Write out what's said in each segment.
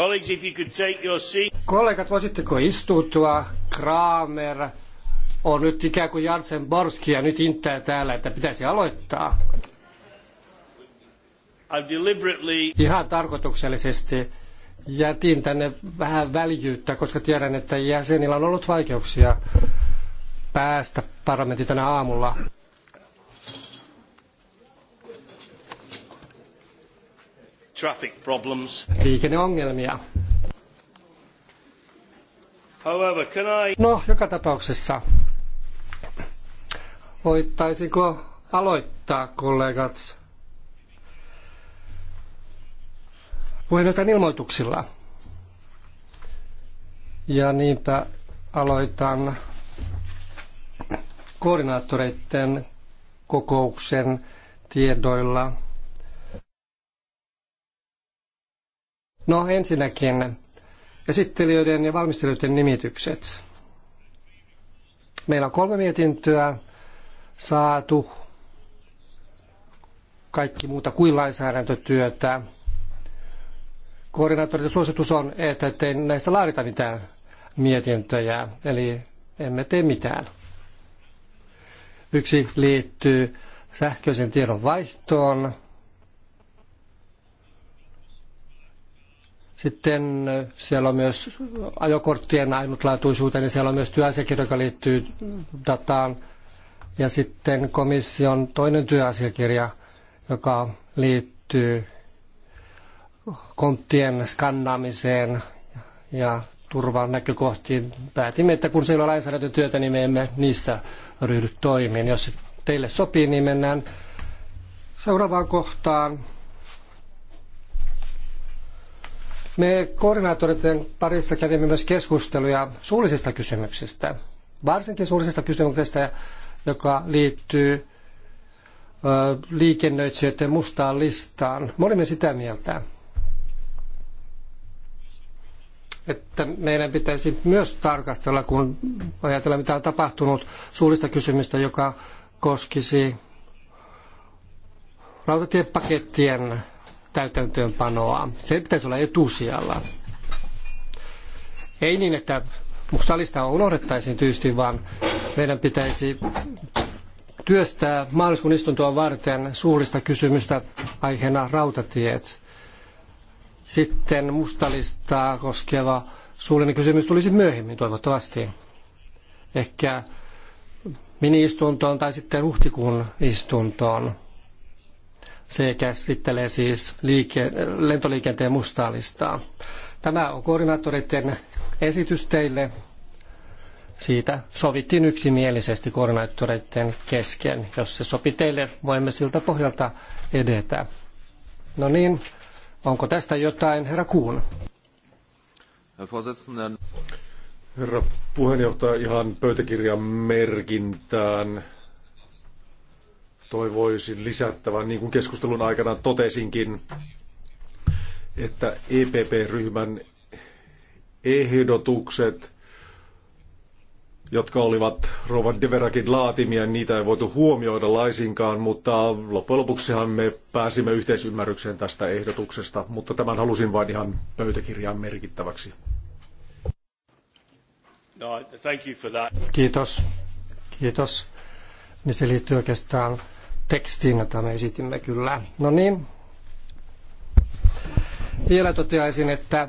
Colleagues, if you could take your seat. Kollegat, voisitteko istuutua? Kramer on nyt ikään kuin Jansen ja nyt intää täällä, että pitäisi aloittaa. Deliberately... Ihan tarkoituksellisesti jätin tänne vähän väljyyttä, koska tiedän, että jäsenillä on ollut vaikeuksia päästä parlamentin tänä aamulla. traffic problems. Liikenneongelmia. However, can I... No, joka tapauksessa. Voittaisinko aloittaa, kollegat? Puheenjohtajan ilmoituksilla. Ja niinpä aloitan koordinaattoreiden kokouksen tiedoilla. No ensinnäkin esittelijöiden ja valmistelijoiden nimitykset. Meillä on kolme mietintöä saatu, kaikki muuta kuin lainsäädäntötyötä. ja suositus on, että ei näistä laadita mitään mietintöjä, eli emme tee mitään. Yksi liittyy sähköisen tiedon vaihtoon, Sitten siellä on myös ajokorttien ainutlaatuisuuteen, niin siellä on myös työasiakirja, joka liittyy dataan. Ja sitten komission toinen työasiakirja, joka liittyy konttien skannaamiseen ja turvan näkökohtiin. Päätimme, että kun siellä on lainsäädäntötyötä, niin me emme niissä ryhdy toimiin. Jos teille sopii, niin mennään seuraavaan kohtaan. Me koordinaattoreiden parissa kävimme myös keskusteluja suullisista kysymyksistä, varsinkin suullisista kysymyksistä, joka liittyy liikennöitsijöiden mustaan listaan. Me olimme sitä mieltä, että meidän pitäisi myös tarkastella, kun ajatellaan mitä on tapahtunut, suullista kysymystä, joka koskisi rautatiepakettien täytäntöönpanoa. Se pitäisi olla etusijalla. Ei niin, että mustalista unohdettaisiin tyysti, vaan meidän pitäisi työstää maaliskuun istuntoa varten suurista kysymystä aiheena rautatiet. Sitten mustalistaa koskeva suullinen kysymys tulisi myöhemmin toivottavasti. Ehkä mini-istuntoon tai sitten huhtikuun istuntoon. Se käsittelee siis liike, lentoliikenteen mustaa listaa. Tämä on koordinaattoreiden esitys teille. Siitä sovittiin yksimielisesti koordinaattoreiden kesken. Jos se sopi teille, voimme siltä pohjalta edetä. No niin, onko tästä jotain, herra Kuhn? Herra puheenjohtaja, ihan pöytäkirjan merkintään toivoisin lisättävän, niin kuin keskustelun aikana totesinkin, että EPP-ryhmän ehdotukset, jotka olivat Rovan Deverakin laatimia, niitä ei voitu huomioida laisinkaan, mutta loppujen lopuksihan me pääsimme yhteisymmärrykseen tästä ehdotuksesta, mutta tämän halusin vain ihan pöytäkirjaan merkittäväksi. No, thank you for that. Kiitos. Kiitos. Niin se liittyy oikeastaan tekstiin, jota me esitimme kyllä. No niin. Vielä toteaisin, että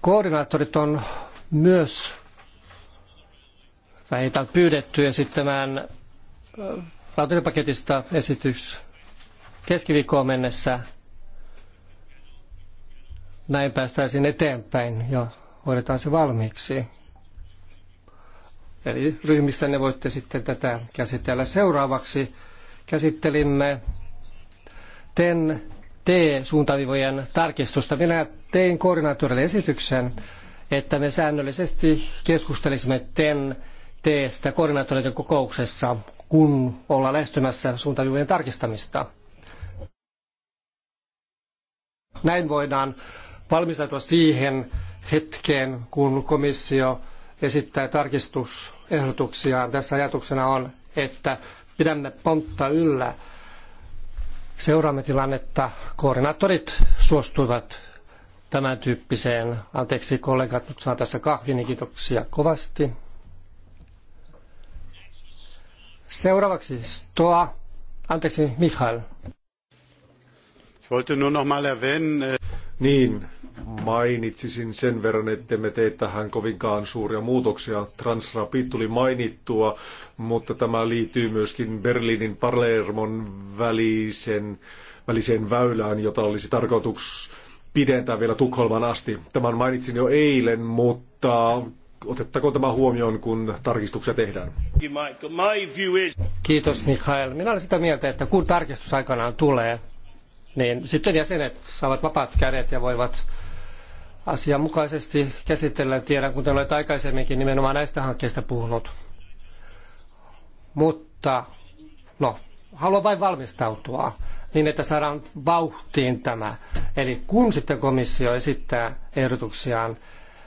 koordinaattorit on myös heitä on pyydetty esittämään rautatiepaketista esitys keskiviikkoon mennessä. Näin päästäisiin eteenpäin ja hoidetaan se valmiiksi. Eli ryhmissä ne voitte sitten tätä käsitellä seuraavaksi käsittelimme TEN T-suuntavivojen tarkistusta. Minä tein koordinaattorille esityksen, että me säännöllisesti keskustelisimme TEN T-stä koordinaattoreiden kokouksessa, kun ollaan lähestymässä suuntavivojen tarkistamista. Näin voidaan valmistautua siihen hetkeen, kun komissio esittää tarkistusehdotuksiaan. Tässä ajatuksena on, että pidämme pontta yllä. Seuraamme tilannetta. Koordinaattorit suostuivat tämän tyyppiseen. Anteeksi kollegat, nyt saa tässä kahvini, kiitoksia kovasti. Seuraavaksi Stoa. Anteeksi, Michael. Ich wollte nur noch mal erwähnen, äh, niin, mainitsisin sen verran, että me tee tähän kovinkaan suuria muutoksia. Transrapid tuli mainittua, mutta tämä liittyy myöskin Berliinin Palermon välisen, väliseen väylään, jota olisi tarkoitus pidentää vielä Tukholman asti. Tämän mainitsin jo eilen, mutta otettakoon tämä huomioon, kun tarkistuksia tehdään. Kiitos Mikael. Minä olen sitä mieltä, että kun tarkistus aikanaan tulee, niin sitten jäsenet saavat vapaat kädet ja voivat asianmukaisesti käsitellä. Tiedän, kuten olet aikaisemminkin nimenomaan näistä hankkeista puhunut. Mutta, no, haluan vain valmistautua niin, että saadaan vauhtiin tämä. Eli kun sitten komissio esittää ehdotuksiaan,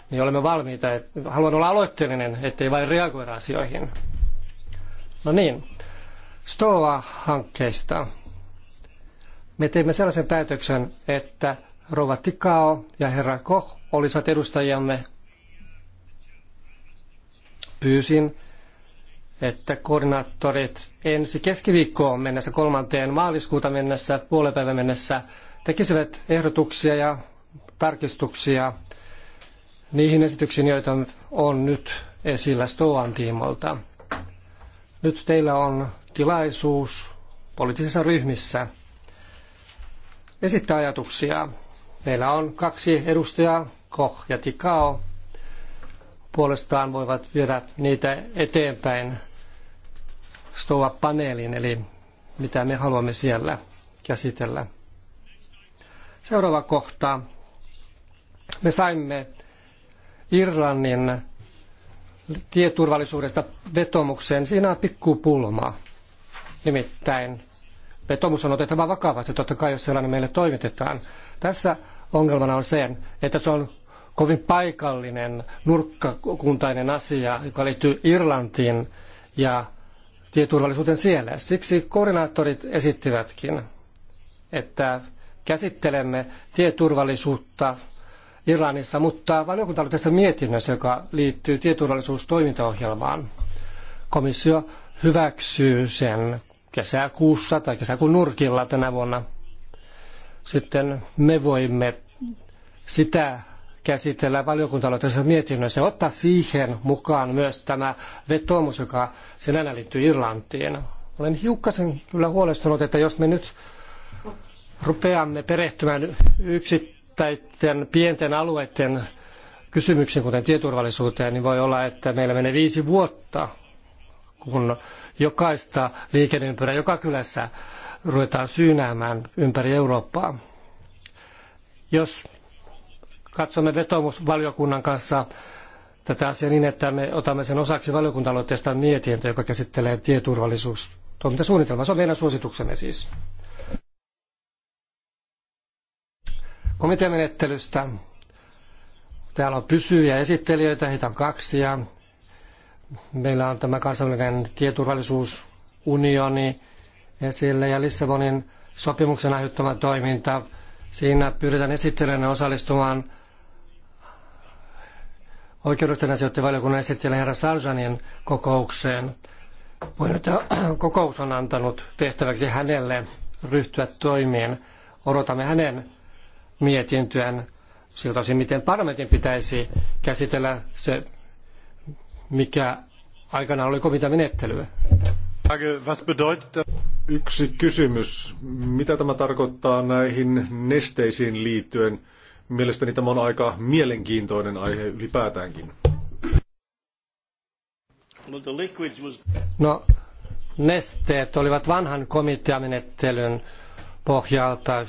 niin olemme valmiita. haluan olla aloitteellinen, ettei vain reagoida asioihin. No niin, STOA-hankkeista me teimme sellaisen päätöksen, että rouva Tikao ja herra Koch olisivat edustajamme. Pyysin, että koordinaattorit ensi keskiviikkoon mennessä, kolmanteen maaliskuuta mennessä, puolenpäivän mennessä tekisivät ehdotuksia ja tarkistuksia niihin esityksiin, joita on nyt esillä Stoan tiimolta. Nyt teillä on tilaisuus poliittisissa ryhmissä – esittää ajatuksia. Meillä on kaksi edustajaa, Koh ja Tikao. Puolestaan voivat viedä niitä eteenpäin Stoa-paneelin, eli mitä me haluamme siellä käsitellä. Seuraava kohta. Me saimme Irlannin tieturvallisuudesta vetomuksen. Siinä on pikkupulma. Nimittäin Petomus on otettava vakavasti, totta kai jos sellainen meille toimitetaan. Tässä ongelmana on se, että se on kovin paikallinen, nurkkakuntainen asia, joka liittyy Irlantiin ja tieturvallisuuteen siellä. Siksi koordinaattorit esittivätkin, että käsittelemme tieturvallisuutta Irlannissa, mutta valiokunta oli tässä mietinnössä, joka liittyy tieturvallisuustoimintaohjelmaan. Komissio hyväksyy sen kesäkuussa tai kesäkuun nurkilla tänä vuonna. Sitten me voimme sitä käsitellä valiokunta mietinnössä ja ottaa siihen mukaan myös tämä vetoomus, joka sinänä liittyy Irlantiin. Olen hiukkasen kyllä huolestunut, että jos me nyt rupeamme perehtymään yksittäisten pienten alueiden kysymyksiin, kuten tieturvallisuuteen, niin voi olla, että meillä menee viisi vuotta, kun jokaista liikenneympyrää joka kylässä ruvetaan syynäämään ympäri Eurooppaa. Jos katsomme vetomusvaliokunnan kanssa tätä asiaa niin, että me otamme sen osaksi valiokunta-aloitteesta mietintö, joka käsittelee tieturvallisuus toimintasuunnitelmaa. Se on meidän suosituksemme siis. Komiteamenettelystä. Täällä on pysyviä esittelijöitä, heitä on kaksi ja Meillä on tämä kansainvälinen tieturvallisuusunioni esille ja Lissabonin sopimuksen aiheuttama toiminta. Siinä pyritään esittelijänä osallistumaan oikeudellisten asioiden valiokunnan esittelijä herra Sarjanin kokoukseen. Puheenjohtaja kokous on antanut tehtäväksi hänelle ryhtyä toimiin. Odotamme hänen mietintyään siltä osin, miten parlamentin pitäisi käsitellä se mikä aikana oli komiteamenettelyä. Yksi kysymys. Mitä tämä tarkoittaa näihin nesteisiin liittyen? Mielestäni tämä on aika mielenkiintoinen aihe ylipäätäänkin. No, nesteet olivat vanhan komiteamenettelyn pohjalta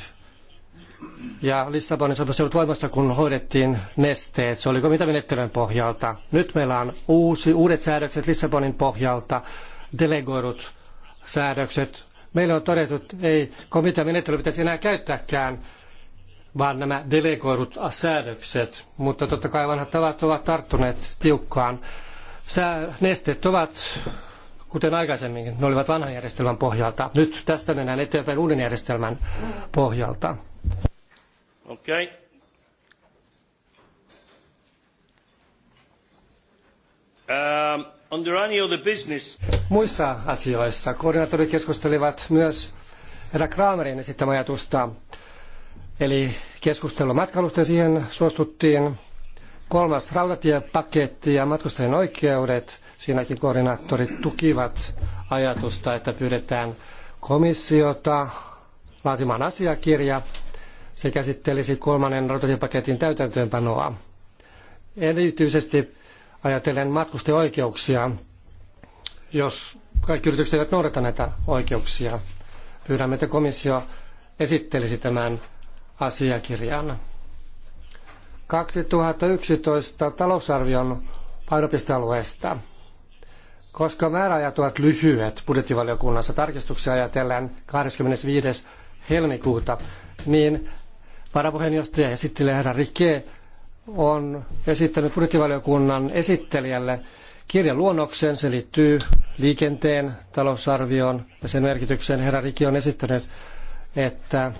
ja Lissabonin sopimus ei ollut voimassa, kun hoidettiin nesteet. Se oliko mitä menettelyn pohjalta? Nyt meillä on uusi, uudet säädökset Lissabonin pohjalta, delegoidut säädökset. Meillä on todettu, että ei komitean menettely pitäisi enää käyttääkään, vaan nämä delegoidut säädökset. Mutta totta kai vanhat tavat ovat tarttuneet tiukkaan. Sää, nesteet ovat kuten aikaisemminkin, ne olivat vanhan järjestelmän pohjalta. Nyt tästä mennään eteenpäin uuden järjestelmän pohjalta. Okay. Um, under any other business. Muissa asioissa koordinaattorit keskustelivat myös herra Kramerin esittämä ajatusta, eli keskustelua matkailusta siihen suostuttiin. Kolmas rautatiepaketti ja matkustajien oikeudet, siinäkin koordinaattorit tukivat ajatusta, että pyydetään komissiota laatimaan asiakirja se käsittelisi kolmannen rautatiepaketin täytäntöönpanoa. Erityisesti ajatellen matkustajoikeuksia, jos kaikki yritykset eivät noudata näitä oikeuksia. Pyydämme, että komissio esittelisi tämän asiakirjan. 2011 talousarvion painopistealueesta. Koska määräajat ovat lyhyet budjettivaliokunnassa tarkistuksia ajatellen 25. helmikuuta, niin Varapuheenjohtaja esittelijä herra Rike on esittänyt budjettivaliokunnan esittelijälle kirjan luonnoksen. Se liittyy liikenteen talousarvioon ja sen merkitykseen. Herra Rike on esittänyt, että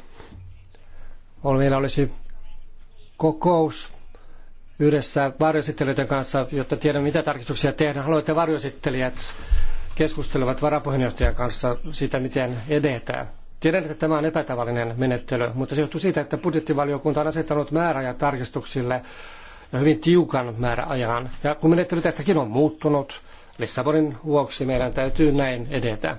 meillä olisi kokous yhdessä varjoesittelijöiden kanssa, jotta tiedämme, mitä tarkistuksia tehdään. Haluan, että varjoesittelijät keskustelevat varapuheenjohtajan kanssa siitä, miten edetään. Tiedän, että tämä on epätavallinen menettely, mutta se johtuu siitä, että budjettivaliokunta on asettanut määräajan tarkistuksille hyvin tiukan määräajan. Ja kun menettely tässäkin on muuttunut, Lissabonin vuoksi meidän täytyy näin edetä.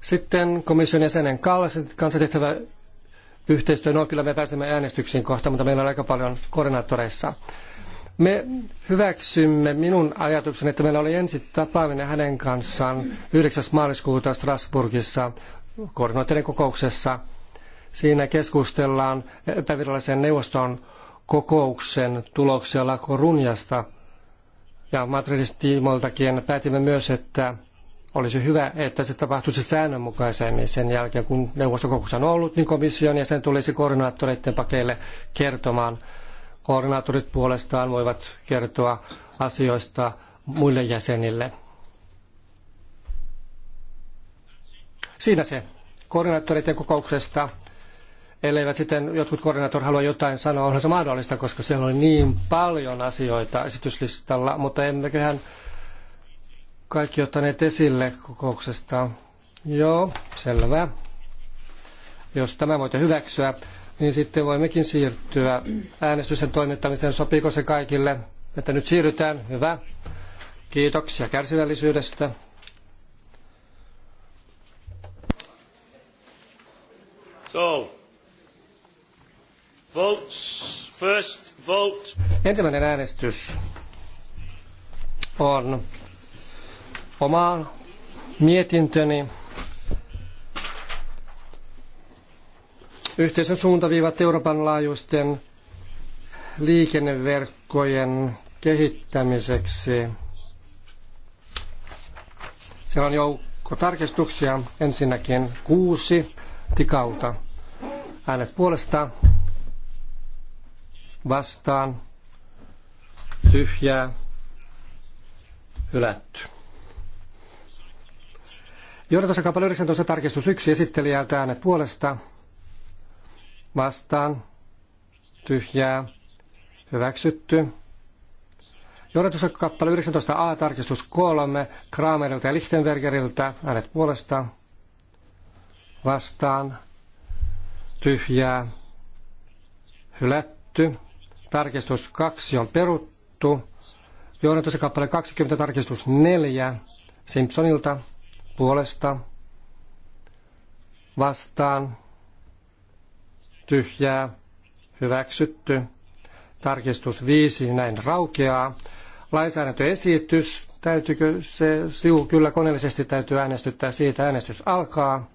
Sitten komission jäsenen kanssa tehtävä yhteistyö. No kyllä me pääsemme äänestyksiin kohta, mutta meillä on aika paljon koordinaattoreissa. Me hyväksymme minun ajatukseni, että meillä oli ensin tapaaminen hänen kanssaan 9. maaliskuuta Strasbourgissa koordinoitteiden kokouksessa. Siinä keskustellaan epävirallisen neuvoston kokouksen tuloksella Korunjasta. Ja Madridista tiimoiltakin päätimme myös, että olisi hyvä, että se tapahtuisi säännönmukaisemmin sen jälkeen, kun neuvostokokous on ollut, niin komission ja sen tulisi koordinaattoreiden pakeille kertomaan Koordinaattorit puolestaan voivat kertoa asioista muille jäsenille. Siinä se koordinaattoreiden kokouksesta. Elleivät sitten jotkut koordinaattorit halua jotain sanoa, onhan se mahdollista, koska siellä oli niin paljon asioita esityslistalla, mutta emmeköhän kaikki ottaneet esille kokouksesta. Joo, selvä. Jos tämä voitte hyväksyä, niin sitten voimmekin siirtyä äänestysten toimittamiseen. Sopiiko se kaikille, että nyt siirrytään? Hyvä. Kiitoksia kärsivällisyydestä. So, votes, first vote. Ensimmäinen äänestys on oma mietintöni Yhteisön suuntaviivat Euroopan laajuisten liikenneverkkojen kehittämiseksi. Se on joukko tarkistuksia. Ensinnäkin kuusi tikauta Äänet puolesta vastaan tyhjää hylätty. Johdatusakapalle 19 tarkistus 1 esittelijältä äänet puolesta vastaan, tyhjää, hyväksytty. Johdatuksen kappale 19a, tarkistus 3, Kramerilta ja Lichtenbergeriltä, äänet puolesta, vastaan, tyhjää, hylätty. Tarkistus 2 on peruttu. Johdatuksen kappale 20, tarkistus 4, Simpsonilta, puolesta, vastaan, tyhjää, hyväksytty. Tarkistus 5, näin raukeaa. Lainsäädäntöesitys, täytyykö se, siu kyllä koneellisesti täytyy äänestyttää siitä, äänestys alkaa.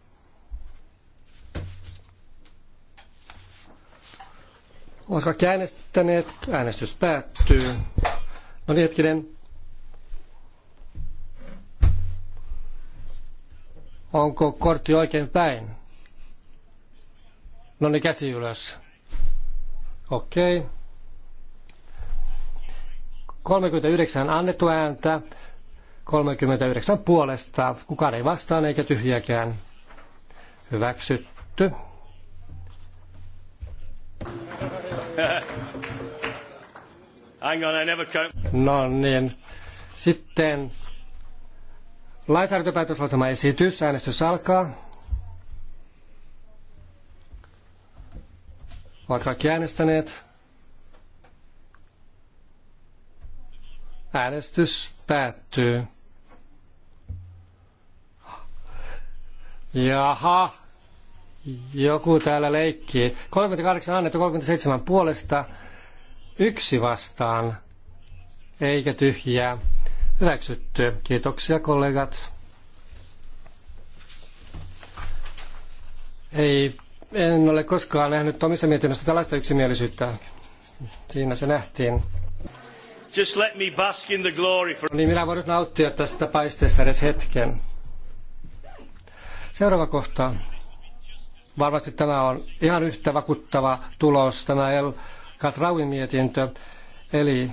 Ovat kaikki äänestäneet, äänestys päättyy. No niin hetkinen. Onko kortti oikein päin? No niin, käsi ylös. Okei. Okay. 39 annettu ääntä, 39 puolesta, kukaan ei vastaan eikä tyhjäkään. Hyväksytty. No niin. Sitten lainsäädäntöpäätöslauselma esitys. Äänestys alkaa. Ovat kaikki äänestäneet. Äänestys päättyy. Jaha, joku täällä leikkii. 38 annettu 37 puolesta, yksi vastaan, eikä tyhjää. Hyväksytty. Kiitoksia kollegat. Ei en ole koskaan nähnyt omissa mietinnöissä tällaista yksimielisyyttä. Siinä se nähtiin. Just let me bask in the glory for... No niin minä voin nyt nauttia tästä paisteesta edes hetken. Seuraava kohta. Varmasti tämä on ihan yhtä vakuuttava tulos, tämä El Katrauin mietintö. Eli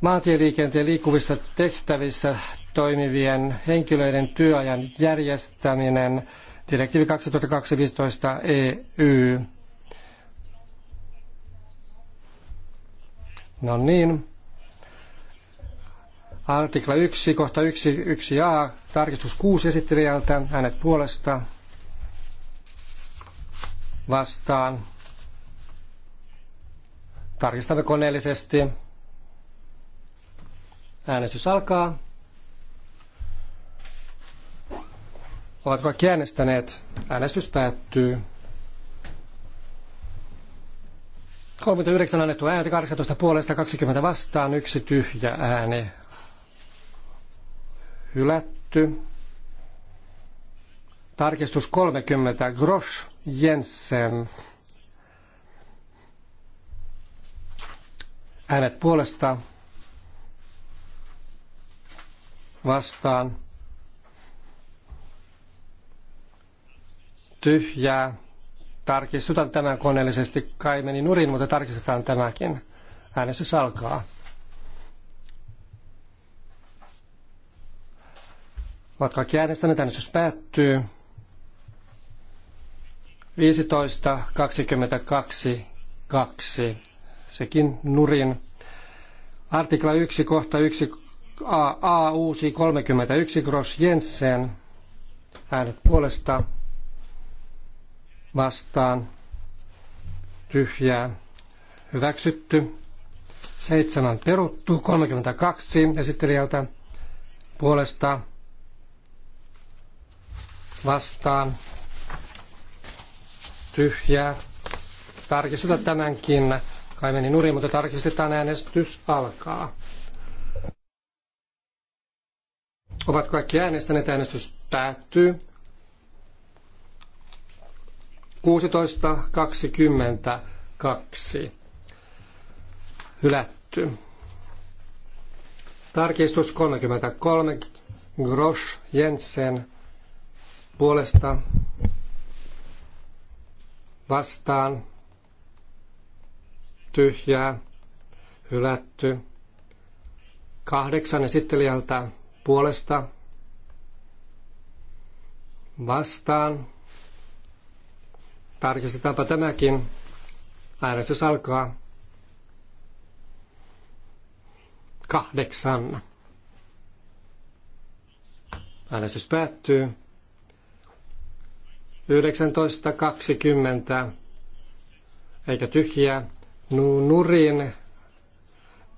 maantieliikenteen liikkuvissa tehtävissä toimivien henkilöiden työajan järjestäminen – Direktiivi 2015 EY. No niin. Artikla 1, kohta 1, 1a, tarkistus 6 esittelijältä, hänet puolesta vastaan. Tarkistamme koneellisesti. Äänestys alkaa. Ovat kaikki äänestäneet. Äänestys päättyy. 39 annettu ääntä, 18 puolesta, 20 vastaan, yksi tyhjä ääni. Hylätty. Tarkistus 30, Grosch Jensen. Äänet puolesta, vastaan, tyhjää. Tarkistutan tämän koneellisesti. Kai meni nurin, mutta tarkistetaan tämäkin. Äänestys alkaa. Ovat kaikki äänestäneet. Äänestys päättyy. 15, 22, 2. Sekin nurin. Artikla 1, kohta 1, A, A uusi 31, Gross Jensen. Äänet puolesta vastaan tyhjää hyväksytty. seitsemän peruttu, 32 esittelijältä puolesta vastaan tyhjää. Tarkistetaan tämänkin. Kai meni nurin, mutta tarkistetaan äänestys alkaa. Ovat kaikki äänestäneet, äänestys päättyy. 16.22. Hylätty. Tarkistus 33. Grosch Jensen puolesta vastaan tyhjää hylätty. Kahdeksan esittelijältä puolesta vastaan Tarkistetaanpa tämäkin. Äänestys alkaa kahdeksan. Äänestys päättyy. 19.20. Eikä tyhjää. Nurin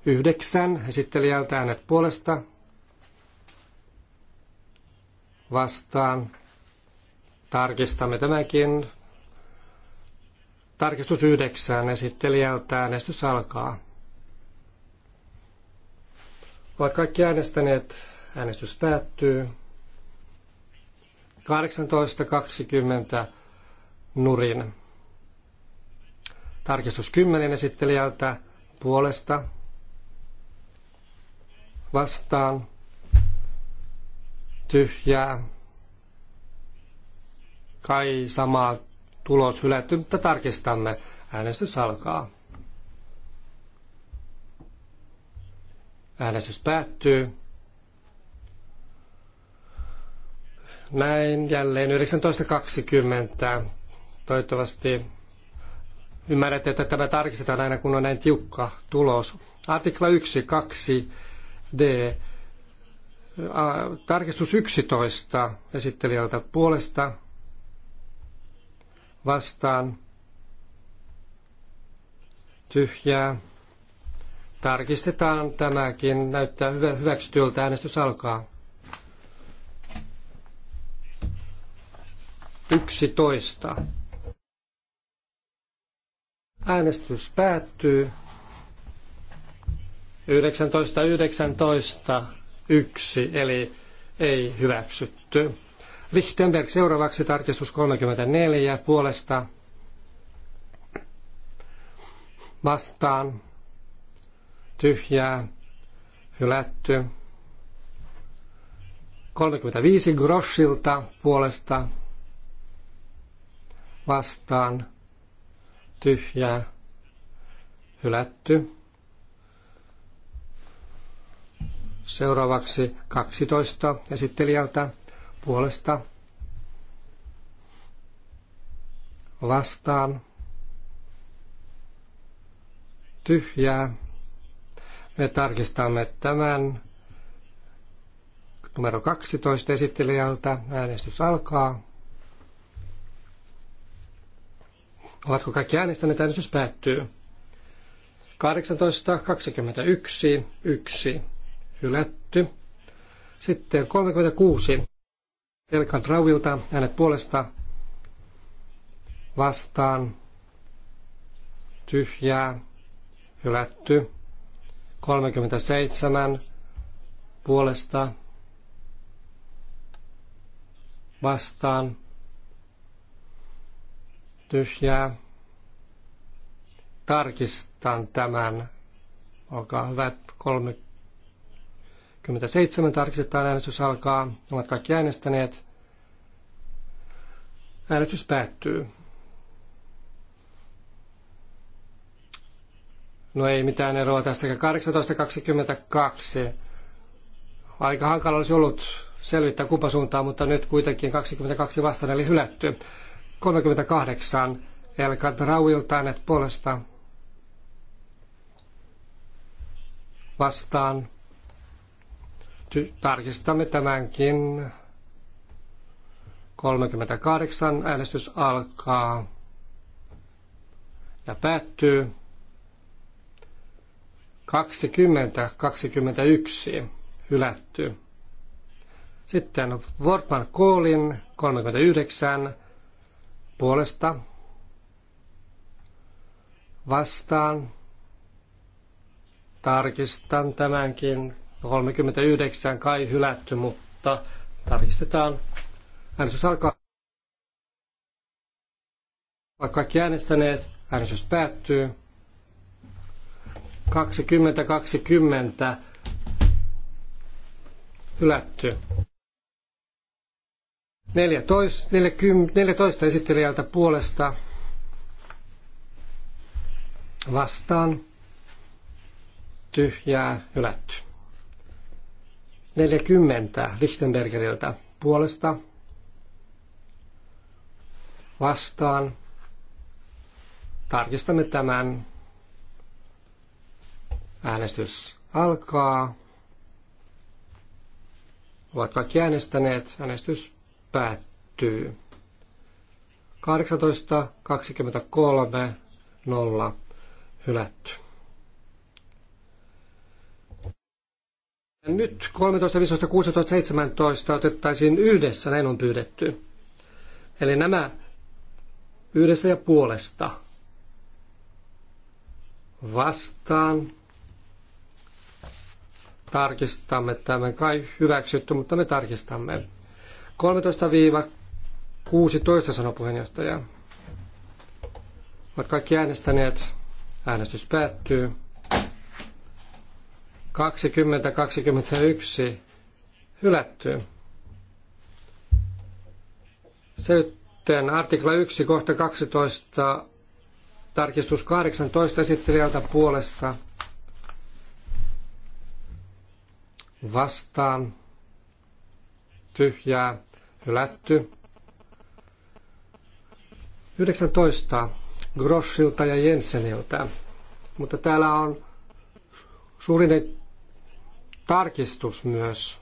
yhdeksän esittelijältä äänet puolesta vastaan. Tarkistamme tämäkin. Tarkistus yhdeksään esittelijältä äänestys alkaa. Ovat kaikki äänestäneet. Äänestys päättyy. 18.20 nurin. Tarkistus 10 esittelijältä puolesta vastaan tyhjää. Kai samaa tulos hylätty, mutta tarkistamme. Äänestys alkaa. Äänestys päättyy. Näin jälleen 19.20. Toivottavasti ymmärrätte, että tämä tarkistetaan aina, kun on näin tiukka tulos. Artikla 1, 2, D. Tarkistus 11 esittelijältä puolesta vastaan tyhjää. Tarkistetaan tämäkin. Näyttää hyvä, hyväksytyltä. Äänestys alkaa. 11. Äänestys päättyy. 19.19.1 19, eli ei hyväksytty. Lichtenberg seuraavaksi tarkistus 34 puolesta vastaan tyhjää hylätty. 35 Groschilta puolesta vastaan tyhjää hylätty. Seuraavaksi 12 esittelijältä puolesta vastaan tyhjää. Me tarkistamme tämän numero 12 esittelijältä. Äänestys alkaa. Ovatko kaikki äänestäneet? Äänestys päättyy. 18.21. 21, 1. Hylätty. Sitten 36 Elkan Rauvilta hänet puolesta vastaan tyhjää hylätty 37 puolesta vastaan tyhjää. Tarkistan tämän. Olkaa hyvät, 37 27 tarkistetaan äänestys alkaa. Ovat kaikki äänestäneet. Äänestys päättyy. No ei mitään eroa tästäkään. 18.22. Aika hankala olisi ollut selvittää kumpa suuntaan, mutta nyt kuitenkin 22 vastaan eli hylätty. 38 Elka Drauiltaan, puolesta vastaan Tarkistamme tämänkin. 38 äänestys alkaa ja päättyy 20-21 hylätty. Sitten Wortman Koolin 39 puolesta vastaan. Tarkistan tämänkin 39 kai hylätty, mutta tarkistetaan. Äänestys alkaa. Vaikka kaikki äänestäneet, äänestys päättyy. 20, 20, hylätty. 14, 40, 14 esittelijältä puolesta vastaan tyhjää hylätty. 40 Lichtenbergeriltä puolesta vastaan. Tarkistamme tämän. Äänestys alkaa. Ovat kaikki äänestäneet. Äänestys päättyy. 18.23.0 hylätty. Nyt 13, 15, 16, 17 otettaisiin yhdessä, näin on pyydetty. Eli nämä yhdessä ja puolesta vastaan. Tarkistamme tämän, kai hyväksytty, mutta me tarkistamme. 13-16 sanoi puheenjohtaja. Ovat kaikki äänestäneet. Äänestys päättyy. 2021 hylättyä. Sitten artikla 1 kohta 12 tarkistus 18 esittelijältä puolesta vastaan tyhjää hylätty. 19 Groschilta ja Jenseniltä. Mutta täällä on suurin tarkistus myös.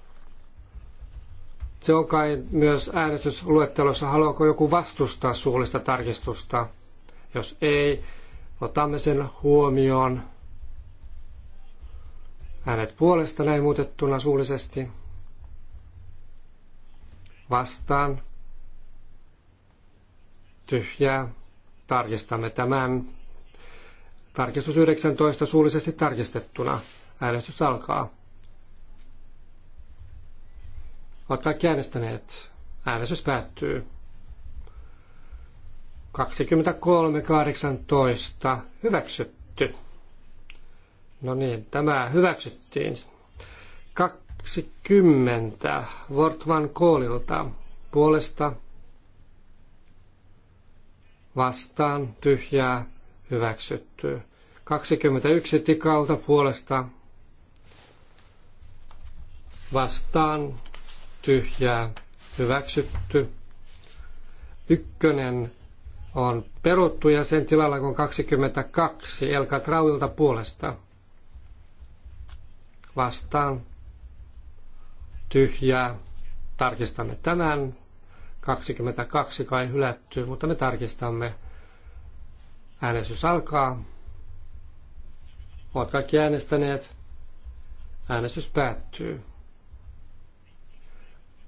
Se on kai myös äänestysluettelossa, haluaako joku vastustaa suullista tarkistusta. Jos ei, otamme sen huomioon. Äänet puolesta näin muutettuna suullisesti. Vastaan. Tyhjää. Tarkistamme tämän. Tarkistus 19 suullisesti tarkistettuna. Äänestys alkaa. Ovat kaikki äänestäneet. Äänestys päättyy. 23.18. Hyväksytty. No niin, tämä hyväksyttiin. 20. Wortman Koolilta puolesta vastaan tyhjää hyväksytty. 21 tikalta puolesta vastaan tyhjää hyväksytty. Ykkönen on peruttu ja sen tilalla on 22 Elka Trauilta puolesta. Vastaan tyhjää. Tarkistamme tämän. 22 kai hylätty, mutta me tarkistamme. Äänestys alkaa. Oot kaikki äänestäneet. Äänestys päättyy.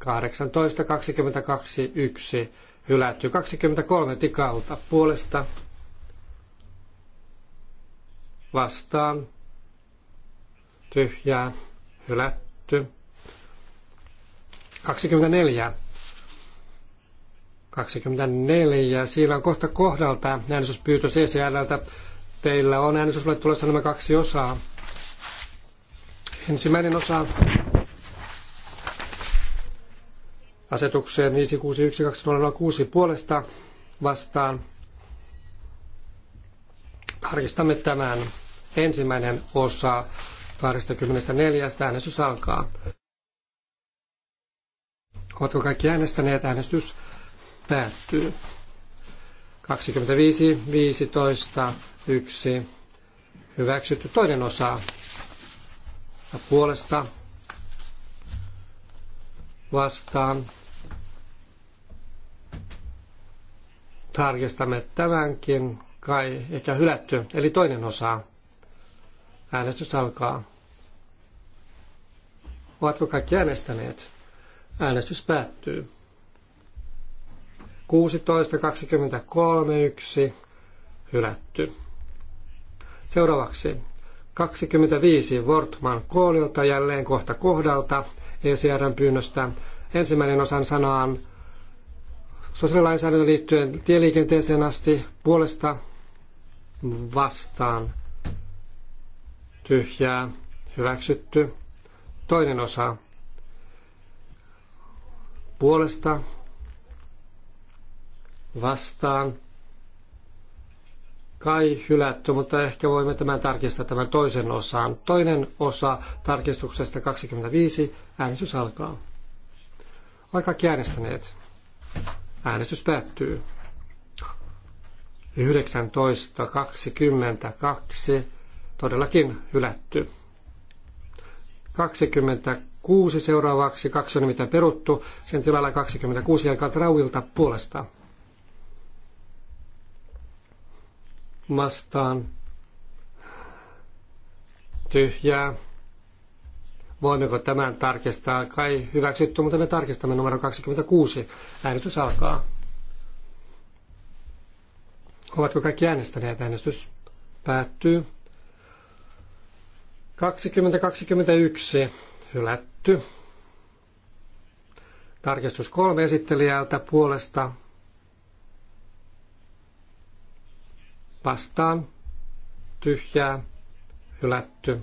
18, 22, 1 hylätty. 23 tikalta puolesta vastaan tyhjää hylätty. 24. 24. Siinä on kohta kohdalta äänestyspyytö e CCRltä. Teillä on äänestysluettelossa nämä kaksi osaa. Ensimmäinen osa asetukseen 561 puolesta vastaan. Tarkistamme tämän ensimmäinen osa 24. Äänestys alkaa. Oletko kaikki äänestäneet? Äänestys päättyy. 25, 15, 1. Hyväksytty toinen osa. Ja puolesta vastaan tarkistamme tämänkin, kai ehkä hylätty, eli toinen osa. Äänestys alkaa. Ovatko kaikki äänestäneet? Äänestys päättyy. 16.23.1 hylätty. Seuraavaksi 25 Wortman Koolilta jälleen kohta kohdalta ECRn pyynnöstä ensimmäinen osan sanaan sosiaalilainsäädännön liittyen tieliikenteeseen asti puolesta vastaan tyhjää hyväksytty. Toinen osa puolesta vastaan kai hylätty, mutta ehkä voimme tämän tarkistaa tämän toisen osan. Toinen osa tarkistuksesta 25, äänestys alkaa. Aika järjestäneet. Äänestys päättyy. 19.22 todellakin hylätty. 26 seuraavaksi, kaksi on nimittäin peruttu, sen tilalla 26 alkaa Trauilta puolesta. Mastaan. tyhjää Voimmeko tämän tarkistaa? Kai hyväksytty, mutta me tarkistamme numero 26. Äänestys alkaa. Ovatko kaikki äänestäneet? Äänestys päättyy. 2021 hylätty. Tarkistus kolme esittelijältä puolesta vastaan tyhjää hylätty.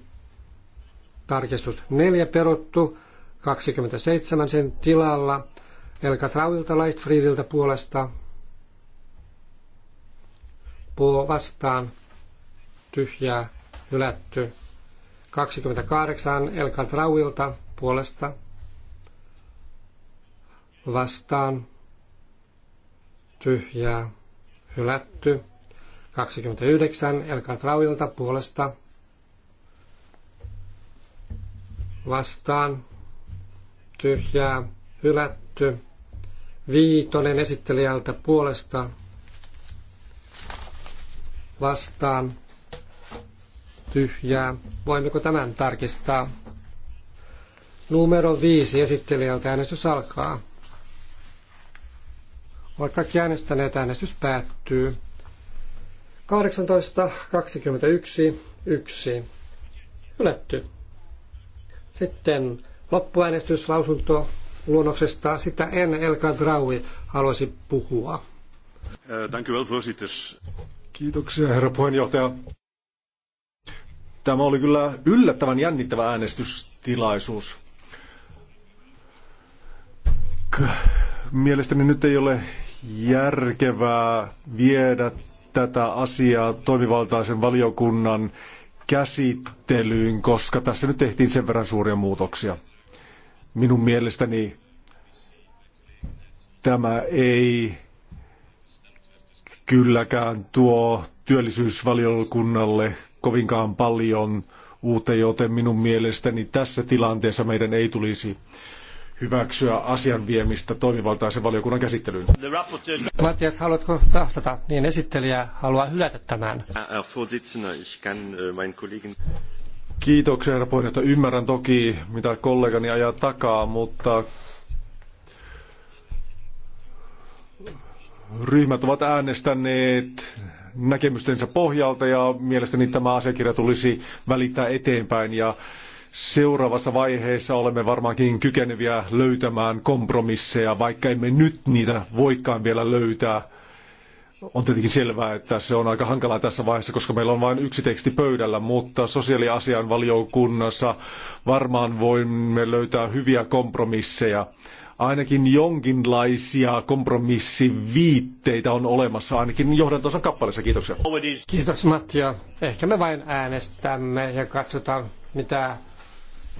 Tarkistus 4 peruttu. 27 sen tilalla. Elka Trauilta Lightfriediltä puolesta. Puo vastaan. Tyhjää. Hylätty. 28 Elka Trauilta puolesta. Vastaan. Tyhjää. Hylätty. 29 Elka Trauilta puolesta vastaan tyhjää hylätty. Viitonen esittelijältä puolesta vastaan tyhjää. Voimmeko tämän tarkistaa? Numero viisi esittelijältä äänestys alkaa. Ovat kaikki äänestäneet, äänestys päättyy. 18.21.1. 21, 1. Hylätty. Sitten loppuäänestyslausunto luonnoksesta. Sitä en Elka Draui haluaisi puhua. Eh, Kiitoksia, herra puheenjohtaja. Tämä oli kyllä yllättävän jännittävä äänestystilaisuus. Mielestäni nyt ei ole järkevää viedä tätä asiaa toimivaltaisen valiokunnan käsittelyyn, koska tässä nyt tehtiin sen verran suuria muutoksia. Minun mielestäni tämä ei kylläkään tuo työllisyysvaliokunnalle kovinkaan paljon uutta, joten minun mielestäni tässä tilanteessa meidän ei tulisi hyväksyä asian viemistä toimivaltaisen valiokunnan käsittelyyn. Matias, haluatko vastata? Niin esittelijä haluaa hylätä tämän. Äh, Kiitoksia, herra puheenjohtaja. Ymmärrän toki, mitä kollegani ajaa takaa, mutta ryhmät ovat äänestäneet näkemystensä pohjalta ja mielestäni tämä asiakirja tulisi välittää eteenpäin ja seuraavassa vaiheessa olemme varmaankin kykeneviä löytämään kompromisseja, vaikka emme nyt niitä voikaan vielä löytää. On tietenkin selvää, että se on aika hankalaa tässä vaiheessa, koska meillä on vain yksi teksti pöydällä, mutta sosiaaliasiainvaliokunnassa varmaan voimme löytää hyviä kompromisseja. Ainakin jonkinlaisia kompromissiviitteitä on olemassa, ainakin johdantonsa kappaleessa. Kiitoksia. Kiitoksia Mattia. Ehkä me vain äänestämme ja katsotaan, mitä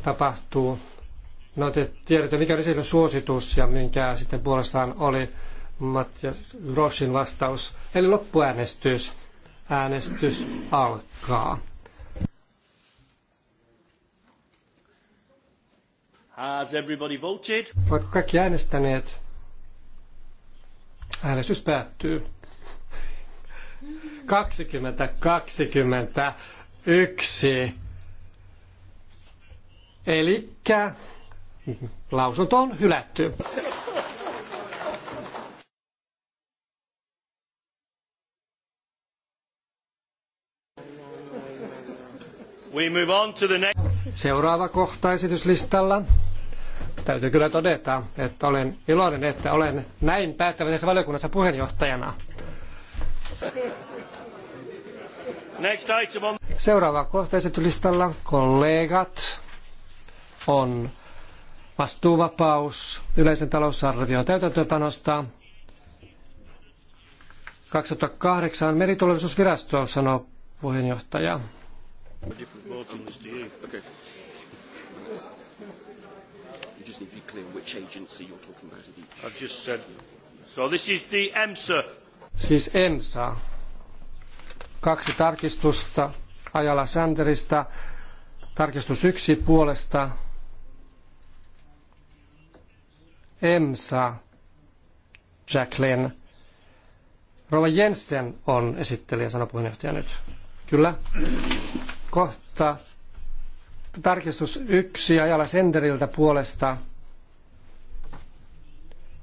tapahtuu. No te tiedätte, mikä oli silloin suositus ja minkä sitten puolestaan oli Mattias Groschin vastaus. Eli loppuäänestys. Äänestys alkaa. Has everybody voted? Oletko kaikki äänestäneet? Äänestys päättyy. 20, 21 Eli lausunto on hylätty. We move on to the next. Seuraava kohta esityslistalla. Täytyy kyllä todeta, että olen iloinen, että olen näin päättävässä valiokunnassa puheenjohtajana. Next item on... Seuraava kohta esityslistalla, kollegat on vastuuvapaus, yleisen talousarvion täytäntöönpanosta. 2008 meriturvallisuusvirasto, sanoo puheenjohtaja. Siis EMSA. Kaksi tarkistusta Ajala Sanderista. Tarkistus yksi puolesta EMSA, Jacqueline. Rova Jensen on esittelijä, sanoi puheenjohtaja nyt. Kyllä. Kohta tarkistus yksi ajalla senderiltä puolesta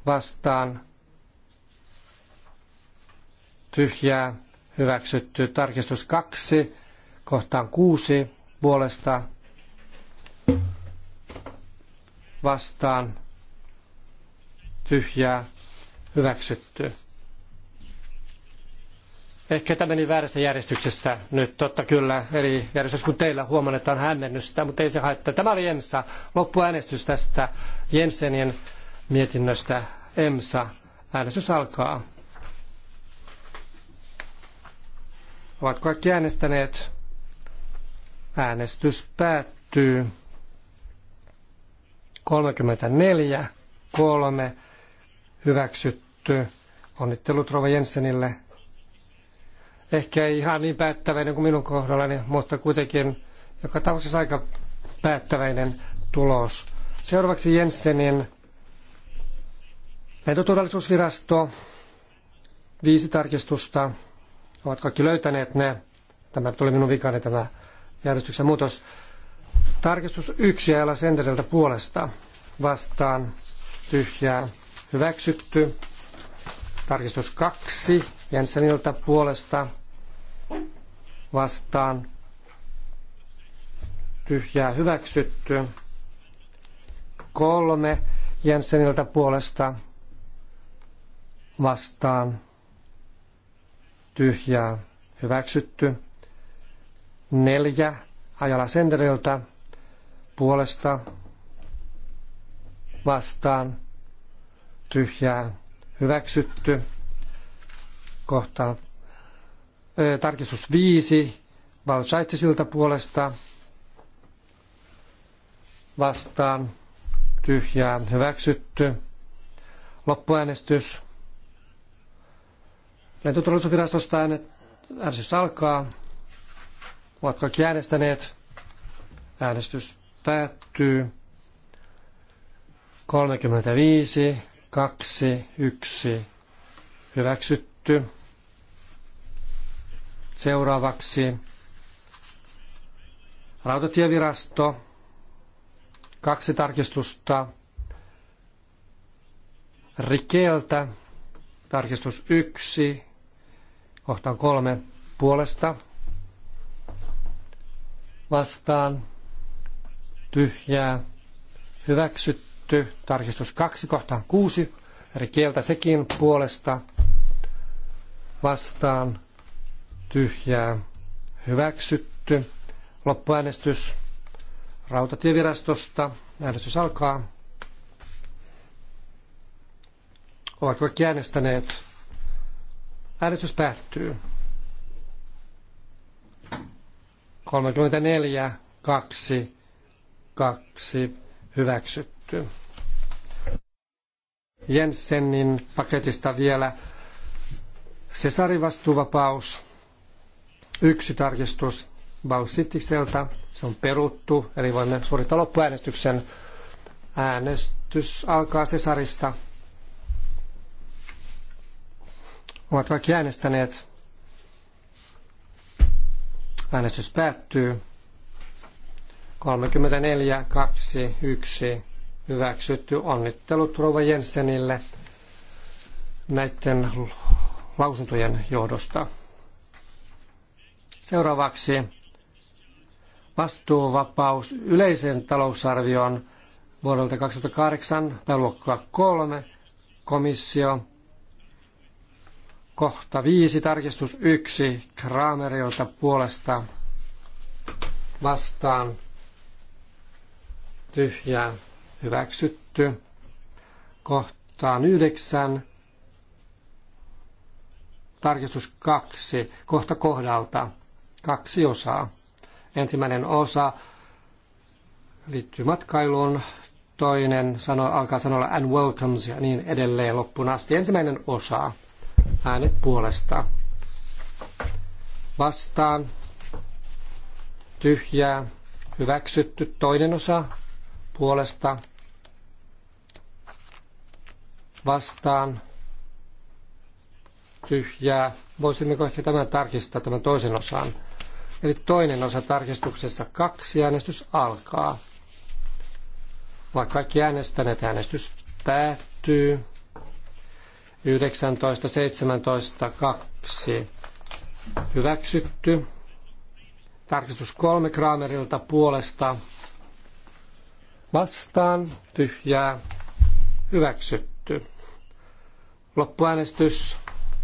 vastaan tyhjää hyväksytty. Tarkistus kaksi kohtaan kuusi puolesta vastaan tyhjää hyväksytty. Ehkä tämä meni väärässä järjestyksessä nyt, totta kyllä, eri järjestys kun teillä huomaan, että on hämmennystä, mutta ei se haittaa. Tämä oli Emsa, loppuäänestys tästä Jensenien mietinnöstä Emsa. Äänestys alkaa. Ovat kaikki äänestäneet. Äänestys päättyy. 34, 3, hyväksytty. Onnittelut Rova Jensenille. Ehkä ei ihan niin päättäväinen kuin minun kohdallani, mutta kuitenkin joka tapauksessa aika päättäväinen tulos. Seuraavaksi Jensenin lentoturvallisuusvirasto. Viisi tarkistusta. Ovat kaikki löytäneet ne. Tämä tuli minun vikani tämä järjestyksen muutos. Tarkistus yksi ajalla senteriltä puolesta vastaan tyhjää hyväksytty. Tarkistus kaksi Jensenilta puolesta vastaan tyhjää hyväksytty. Kolme Jenseniltä puolesta vastaan tyhjää hyväksytty. Neljä Ajala Senderiltä puolesta vastaan tyhjää hyväksytty. Kohta tarkistus 5 Valsaittisilta puolesta vastaan tyhjää hyväksytty. Loppuäänestys. Lentoturvallisuusvirastosta äänestys alkaa. Ovat kaikki äänestäneet. Äänestys päättyy. 35 kaksi yksi hyväksytty. Seuraavaksi rautatievirasto, kaksi tarkistusta Rikeltä, tarkistus yksi kohtaan kolme puolesta vastaan tyhjää hyväksytty hyväksytty. Tarkistus 2 kohtaan 6, eri kieltä sekin puolesta vastaan tyhjää hyväksytty. Loppuäänestys rautatievirastosta. Äänestys alkaa. Ovatko kaikki äänestäneet. Äänestys päättyy. 34, 2, 2 hyväksytty hyväksytty. Jensenin paketista vielä Cesarin vastuuvapaus, yksi tarkistus Balsitikselta, se on peruttu, eli voimme suorittaa loppuäänestyksen. Äänestys alkaa Cesarista. Ovat kaikki äänestäneet. Äänestys päättyy. 34, 2, 1 hyväksytty. Onnittelut Rova Jensenille näiden lausuntojen johdosta. Seuraavaksi vastuuvapaus yleisen talousarvion vuodelta 2008, pääluokka 3, komissio, kohta 5, tarkistus 1, Kramerilta puolesta vastaan tyhjää hyväksytty. Kohtaan yhdeksän, tarkistus kaksi, kohta kohdalta, kaksi osaa. Ensimmäinen osa liittyy matkailuun, toinen sano, alkaa sanoa and welcomes ja niin edelleen loppuun asti. Ensimmäinen osa, äänet puolesta. Vastaan, tyhjää, hyväksytty. Toinen osa, puolesta vastaan tyhjää. Voisimmeko ehkä tämän tarkistaa, tämän toisen osan? Eli toinen osa tarkistuksessa kaksi äänestys alkaa. Vaikka kaikki äänestäneet äänestys päättyy. 19, 17, 2. Hyväksytty. Tarkistus kolme Kramerilta puolesta vastaan, tyhjää, hyväksytty. Loppuäänestys,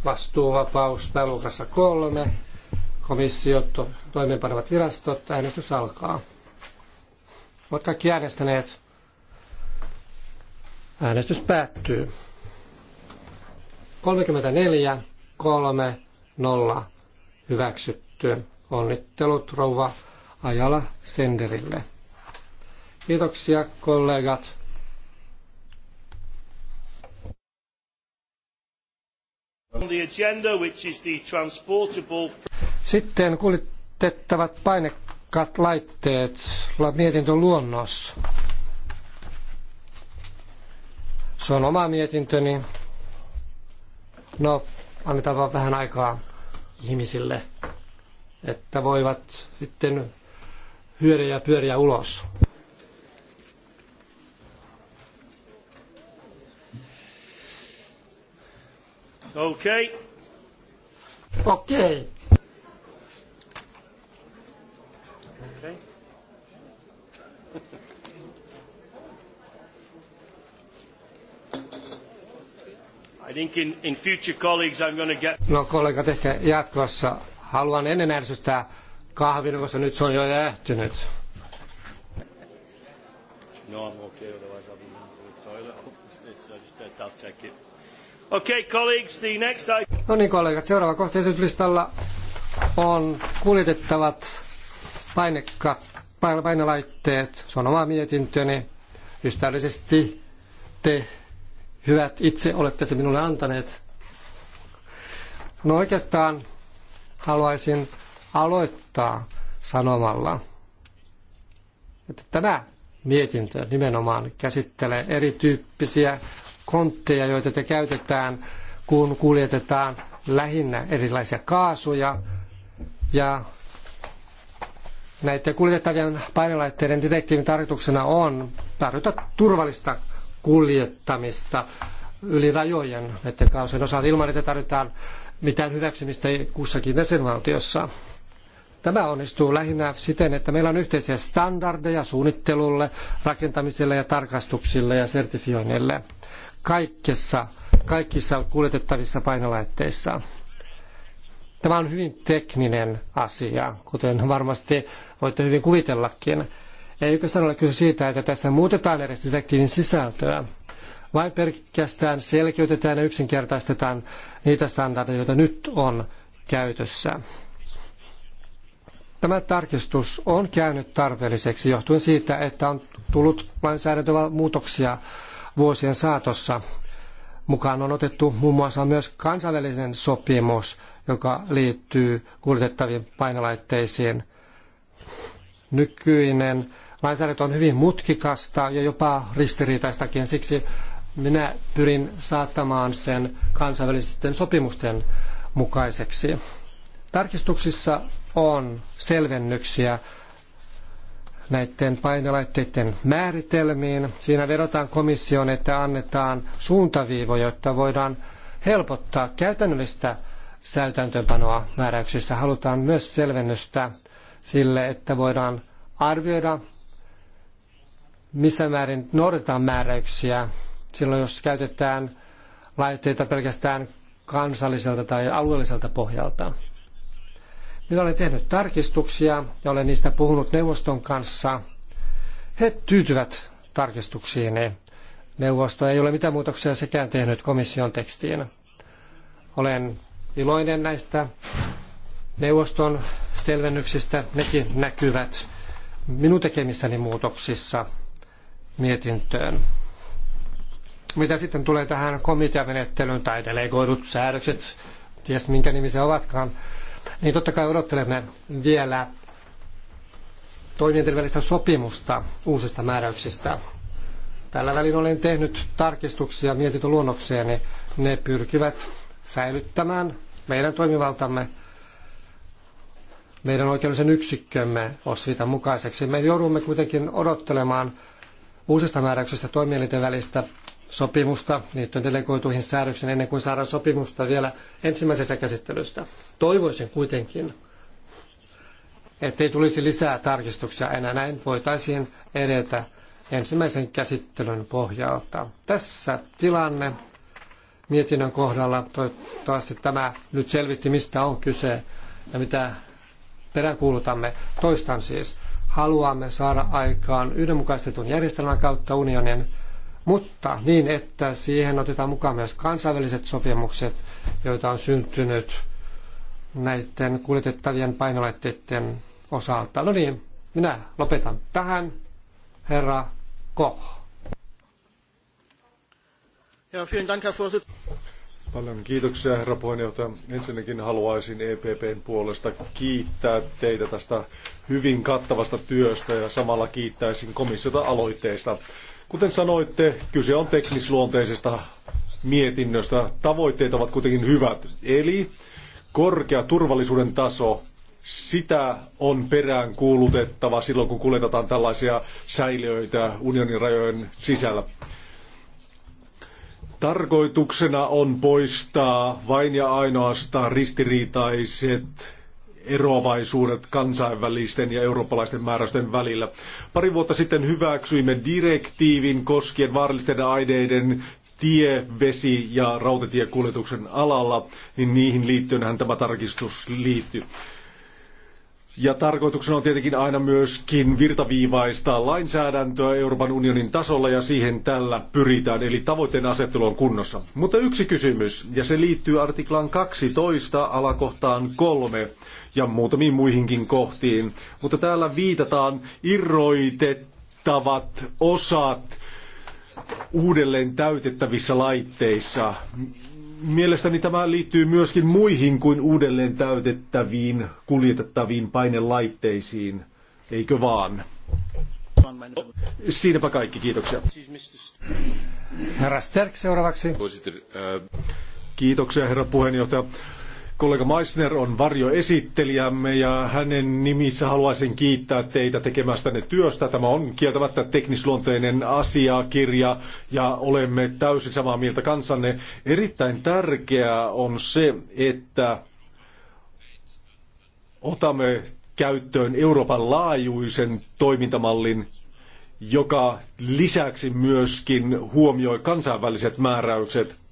vastuuvapaus, pääluokassa kolme, komissiot, toimeenpanevat virastot, äänestys alkaa. Ovat kaikki äänestäneet. Äänestys päättyy. 34, 3, 0 hyväksytty. Onnittelut rouva Ajala Senderille. Kiitoksia kollegat. Sitten kuljetettavat painekkaat laitteet, mietintö luonnos. Se on oma mietintöni. No, annetaan vaan vähän aikaa ihmisille, että voivat sitten hyödä ja pyöriä ulos. Okay. Okay. Okay. I think in, in future colleagues I'm going to get... No kollegat, ehkä jatkossa haluan ennen ärsystää kahvin, koska nyt se on jo jäähtynyt. No, I'm okay, otherwise I'll be in the toilet. I'll just don't, I'll check it. Okay, colleagues, the next... No niin, kollegat, seuraava kohta esityslistalla on kuljetettavat painekka, painelaitteet. Se on oma mietintöni. Ystävällisesti te hyvät itse olette se minulle antaneet. No oikeastaan haluaisin aloittaa sanomalla, että tämä mietintö nimenomaan käsittelee erityyppisiä kontteja, joita te käytetään, kun kuljetetaan lähinnä erilaisia kaasuja ja näiden kuljetettavien painolaitteiden direktiivin tarkoituksena on tarjota turvallista kuljettamista yli rajojen näiden kaasujen osalta ilman, että tarvitaan mitään hyväksymistä kussakin jäsenvaltiossa. Tämä onnistuu lähinnä siten, että meillä on yhteisiä standardeja suunnittelulle, rakentamiselle ja tarkastuksille ja sertifioinnille kaikessa, kaikissa kuljetettavissa painolaitteissa. Tämä on hyvin tekninen asia, kuten varmasti voitte hyvin kuvitellakin. Ei oikeastaan ole kyse siitä, että tässä muutetaan edes direktiivin sisältöä, vain pelkästään selkeytetään ja yksinkertaistetaan niitä standardeja, joita nyt on käytössä. Tämä tarkistus on käynyt tarpeelliseksi johtuen siitä, että on tullut lainsäädäntömuutoksia muutoksia vuosien saatossa. Mukaan on otettu muun muassa myös kansainvälinen sopimus, joka liittyy kuljetettaviin painolaitteisiin. Nykyinen lainsäädäntö on hyvin mutkikasta ja jopa ristiriitaistakin, siksi minä pyrin saattamaan sen kansainvälisten sopimusten mukaiseksi. Tarkistuksissa on selvennyksiä näiden painolaitteiden määritelmiin. Siinä vedotaan komissioon, että annetaan suuntaviivoja, jotta voidaan helpottaa käytännöllistä täytäntöönpanoa määräyksissä. Halutaan myös selvennystä sille, että voidaan arvioida, missä määrin noudatetaan määräyksiä silloin, jos käytetään laitteita pelkästään kansalliselta tai alueelliselta pohjalta. Minä olen tehnyt tarkistuksia ja olen niistä puhunut neuvoston kanssa. He tyytyvät tarkistuksiini. Neuvosto ei ole mitään muutoksia sekään tehnyt komission tekstiin. Olen iloinen näistä neuvoston selvennyksistä. Nekin näkyvät minun tekemissäni muutoksissa mietintöön. Mitä sitten tulee tähän komiteamenettelyyn tai delegoidut säädökset, ties minkä nimi se ovatkaan, niin totta kai odottelemme vielä toimijoiden välistä sopimusta uusista määräyksistä. Tällä välin olen tehnyt tarkistuksia niin Ne pyrkivät säilyttämään meidän toimivaltamme meidän oikeudellisen yksikkömme osvita mukaiseksi. Me joudumme kuitenkin odottelemaan uusista määräyksistä toimielinten välistä sopimusta liittyen delegoituihin säädöksiin ennen kuin saadaan sopimusta vielä ensimmäisessä käsittelystä. Toivoisin kuitenkin, ettei tulisi lisää tarkistuksia enää. Näin voitaisiin edetä ensimmäisen käsittelyn pohjalta. Tässä tilanne mietinnön kohdalla. Toivottavasti tämä nyt selvitti, mistä on kyse ja mitä peräänkuulutamme. Toistan siis, haluamme saada aikaan yhdenmukaistetun järjestelmän kautta unionin mutta niin, että siihen otetaan mukaan myös kansainväliset sopimukset, joita on syntynyt näiden kuljetettavien painolaitteiden osalta. No niin, minä lopetan tähän, herra Koch. Ja, vielen Dank, Herr Paljon kiitoksia, herra puheenjohtaja. Ensinnäkin haluaisin EPPn puolesta kiittää teitä tästä hyvin kattavasta työstä ja samalla kiittäisin komissiota aloitteesta. Kuten sanoitte, kyse on teknisluonteisesta mietinnöstä. Tavoitteet ovat kuitenkin hyvät. Eli korkea turvallisuuden taso, sitä on perään kuulutettava silloin, kun kuljetetaan tällaisia säiliöitä unionin rajojen sisällä. Tarkoituksena on poistaa vain ja ainoastaan ristiriitaiset eroavaisuudet kansainvälisten ja eurooppalaisten määräysten välillä. Pari vuotta sitten hyväksyimme direktiivin koskien vaarallisten aineiden tie-, vesi- ja rautatiekuljetuksen alalla, niin niihin liittyenhän tämä tarkistus liittyy. Ja tarkoituksena on tietenkin aina myöskin virtaviivaistaa lainsäädäntöä Euroopan unionin tasolla ja siihen tällä pyritään, eli tavoitteen asettelu on kunnossa. Mutta yksi kysymys, ja se liittyy artiklan 12 alakohtaan 3 ja muutamiin muihinkin kohtiin. Mutta täällä viitataan irroitettavat osat uudelleen täytettävissä laitteissa. Mielestäni tämä liittyy myöskin muihin kuin uudelleen täytettäviin, kuljetettaviin painelaitteisiin, eikö vaan? Siinäpä kaikki, kiitoksia. Herra Sterk seuraavaksi. Äh, kiitoksia herra puheenjohtaja. Kollega Meissner on varjoesittelijämme ja hänen nimissä haluaisin kiittää teitä tekemästänne työstä. Tämä on kieltämättä teknisluonteinen asiakirja ja olemme täysin samaa mieltä kanssanne. Erittäin tärkeää on se, että otamme käyttöön Euroopan laajuisen toimintamallin, joka lisäksi myöskin huomioi kansainväliset määräykset –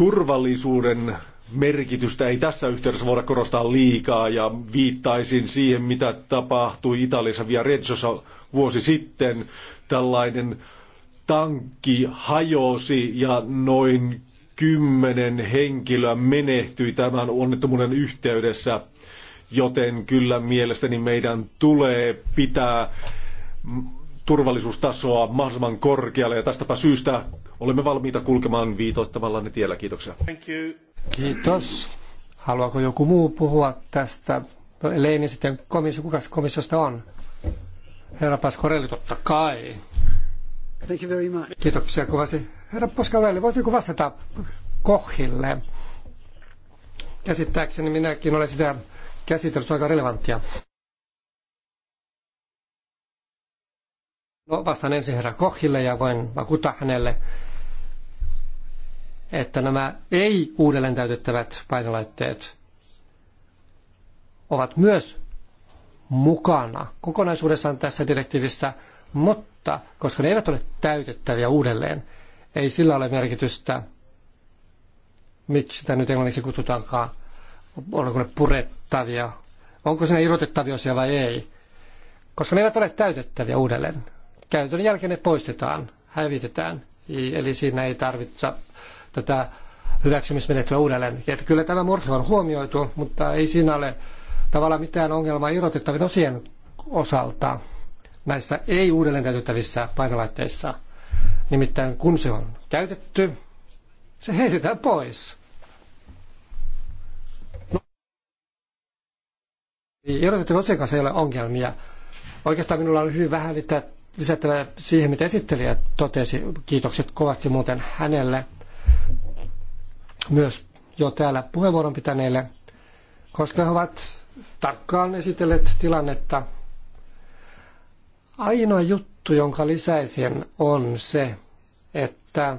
turvallisuuden merkitystä ei tässä yhteydessä voida korostaa liikaa ja viittaisin siihen, mitä tapahtui Italiassa Viarezzossa vuosi sitten. Tällainen tankki hajosi ja noin kymmenen henkilöä menehtyi tämän onnettomuuden yhteydessä, joten kyllä mielestäni meidän tulee pitää turvallisuustasoa mahdollisimman korkealle ja tästäpä syystä olemme valmiita kulkemaan viitoittamallanne tiellä. Kiitoksia. Kiitos. Haluaako joku muu puhua tästä? No, Leini sitten komissio, kuka komissiosta on? Herra Paskorelli, totta kai. Thank you very much. Kiitoksia kovasti. Herra Paskorelli, voisitko vastata Kohille? Käsittääkseni minäkin olen sitä käsitellyt, se on aika relevanttia. No, vastaan ensin herra Kohille ja voin vakuuttaa hänelle, että nämä ei uudelleen täytettävät painolaitteet ovat myös mukana kokonaisuudessaan tässä direktiivissä, mutta koska ne eivät ole täytettäviä uudelleen, ei sillä ole merkitystä, miksi sitä nyt englanniksi kutsutaankaan, onko ne purettavia, onko sinne irrotettavia osia vai ei, koska ne eivät ole täytettäviä uudelleen käytön jälkeen ne poistetaan, hävitetään. Eli siinä ei tarvitse tätä hyväksymismenettelyä uudelleen. Että kyllä tämä murhe on huomioitu, mutta ei siinä ole tavallaan mitään ongelmaa irrotettavien osien osalta näissä ei uudelleen täytettävissä painolaitteissa. Nimittäin kun se on käytetty, se heitetään pois. Irrotettavien osien kanssa ei ole ongelmia. Oikeastaan minulla on hyvin vähän niitä lisättävä siihen, mitä esittelijä totesi. Kiitokset kovasti muuten hänelle, myös jo täällä puheenvuoron pitäneille, koska he ovat tarkkaan esitelleet tilannetta. Ainoa juttu, jonka lisäisin, on se, että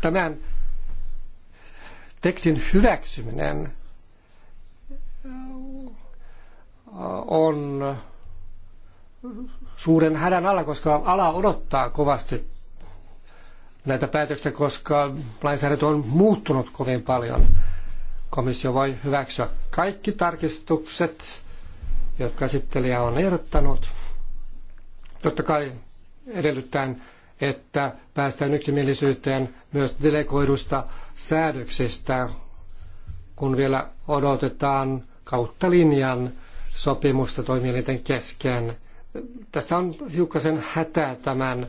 tämän tekstin hyväksyminen on suuren hädän alla, koska ala odottaa kovasti näitä päätöksiä, koska lainsäädäntö on muuttunut kovin paljon. Komissio voi hyväksyä kaikki tarkistukset, jotka esittelijä on ehdottanut. Totta kai edellyttäen, että päästään yksimielisyyteen myös delegoidusta säädöksistä, kun vielä odotetaan kautta linjan sopimusta toimielinten kesken. Tässä on hiukkasen hätää tämän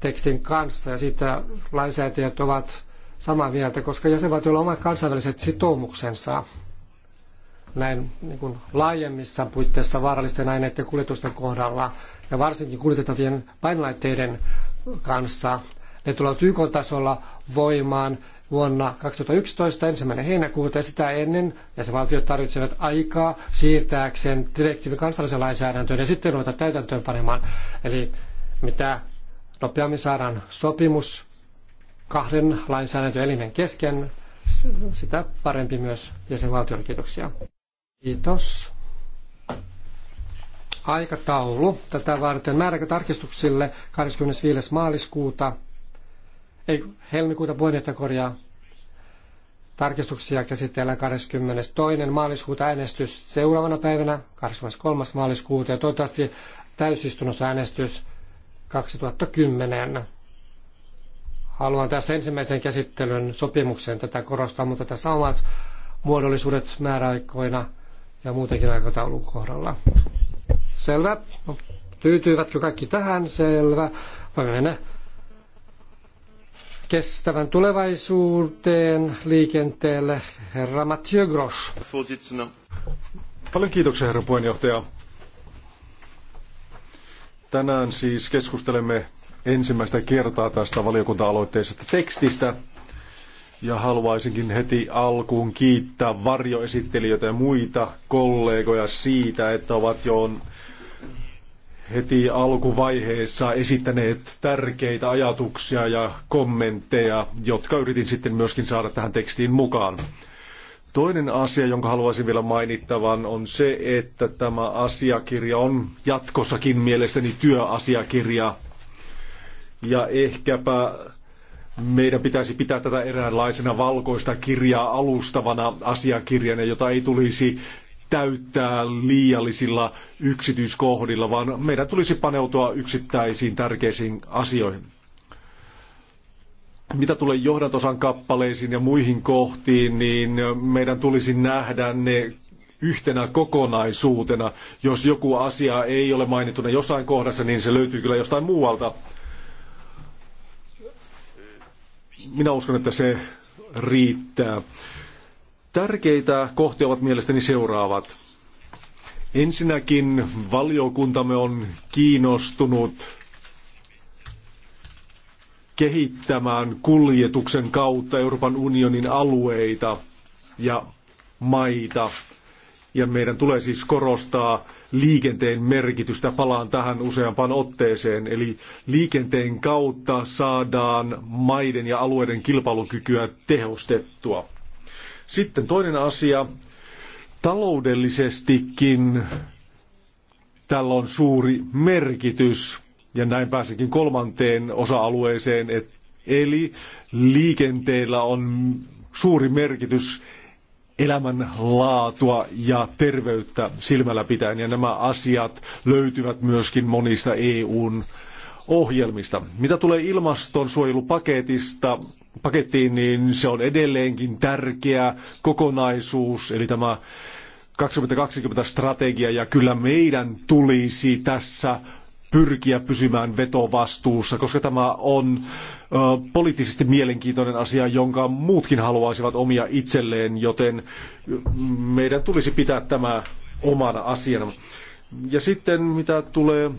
tekstin kanssa ja siitä lainsäätäjät ovat samaa mieltä, koska jäsenvaltioilla on omat kansainväliset sitoumuksensa näin niin kuin laajemmissa puitteissa vaarallisten aineiden kuljetusten kohdalla ja varsinkin kuljetettavien painolaitteiden kanssa. Ne tulevat YK-tasolla voimaan vuonna 2011 ensimmäinen heinäkuuta ja sitä ennen jäsenvaltiot tarvitsevat aikaa siirtääkseen direktiivin kansalliseen lainsäädäntöön ja sitten ruveta täytäntöön panemaan. Eli mitä nopeammin saadaan sopimus kahden lainsäädäntöelimen kesken, sitä parempi myös jäsenvaltioille. Kiitoksia. Kiitos. Aikataulu tätä varten määräaikatarkistuksille 25. maaliskuuta ei helmikuuta puheenjohtaja korjaa. Tarkistuksia käsitellään 22. maaliskuuta äänestys seuraavana päivänä, 23. maaliskuuta ja toivottavasti täysistunnossa äänestys 2010. Haluan tässä ensimmäisen käsittelyn sopimuksen tätä korostaa, mutta tässä omat muodollisuudet määräaikoina ja muutenkin aikataulun kohdalla. Selvä. No, tyytyivätkö kaikki tähän? Selvä. Voimme mennä kestävän tulevaisuuteen liikenteelle, herra Mathieu Grosch. Paljon kiitoksia, herra puheenjohtaja. Tänään siis keskustelemme ensimmäistä kertaa tästä valiokunta-aloitteisesta tekstistä. Ja haluaisinkin heti alkuun kiittää varjoesittelijöitä ja muita kollegoja siitä, että ovat jo heti alkuvaiheessa esittäneet tärkeitä ajatuksia ja kommentteja, jotka yritin sitten myöskin saada tähän tekstiin mukaan. Toinen asia, jonka haluaisin vielä mainittavan, on se, että tämä asiakirja on jatkossakin mielestäni työasiakirja. Ja ehkäpä meidän pitäisi pitää tätä eräänlaisena valkoista kirjaa alustavana asiakirjana, jota ei tulisi täyttää liiallisilla yksityiskohdilla, vaan meidän tulisi paneutua yksittäisiin tärkeisiin asioihin. Mitä tulee johdantosan kappaleisiin ja muihin kohtiin, niin meidän tulisi nähdä ne yhtenä kokonaisuutena. Jos joku asia ei ole mainittuna jossain kohdassa, niin se löytyy kyllä jostain muualta. Minä uskon, että se riittää. Tärkeitä kohtia ovat mielestäni seuraavat. Ensinnäkin valiokuntamme on kiinnostunut kehittämään kuljetuksen kautta Euroopan unionin alueita ja maita. Ja meidän tulee siis korostaa liikenteen merkitystä. Palaan tähän useampaan otteeseen. Eli liikenteen kautta saadaan maiden ja alueiden kilpailukykyä tehostettua. Sitten toinen asia. Taloudellisestikin tällä on suuri merkitys. Ja näin pääsenkin kolmanteen osa-alueeseen, et, eli liikenteellä on suuri merkitys elämänlaatua ja terveyttä silmällä pitäen. Ja nämä asiat löytyvät myöskin monista EUn ohjelmista. Mitä tulee ilmastonsuojelupaketista, pakettiin, niin se on edelleenkin tärkeä kokonaisuus, eli tämä 2020 strategia, ja kyllä meidän tulisi tässä pyrkiä pysymään vetovastuussa, koska tämä on ö, poliittisesti mielenkiintoinen asia, jonka muutkin haluaisivat omia itselleen, joten meidän tulisi pitää tämä omana asiana. Ja sitten mitä tulee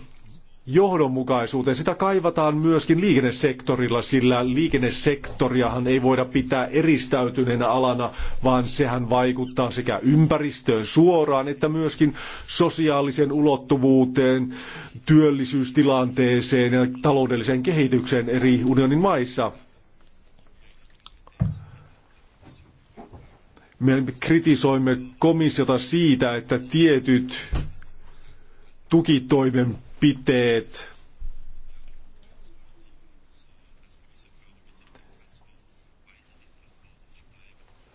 johdonmukaisuuteen. Sitä kaivataan myöskin liikennesektorilla, sillä liikennesektoriahan ei voida pitää eristäytyneenä alana, vaan sehän vaikuttaa sekä ympäristöön suoraan että myöskin sosiaaliseen ulottuvuuteen, työllisyystilanteeseen ja taloudelliseen kehitykseen eri unionin maissa. Me kritisoimme komissiota siitä, että tietyt tukitoimenpiteet toimenpiteet,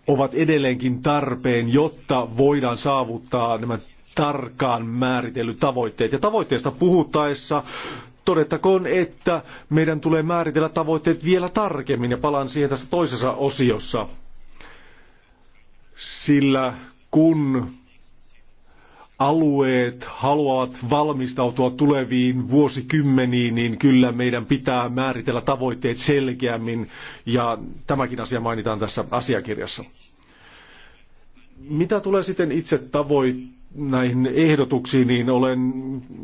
ovat edelleenkin tarpeen, jotta voidaan saavuttaa nämä tarkkaan määritellyt tavoitteet. Ja tavoitteista puhuttaessa todettakoon, että meidän tulee määritellä tavoitteet vielä tarkemmin ja palaan siihen tässä toisessa osiossa. Sillä kun alueet haluavat valmistautua tuleviin vuosikymmeniin, niin kyllä meidän pitää määritellä tavoitteet selkeämmin ja tämäkin asia mainitaan tässä asiakirjassa. Mitä tulee sitten itse tavoitteeseen? näihin ehdotuksiin, niin olen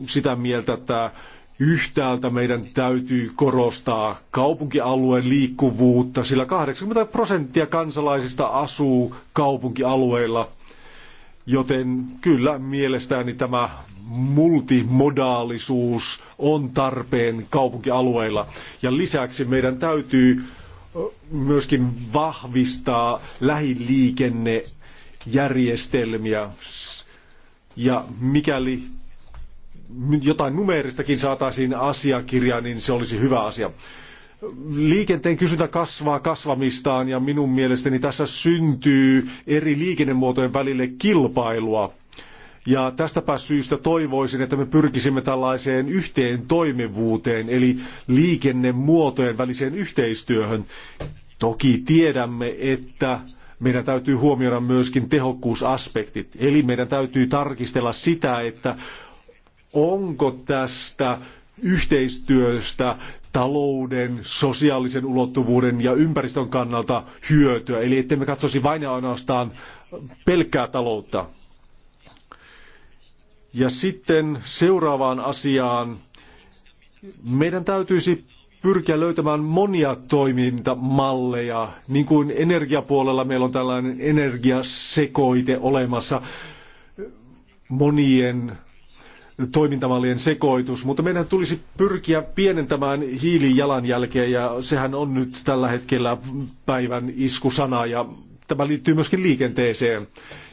sitä mieltä, että yhtäältä meidän täytyy korostaa kaupunkialueen liikkuvuutta, sillä 80 prosenttia kansalaisista asuu kaupunkialueilla. Joten kyllä mielestäni tämä multimodaalisuus on tarpeen kaupunkialueilla. Ja lisäksi meidän täytyy myöskin vahvistaa lähiliikennejärjestelmiä. Ja mikäli jotain numeeristakin saataisiin asiakirjaa, niin se olisi hyvä asia liikenteen kysyntä kasvaa kasvamistaan ja minun mielestäni tässä syntyy eri liikennemuotojen välille kilpailua. Ja tästäpä syystä toivoisin, että me pyrkisimme tällaiseen yhteen toimivuuteen, eli liikennemuotojen väliseen yhteistyöhön. Toki tiedämme, että meidän täytyy huomioida myöskin tehokkuusaspektit. Eli meidän täytyy tarkistella sitä, että onko tästä yhteistyöstä talouden, sosiaalisen ulottuvuuden ja ympäristön kannalta hyötyä. Eli ettemme katsoisi vain ja ainoastaan pelkkää taloutta. Ja sitten seuraavaan asiaan. Meidän täytyisi pyrkiä löytämään monia toimintamalleja. Niin kuin energiapuolella meillä on tällainen energiasekoite olemassa monien toimintamallien sekoitus, mutta meidän tulisi pyrkiä pienentämään hiilijalanjälkeä ja sehän on nyt tällä hetkellä päivän iskusana ja tämä liittyy myöskin liikenteeseen.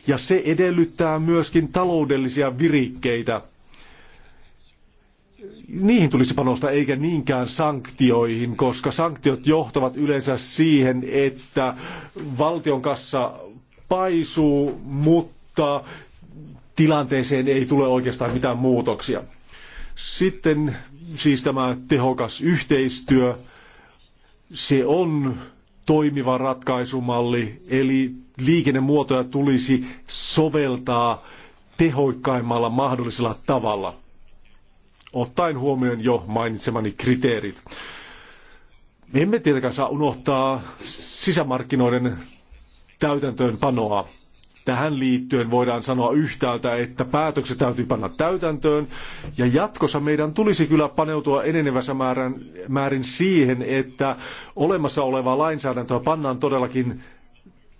Ja se edellyttää myöskin taloudellisia virikkeitä. Niihin tulisi panostaa eikä niinkään sanktioihin, koska sanktiot johtavat yleensä siihen, että valtion kassa paisuu, mutta tilanteeseen ei tule oikeastaan mitään muutoksia. Sitten siis tämä tehokas yhteistyö, se on toimiva ratkaisumalli, eli liikennemuotoja tulisi soveltaa tehoikkaimmalla mahdollisella tavalla, ottaen huomioon jo mainitsemani kriteerit. emme tietenkään saa unohtaa sisämarkkinoiden täytäntöönpanoa. Tähän liittyen voidaan sanoa yhtäältä, että päätökset täytyy panna täytäntöön ja jatkossa meidän tulisi kyllä paneutua enenevässä määrän, määrin siihen, että olemassa olevaa lainsäädäntöä pannaan todellakin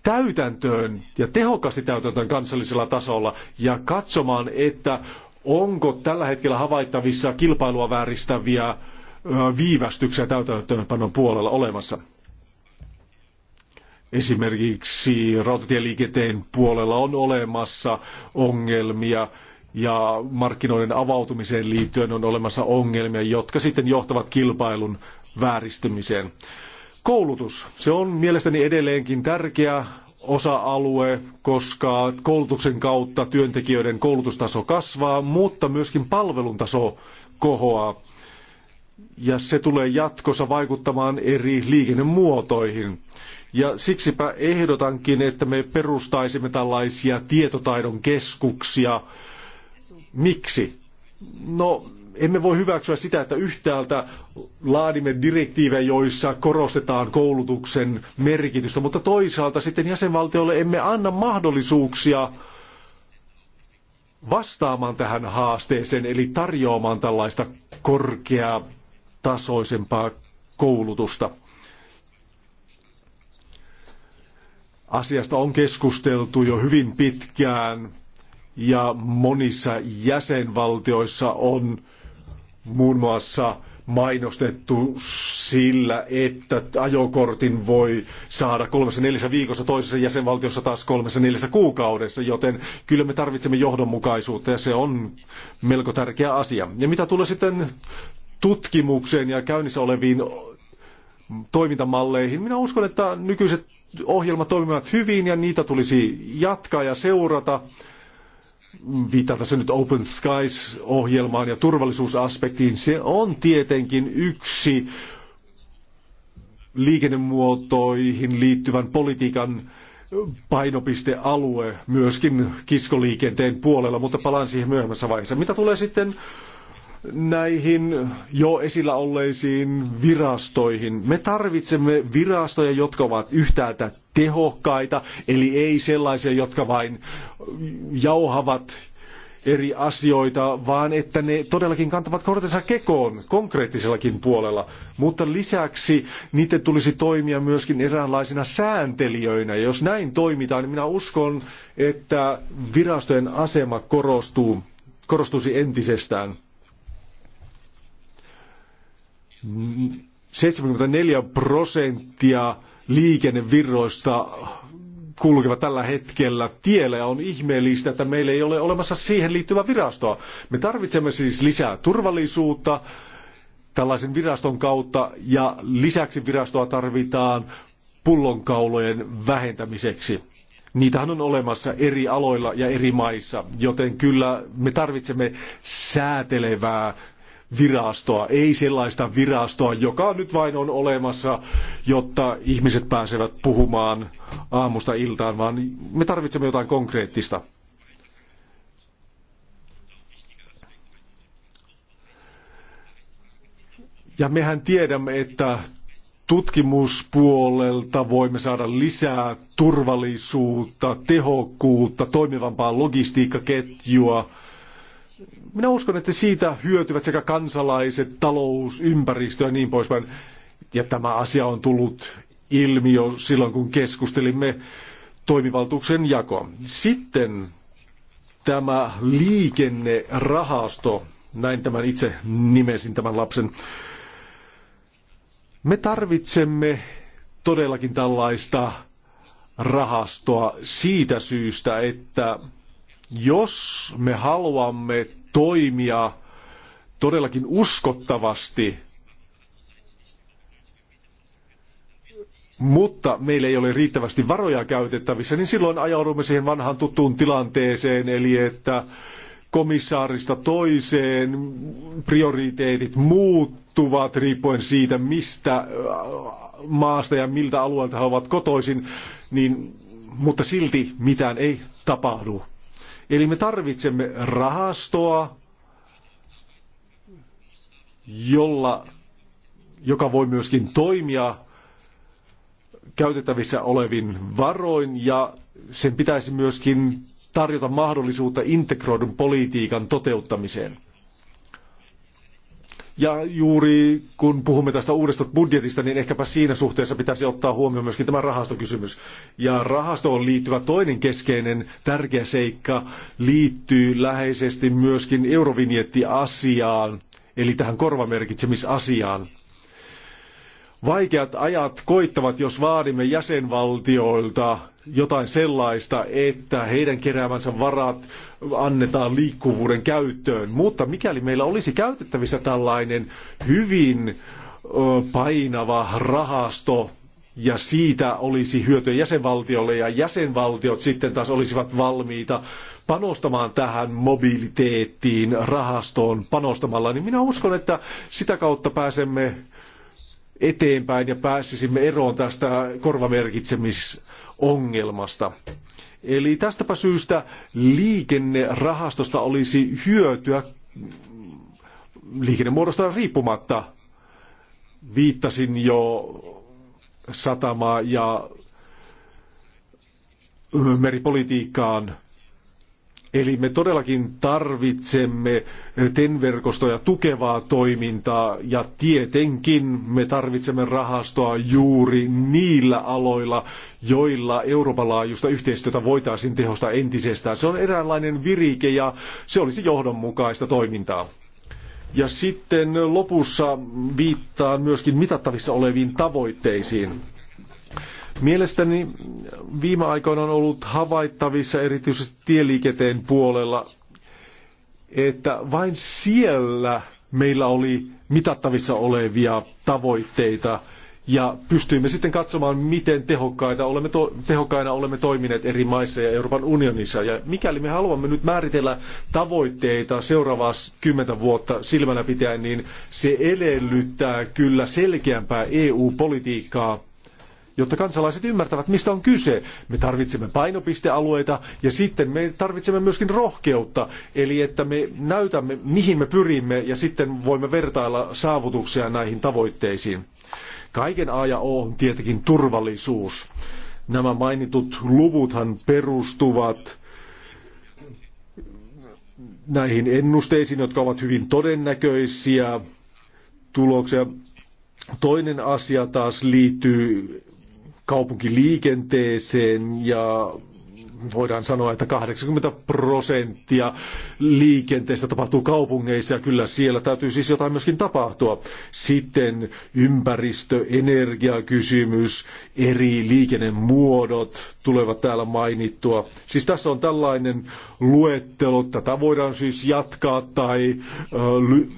täytäntöön ja tehokkaasti täytäntöön kansallisella tasolla ja katsomaan, että onko tällä hetkellä havaittavissa kilpailua vääristäviä viivästyksiä täytäntöönpanon puolella olemassa. Esimerkiksi rautatieliikenteen puolella on olemassa ongelmia ja markkinoiden avautumiseen liittyen on olemassa ongelmia, jotka sitten johtavat kilpailun vääristymiseen. Koulutus. Se on mielestäni edelleenkin tärkeä osa-alue, koska koulutuksen kautta työntekijöiden koulutustaso kasvaa, mutta myöskin palvelun taso kohoaa. Ja se tulee jatkossa vaikuttamaan eri liikennemuotoihin. Ja siksipä ehdotankin, että me perustaisimme tällaisia tietotaidon keskuksia. Miksi? No, emme voi hyväksyä sitä, että yhtäältä laadimme direktiivejä, joissa korostetaan koulutuksen merkitystä, mutta toisaalta sitten jäsenvaltioille emme anna mahdollisuuksia vastaamaan tähän haasteeseen, eli tarjoamaan tällaista korkeatasoisempaa koulutusta. Asiasta on keskusteltu jo hyvin pitkään ja monissa jäsenvaltioissa on muun muassa mainostettu sillä, että ajokortin voi saada kolmessa neljässä viikossa, toisessa jäsenvaltiossa taas kolmessa neljässä kuukaudessa, joten kyllä me tarvitsemme johdonmukaisuutta ja se on melko tärkeä asia. Ja mitä tulee sitten tutkimukseen ja käynnissä oleviin toimintamalleihin, minä uskon, että nykyiset ohjelmat toimivat hyvin ja niitä tulisi jatkaa ja seurata. Viitata se nyt Open Skies-ohjelmaan ja turvallisuusaspektiin. Se on tietenkin yksi liikennemuotoihin liittyvän politiikan painopistealue myöskin kiskoliikenteen puolella, mutta palaan siihen myöhemmässä vaiheessa. Mitä tulee sitten näihin jo esillä olleisiin virastoihin. Me tarvitsemme virastoja, jotka ovat yhtäältä tehokkaita, eli ei sellaisia, jotka vain jauhavat eri asioita, vaan että ne todellakin kantavat kortensa kekoon konkreettisellakin puolella. Mutta lisäksi niiden tulisi toimia myöskin eräänlaisina sääntelijöinä. Ja jos näin toimitaan, niin minä uskon, että virastojen asema korostuu, korostuisi entisestään. 74 prosenttia liikennevirroista kulkeva tällä hetkellä tiellä on ihmeellistä, että meillä ei ole olemassa siihen liittyvää virastoa. Me tarvitsemme siis lisää turvallisuutta tällaisen viraston kautta ja lisäksi virastoa tarvitaan pullonkaulojen vähentämiseksi. Niitähän on olemassa eri aloilla ja eri maissa, joten kyllä me tarvitsemme säätelevää virastoa, ei sellaista virastoa, joka nyt vain on olemassa, jotta ihmiset pääsevät puhumaan aamusta iltaan, vaan me tarvitsemme jotain konkreettista. Ja mehän tiedämme, että tutkimuspuolelta voimme saada lisää turvallisuutta, tehokkuutta, toimivampaa logistiikkaketjua – minä uskon, että siitä hyötyvät sekä kansalaiset, talous, ympäristö ja niin poispäin. Ja tämä asia on tullut ilmi jo silloin, kun keskustelimme toimivaltuuksen jako. Sitten tämä liikennerahasto, näin tämän itse nimesin tämän lapsen, me tarvitsemme todellakin tällaista rahastoa siitä syystä, että jos me haluamme toimia todellakin uskottavasti, mutta meillä ei ole riittävästi varoja käytettävissä, niin silloin ajaudumme siihen vanhaan tuttuun tilanteeseen, eli että komissaarista toiseen prioriteetit muuttuvat riippuen siitä, mistä äh, maasta ja miltä alueelta he ovat kotoisin, niin, mutta silti mitään ei tapahdu. Eli me tarvitsemme rahastoa, jolla, joka voi myöskin toimia käytettävissä olevin varoin ja sen pitäisi myöskin tarjota mahdollisuutta integroidun politiikan toteuttamiseen. Ja juuri kun puhumme tästä uudesta budjetista, niin ehkäpä siinä suhteessa pitäisi ottaa huomioon myöskin tämä rahastokysymys. Ja rahastoon liittyvä toinen keskeinen tärkeä seikka liittyy läheisesti myöskin eurovinjettiasiaan, eli tähän korvamerkitsemisasiaan. Vaikeat ajat koittavat, jos vaadimme jäsenvaltioilta jotain sellaista, että heidän keräämänsä varat annetaan liikkuvuuden käyttöön. Mutta mikäli meillä olisi käytettävissä tällainen hyvin painava rahasto, ja siitä olisi hyötyä jäsenvaltiolle ja jäsenvaltiot sitten taas olisivat valmiita panostamaan tähän mobiliteettiin, rahastoon panostamalla, niin minä uskon, että sitä kautta pääsemme eteenpäin ja pääsisimme eroon tästä korvamerkitsemisongelmasta. Eli tästäpä syystä liikennerahastosta olisi hyötyä liikennemuodosta riippumatta. Viittasin jo satama- ja meripolitiikkaan Eli me todellakin tarvitsemme TEN-verkostoja tukevaa toimintaa ja tietenkin me tarvitsemme rahastoa juuri niillä aloilla, joilla Euroopan laajuista yhteistyötä voitaisiin tehostaa entisestään. Se on eräänlainen virike ja se olisi johdonmukaista toimintaa. Ja sitten lopussa viittaan myöskin mitattavissa oleviin tavoitteisiin. Mielestäni viime aikoina on ollut havaittavissa erityisesti tieliikenteen puolella, että vain siellä meillä oli mitattavissa olevia tavoitteita ja pystyimme sitten katsomaan, miten tehokkaita olemme to- tehokkaina olemme toimineet eri maissa ja Euroopan unionissa. Ja mikäli me haluamme nyt määritellä tavoitteita seuraavaa kymmentä vuotta silmällä pitäen, niin se edellyttää kyllä selkeämpää EU-politiikkaa jotta kansalaiset ymmärtävät, mistä on kyse. Me tarvitsemme painopistealueita ja sitten me tarvitsemme myöskin rohkeutta, eli että me näytämme, mihin me pyrimme ja sitten voimme vertailla saavutuksia näihin tavoitteisiin. Kaiken A ja O on tietenkin turvallisuus. Nämä mainitut luvuthan perustuvat näihin ennusteisiin, jotka ovat hyvin todennäköisiä tuloksia. Toinen asia taas liittyy kaupunkiliikenteeseen ja voidaan sanoa, että 80 prosenttia liikenteestä tapahtuu kaupungeissa ja kyllä siellä täytyy siis jotain myöskin tapahtua. Sitten ympäristö, energiakysymys, eri liikennemuodot tulevat täällä mainittua. Siis tässä on tällainen luettelo, tätä voidaan siis jatkaa tai ly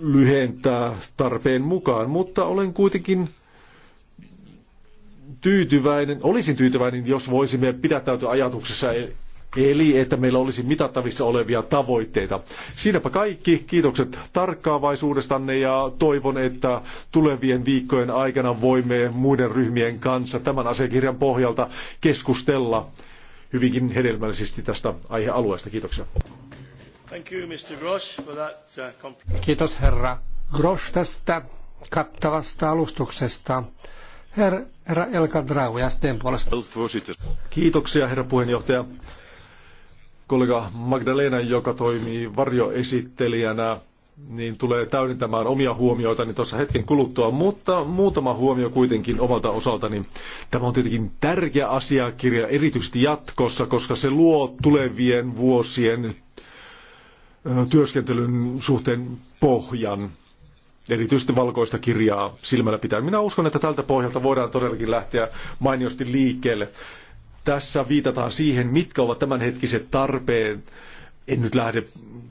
lyhentää tarpeen mukaan, mutta olen kuitenkin tyytyväinen, olisin tyytyväinen, jos voisimme pidättäytyä ajatuksessa, e- eli että meillä olisi mitattavissa olevia tavoitteita. Siinäpä kaikki. Kiitokset tarkkaavaisuudestanne ja toivon, että tulevien viikkojen aikana voimme muiden ryhmien kanssa tämän asiakirjan pohjalta keskustella hyvinkin hedelmällisesti tästä aihealueesta. Kiitoksia. Uh, Kiitos herra Grosch tästä kattavasta alustuksesta. Herra, herra Elka Drau, STn puolesta. Kiitoksia, herra puheenjohtaja. Kollega Magdalena, joka toimii varjoesittelijänä, niin tulee täydentämään omia huomioitani tuossa hetken kuluttua, mutta muutama huomio kuitenkin omalta osaltani. Tämä on tietenkin tärkeä asiakirja, erityisesti jatkossa, koska se luo tulevien vuosien työskentelyn suhteen pohjan erityisesti valkoista kirjaa silmällä pitää. Minä uskon, että tältä pohjalta voidaan todellakin lähteä mainiosti liikkeelle. Tässä viitataan siihen, mitkä ovat tämänhetkiset tarpeen. En nyt lähde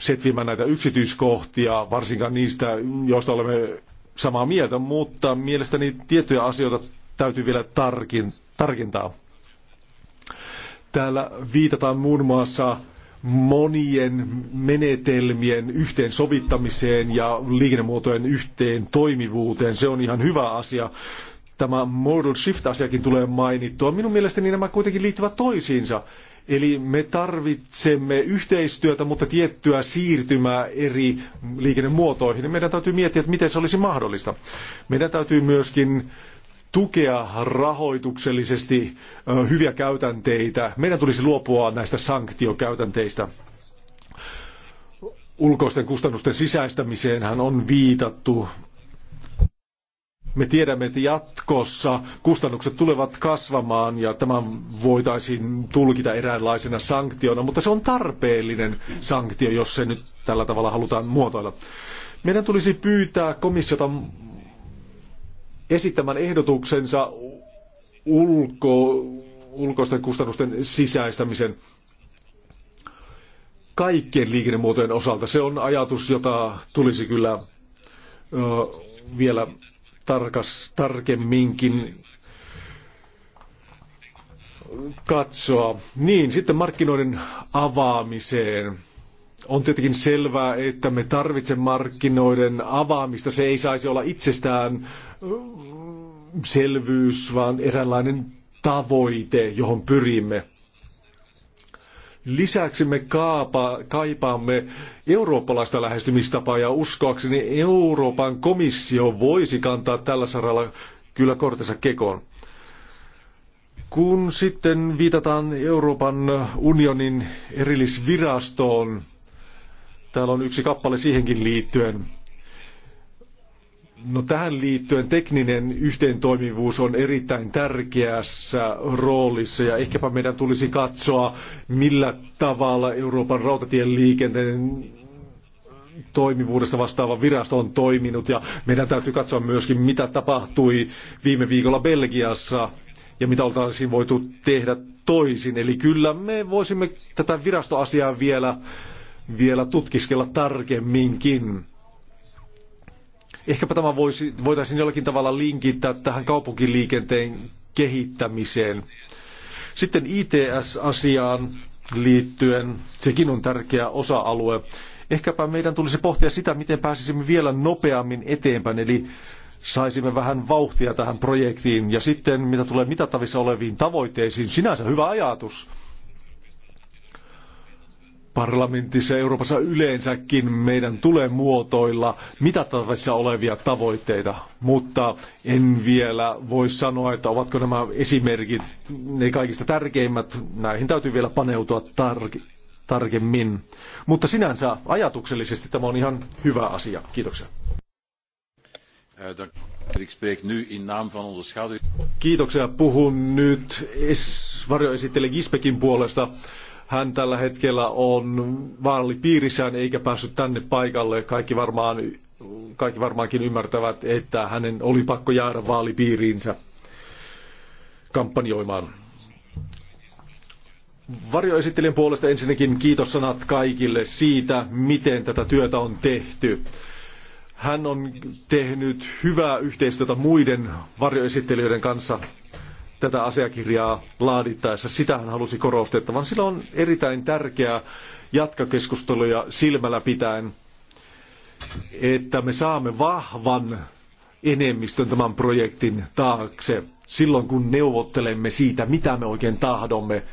setvimään näitä yksityiskohtia, varsinkaan niistä, joista olemme samaa mieltä, mutta mielestäni tiettyjä asioita täytyy vielä tarkin, tarkentaa. Täällä viitataan muun muassa monien menetelmien yhteensovittamiseen ja liikennemuotojen yhteen toimivuuteen. Se on ihan hyvä asia. Tämä modal shift-asiakin tulee mainittua. Minun mielestäni nämä kuitenkin liittyvät toisiinsa. Eli me tarvitsemme yhteistyötä, mutta tiettyä siirtymää eri liikennemuotoihin. Meidän täytyy miettiä, että miten se olisi mahdollista. Meidän täytyy myöskin tukea rahoituksellisesti hyviä käytänteitä. Meidän tulisi luopua näistä sanktiokäytänteistä. Ulkoisten kustannusten hän on viitattu. Me tiedämme, että jatkossa kustannukset tulevat kasvamaan ja tämä voitaisiin tulkita eräänlaisena sanktiona, mutta se on tarpeellinen sanktio, jos se nyt tällä tavalla halutaan muotoilla. Meidän tulisi pyytää komissiota esittämän ehdotuksensa ulko, ulkoisten kustannusten sisäistämisen kaikkien liikennemuotojen osalta. Se on ajatus, jota tulisi kyllä ö, vielä tarkas, tarkemminkin katsoa. Niin, sitten markkinoiden avaamiseen. On tietenkin selvää, että me tarvitsemme markkinoiden avaamista. Se ei saisi olla itsestään mm, selvyys, vaan eräänlainen tavoite, johon pyrimme. Lisäksi me kaapa, kaipaamme eurooppalaista lähestymistapaa ja uskoakseni Euroopan komissio voisi kantaa tällä saralla kyllä kortensa kekoon. Kun sitten viitataan Euroopan unionin erillisvirastoon, Täällä on yksi kappale siihenkin liittyen. No tähän liittyen tekninen yhteentoimivuus on erittäin tärkeässä roolissa ja ehkäpä meidän tulisi katsoa, millä tavalla Euroopan rautatien liikenteen toimivuudesta vastaava virasto on toiminut ja meidän täytyy katsoa myöskin, mitä tapahtui viime viikolla Belgiassa ja mitä oltaisiin voitu tehdä toisin. Eli kyllä me voisimme tätä virastoasiaa vielä vielä tutkiskella tarkemminkin. Ehkäpä tämä voisi, voitaisiin jollakin tavalla linkittää tähän kaupunkiliikenteen kehittämiseen. Sitten ITS-asiaan liittyen, sekin on tärkeä osa-alue. Ehkäpä meidän tulisi pohtia sitä, miten pääsisimme vielä nopeammin eteenpäin, eli saisimme vähän vauhtia tähän projektiin. Ja sitten, mitä tulee mitattavissa oleviin tavoitteisiin, sinänsä hyvä ajatus – parlamentissa Euroopassa yleensäkin meidän tulee muotoilla mitattavissa olevia tavoitteita, mutta en vielä voi sanoa, että ovatko nämä esimerkit ne kaikista tärkeimmät. Näihin täytyy vielä paneutua tar- tarkemmin. Mutta sinänsä ajatuksellisesti tämä on ihan hyvä asia. Kiitoksia. Kiitoksia. Puhun nyt es- varjoesittelijä Gispekin puolesta. Hän tällä hetkellä on vaalipiirissään eikä päässyt tänne paikalle. Kaikki, varmaan, kaikki varmaankin ymmärtävät, että hänen oli pakko jäädä vaalipiiriinsä kampanjoimaan. Varjoesittelijän puolesta ensinnäkin kiitos sanat kaikille siitä, miten tätä työtä on tehty. Hän on tehnyt hyvää yhteistyötä muiden varjoesittelijöiden kanssa tätä asiakirjaa laadittaessa. Sitä hän halusi korostettavan. Sillä on erittäin tärkeää jatkakeskusteluja silmällä pitäen, että me saamme vahvan enemmistön tämän projektin taakse silloin, kun neuvottelemme siitä, mitä me oikein tahdomme.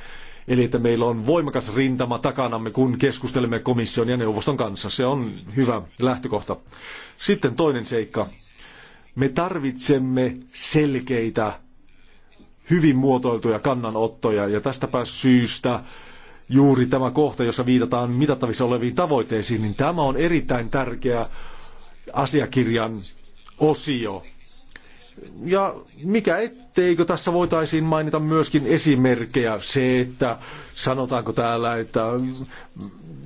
Eli että meillä on voimakas rintama takanamme, kun keskustelemme komission ja neuvoston kanssa. Se on hyvä lähtökohta. Sitten toinen seikka. Me tarvitsemme selkeitä hyvin muotoiltuja kannanottoja ja tästäpä syystä juuri tämä kohta, jossa viitataan mitattavissa oleviin tavoitteisiin, niin tämä on erittäin tärkeä asiakirjan osio. Ja mikä etteikö tässä voitaisiin mainita myöskin esimerkkejä se, että sanotaanko täällä, että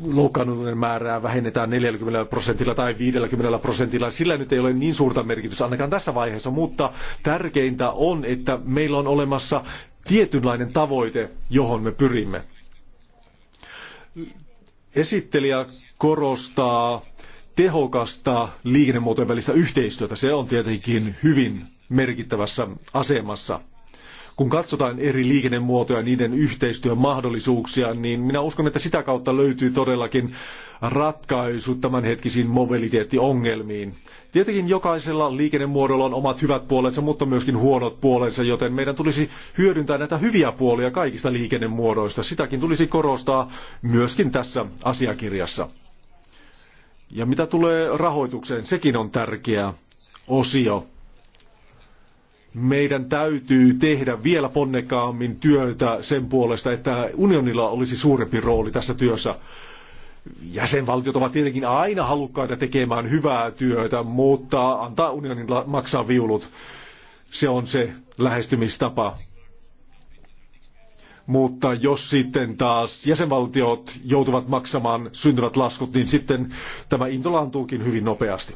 loukkaantuneiden määrää vähennetään 40 prosentilla tai 50 prosentilla. Sillä nyt ei ole niin suurta merkitystä ainakaan tässä vaiheessa, mutta tärkeintä on, että meillä on olemassa tietynlainen tavoite, johon me pyrimme. Esittelijä korostaa tehokasta liikennemuotojen välistä yhteistyötä. Se on tietenkin hyvin merkittävässä asemassa. Kun katsotaan eri liikennemuotoja ja niiden yhteistyön mahdollisuuksia, niin minä uskon, että sitä kautta löytyy todellakin ratkaisut tämänhetkisiin mobiliteettiongelmiin. Tietenkin jokaisella liikennemuodolla on omat hyvät puolensa, mutta myöskin huonot puolensa, joten meidän tulisi hyödyntää näitä hyviä puolia kaikista liikennemuodoista. Sitäkin tulisi korostaa myöskin tässä asiakirjassa. Ja mitä tulee rahoitukseen, sekin on tärkeä osio meidän täytyy tehdä vielä ponnekaammin työtä sen puolesta, että unionilla olisi suurempi rooli tässä työssä. Jäsenvaltiot ovat tietenkin aina halukkaita tekemään hyvää työtä, mutta antaa unionin maksaa viulut. Se on se lähestymistapa. Mutta jos sitten taas jäsenvaltiot joutuvat maksamaan syntyvät laskut, niin sitten tämä into laantuukin hyvin nopeasti.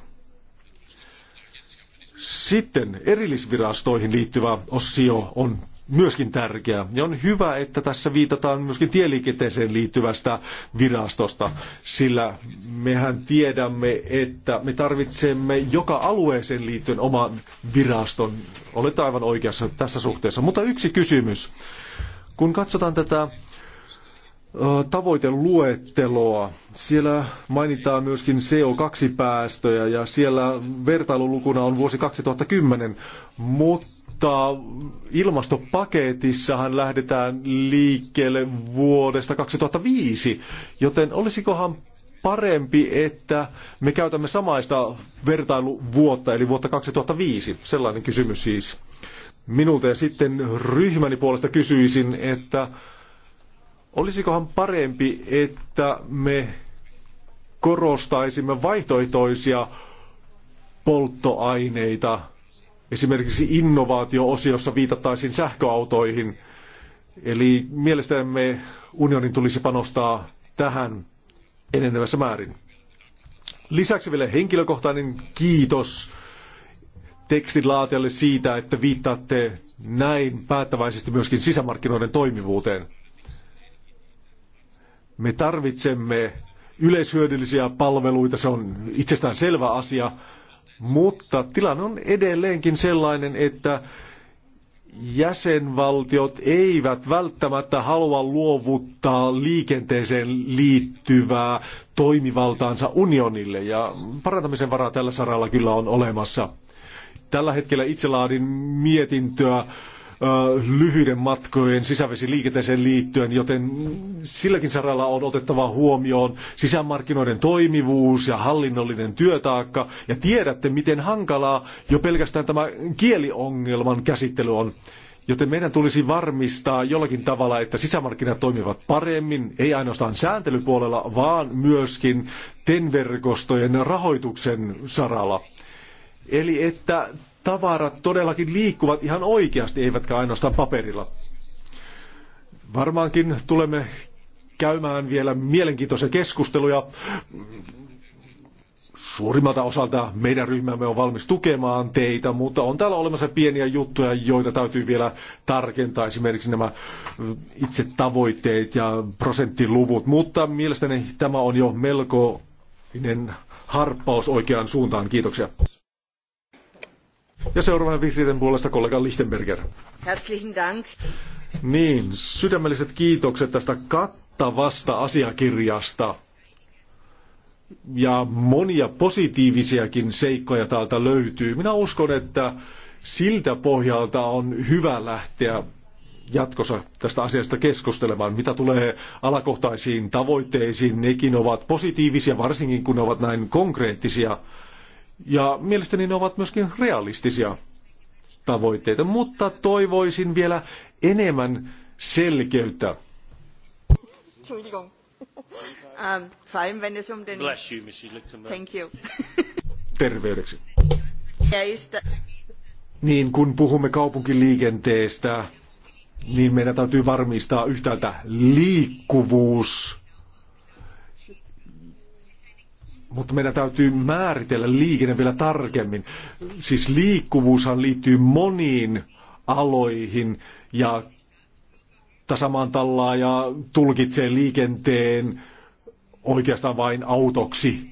Sitten erillisvirastoihin liittyvä osio on myöskin tärkeä. Ja on hyvä, että tässä viitataan myöskin tieliikenteeseen liittyvästä virastosta, sillä mehän tiedämme, että me tarvitsemme joka alueeseen liittyen oman viraston. Olet aivan oikeassa tässä suhteessa. Mutta yksi kysymys. Kun katsotaan tätä tavoiteluetteloa. Siellä mainitaan myöskin CO2-päästöjä ja siellä vertailulukuna on vuosi 2010, mutta ilmastopaketissahan lähdetään liikkeelle vuodesta 2005, joten olisikohan parempi, että me käytämme samaista vertailuvuotta, eli vuotta 2005, sellainen kysymys siis. Minulta ja sitten ryhmäni puolesta kysyisin, että Olisikohan parempi, että me korostaisimme vaihtoehtoisia polttoaineita. Esimerkiksi innovaatio-osiossa viitattaisiin sähköautoihin. Eli mielestämme unionin tulisi panostaa tähän enenevässä määrin. Lisäksi vielä henkilökohtainen kiitos tekstin laatijalle siitä, että viittaatte näin päättäväisesti myöskin sisämarkkinoiden toimivuuteen. Me tarvitsemme yleishyödyllisiä palveluita, se on itsestään selvä asia, mutta tilanne on edelleenkin sellainen, että jäsenvaltiot eivät välttämättä halua luovuttaa liikenteeseen liittyvää toimivaltaansa unionille ja parantamisen varaa tällä saralla kyllä on olemassa. Tällä hetkellä itse laadin mietintöä lyhyiden matkojen sisävesiliikenteeseen liittyen, joten silläkin saralla on otettava huomioon sisämarkkinoiden toimivuus ja hallinnollinen työtaakka. Ja tiedätte, miten hankalaa jo pelkästään tämä kieliongelman käsittely on. Joten meidän tulisi varmistaa jollakin tavalla, että sisämarkkinat toimivat paremmin, ei ainoastaan sääntelypuolella, vaan myöskin TEN-verkostojen rahoituksen saralla. Eli että tavarat todellakin liikkuvat ihan oikeasti, eivätkä ainoastaan paperilla. Varmaankin tulemme käymään vielä mielenkiintoisia keskusteluja. Suurimmalta osalta meidän ryhmämme on valmis tukemaan teitä, mutta on täällä olemassa pieniä juttuja, joita täytyy vielä tarkentaa, esimerkiksi nämä itse tavoitteet ja prosenttiluvut, mutta mielestäni tämä on jo melkoinen harppaus oikeaan suuntaan. Kiitoksia. Ja seuraavana vihreiden puolesta kollega Lichtenberger. Herzlichen Dank. Niin, sydämelliset kiitokset tästä kattavasta asiakirjasta. Ja monia positiivisiakin seikkoja täältä löytyy. Minä uskon, että siltä pohjalta on hyvä lähteä jatkossa tästä asiasta keskustelemaan. Mitä tulee alakohtaisiin tavoitteisiin, nekin ovat positiivisia, varsinkin kun ne ovat näin konkreettisia. Ja mielestäni ne ovat myöskin realistisia tavoitteita, mutta toivoisin vielä enemmän selkeyttä. Ähm, um Thank you. Terveydeksi. Niin, kun puhumme kaupunkiliikenteestä, niin meidän täytyy varmistaa yhtäältä liikkuvuus mutta meidän täytyy määritellä liikenne vielä tarkemmin. Siis liikkuvuushan liittyy moniin aloihin ja tasamaan tallaa ja tulkitsee liikenteen oikeastaan vain autoksi.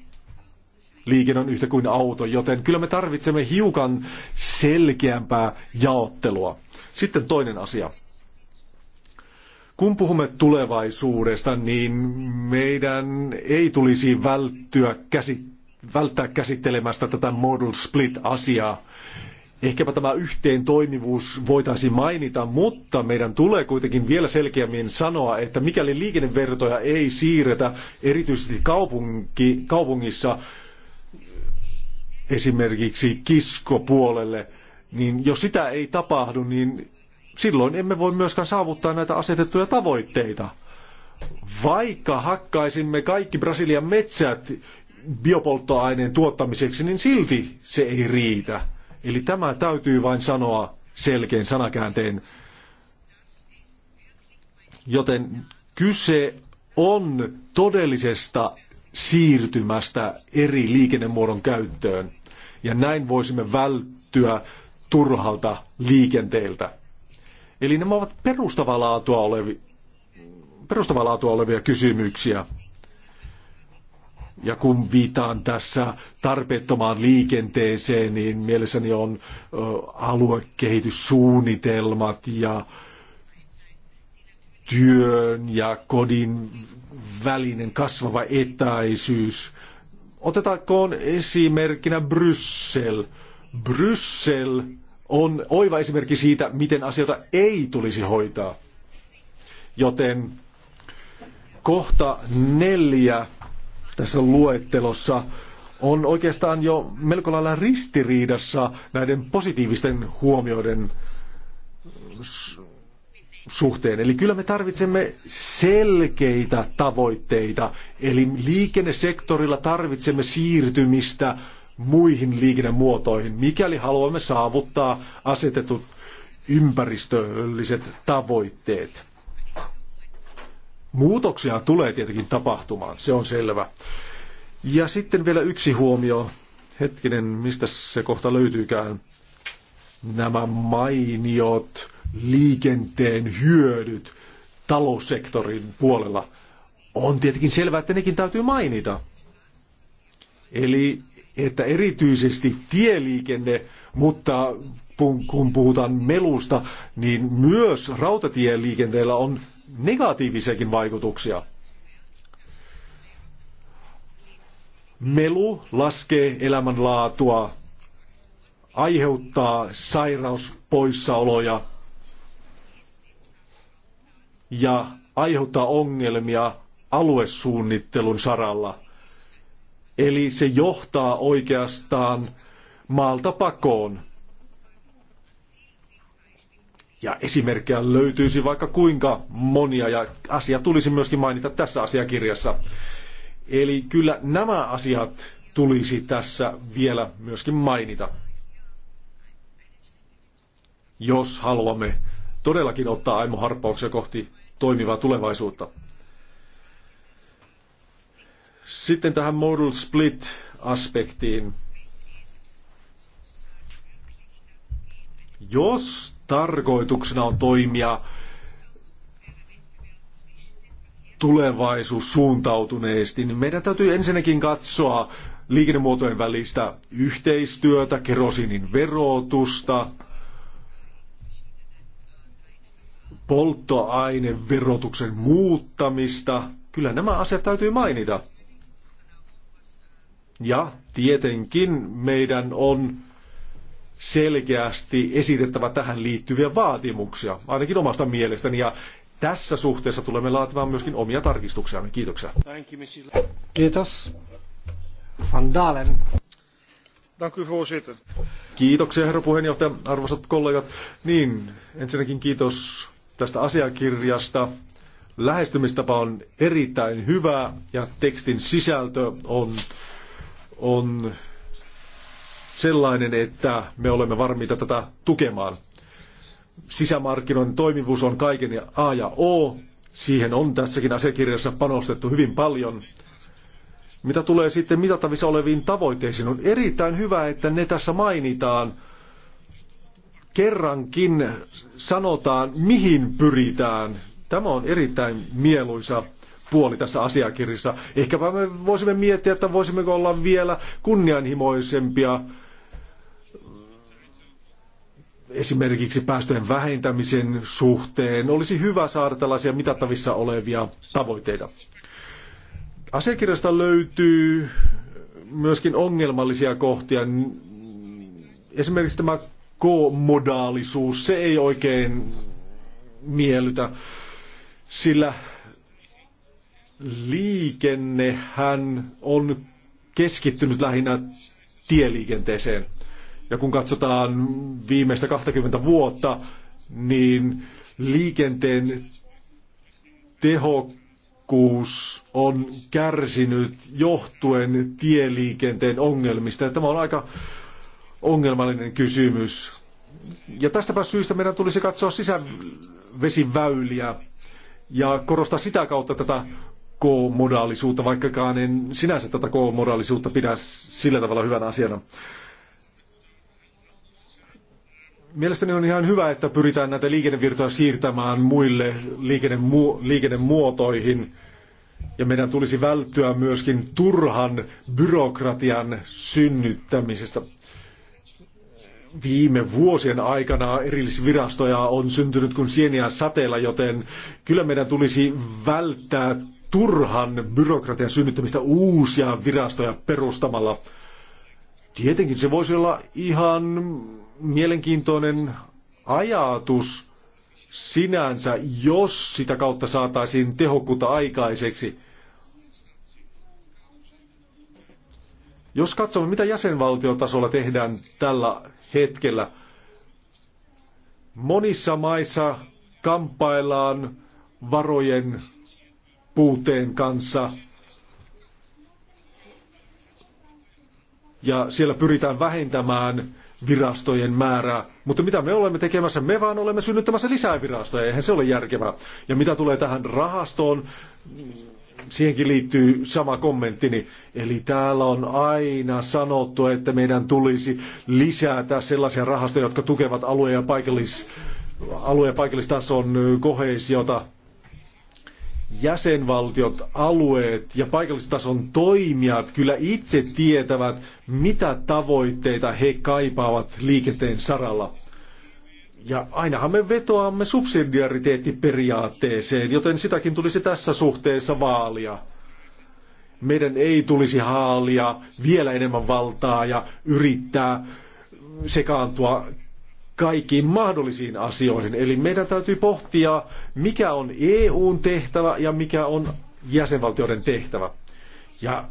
Liikenne on yhtä kuin auto, joten kyllä me tarvitsemme hiukan selkeämpää jaottelua. Sitten toinen asia. Kun puhumme tulevaisuudesta, niin meidän ei tulisi välttyä välttää käsittelemästä tätä model split-asiaa. Ehkäpä tämä yhteen toimivuus voitaisiin mainita, mutta meidän tulee kuitenkin vielä selkeämmin sanoa, että mikäli liikennevertoja ei siirretä erityisesti kaupunki, kaupungissa esimerkiksi kiskopuolelle, niin jos sitä ei tapahdu, niin silloin emme voi myöskään saavuttaa näitä asetettuja tavoitteita. Vaikka hakkaisimme kaikki Brasilian metsät biopolttoaineen tuottamiseksi, niin silti se ei riitä. Eli tämä täytyy vain sanoa selkein sanakääntein. Joten kyse on todellisesta siirtymästä eri liikennemuodon käyttöön. Ja näin voisimme välttyä turhalta liikenteeltä. Eli nämä ovat perustavaa laatua, olevi, perustavaa laatua olevia kysymyksiä. Ja kun viitaan tässä tarpeettomaan liikenteeseen, niin mielessäni on ö, aluekehityssuunnitelmat ja työn ja kodin välinen kasvava etäisyys. Otetaankoon esimerkkinä Bryssel. Bryssel on oiva esimerkki siitä, miten asioita ei tulisi hoitaa. Joten kohta neljä tässä luettelossa on oikeastaan jo melko lailla ristiriidassa näiden positiivisten huomioiden suhteen. Eli kyllä me tarvitsemme selkeitä tavoitteita. Eli liikennesektorilla tarvitsemme siirtymistä muihin liikennemuotoihin, mikäli haluamme saavuttaa asetetut ympäristölliset tavoitteet. Muutoksia tulee tietenkin tapahtumaan, se on selvä. Ja sitten vielä yksi huomio. Hetkinen, mistä se kohta löytyykään? Nämä mainiot liikenteen hyödyt taloussektorin puolella. On tietenkin selvää, että nekin täytyy mainita. Eli että erityisesti tieliikenne, mutta kun puhutaan melusta, niin myös rautatieliikenteellä on negatiivisiakin vaikutuksia. Melu laskee elämänlaatua, aiheuttaa sairauspoissaoloja ja aiheuttaa ongelmia aluesuunnittelun saralla. Eli se johtaa oikeastaan maalta pakoon. Ja esimerkkejä löytyisi vaikka kuinka monia, ja asia tulisi myöskin mainita tässä asiakirjassa. Eli kyllä nämä asiat tulisi tässä vielä myöskin mainita. Jos haluamme todellakin ottaa aimo harppauksia kohti toimivaa tulevaisuutta. Sitten tähän modal split-aspektiin. Jos tarkoituksena on toimia tulevaisuus suuntautuneesti, niin meidän täytyy ensinnäkin katsoa liikennemuotojen välistä yhteistyötä, kerosinin verotusta, polttoaineverotuksen muuttamista. Kyllä nämä asiat täytyy mainita. Ja tietenkin meidän on selkeästi esitettävä tähän liittyviä vaatimuksia, ainakin omasta mielestäni. Ja tässä suhteessa tulemme laatimaan myöskin omia tarkistuksiamme. Kiitoksia. Kiitos. Van Dalen. Kiitoksia herra puheenjohtaja, arvoisat kollegat. Niin, ensinnäkin kiitos tästä asiakirjasta. Lähestymistapa on erittäin hyvä ja tekstin sisältö on on sellainen, että me olemme varmiita tätä tukemaan. Sisämarkkinoiden toimivuus on kaiken A ja O. Siihen on tässäkin asiakirjassa panostettu hyvin paljon. Mitä tulee sitten mitattavissa oleviin tavoitteisiin, on erittäin hyvä, että ne tässä mainitaan. Kerrankin sanotaan, mihin pyritään. Tämä on erittäin mieluisa puoli tässä asiakirjassa. Ehkäpä me voisimme miettiä, että voisimmeko olla vielä kunnianhimoisempia esimerkiksi päästöjen vähentämisen suhteen. Olisi hyvä saada tällaisia mitattavissa olevia tavoitteita. Asiakirjasta löytyy myöskin ongelmallisia kohtia. Esimerkiksi tämä k-modaalisuus, se ei oikein miellytä, sillä liikennehän on keskittynyt lähinnä tieliikenteeseen. Ja kun katsotaan viimeistä 20 vuotta, niin liikenteen tehokkuus on kärsinyt johtuen tieliikenteen ongelmista. Ja tämä on aika ongelmallinen kysymys. Ja tästäpä syystä meidän tulisi katsoa sisävesiväyliä ja korostaa sitä kautta tätä k moraalisuutta vaikkakaan en sinänsä tätä k moraalisuutta pidä sillä tavalla hyvänä asiana. Mielestäni on ihan hyvä, että pyritään näitä liikennevirtoja siirtämään muille liikennemu- liikennemuotoihin. Ja meidän tulisi välttyä myöskin turhan byrokratian synnyttämisestä. Viime vuosien aikana erillisvirastoja on syntynyt kuin sieniä sateella, joten kyllä meidän tulisi välttää turhan byrokratian synnyttämistä uusia virastoja perustamalla. Tietenkin se voisi olla ihan mielenkiintoinen ajatus sinänsä, jos sitä kautta saataisiin tehokkuutta aikaiseksi. Jos katsomme, mitä jäsenvaltiotasolla tehdään tällä hetkellä, monissa maissa kamppaillaan varojen puuteen kanssa. Ja siellä pyritään vähentämään virastojen määrää. Mutta mitä me olemme tekemässä? Me vaan olemme synnyttämässä lisää virastoja. Eihän se ole järkevää. Ja mitä tulee tähän rahastoon, siihenkin liittyy sama kommenttini. Eli täällä on aina sanottu, että meidän tulisi lisätä sellaisia rahastoja, jotka tukevat alue- ja, paikallis, alue- ja paikallistason koheisiota jäsenvaltiot, alueet ja paikallistason toimijat kyllä itse tietävät, mitä tavoitteita he kaipaavat liikenteen saralla. Ja ainahan me vetoamme subsidiariteettiperiaatteeseen, joten sitäkin tulisi tässä suhteessa vaalia. Meidän ei tulisi haalia vielä enemmän valtaa ja yrittää sekaantua kaikkiin mahdollisiin asioihin. Eli meidän täytyy pohtia, mikä on EUn tehtävä ja mikä on jäsenvaltioiden tehtävä. Ja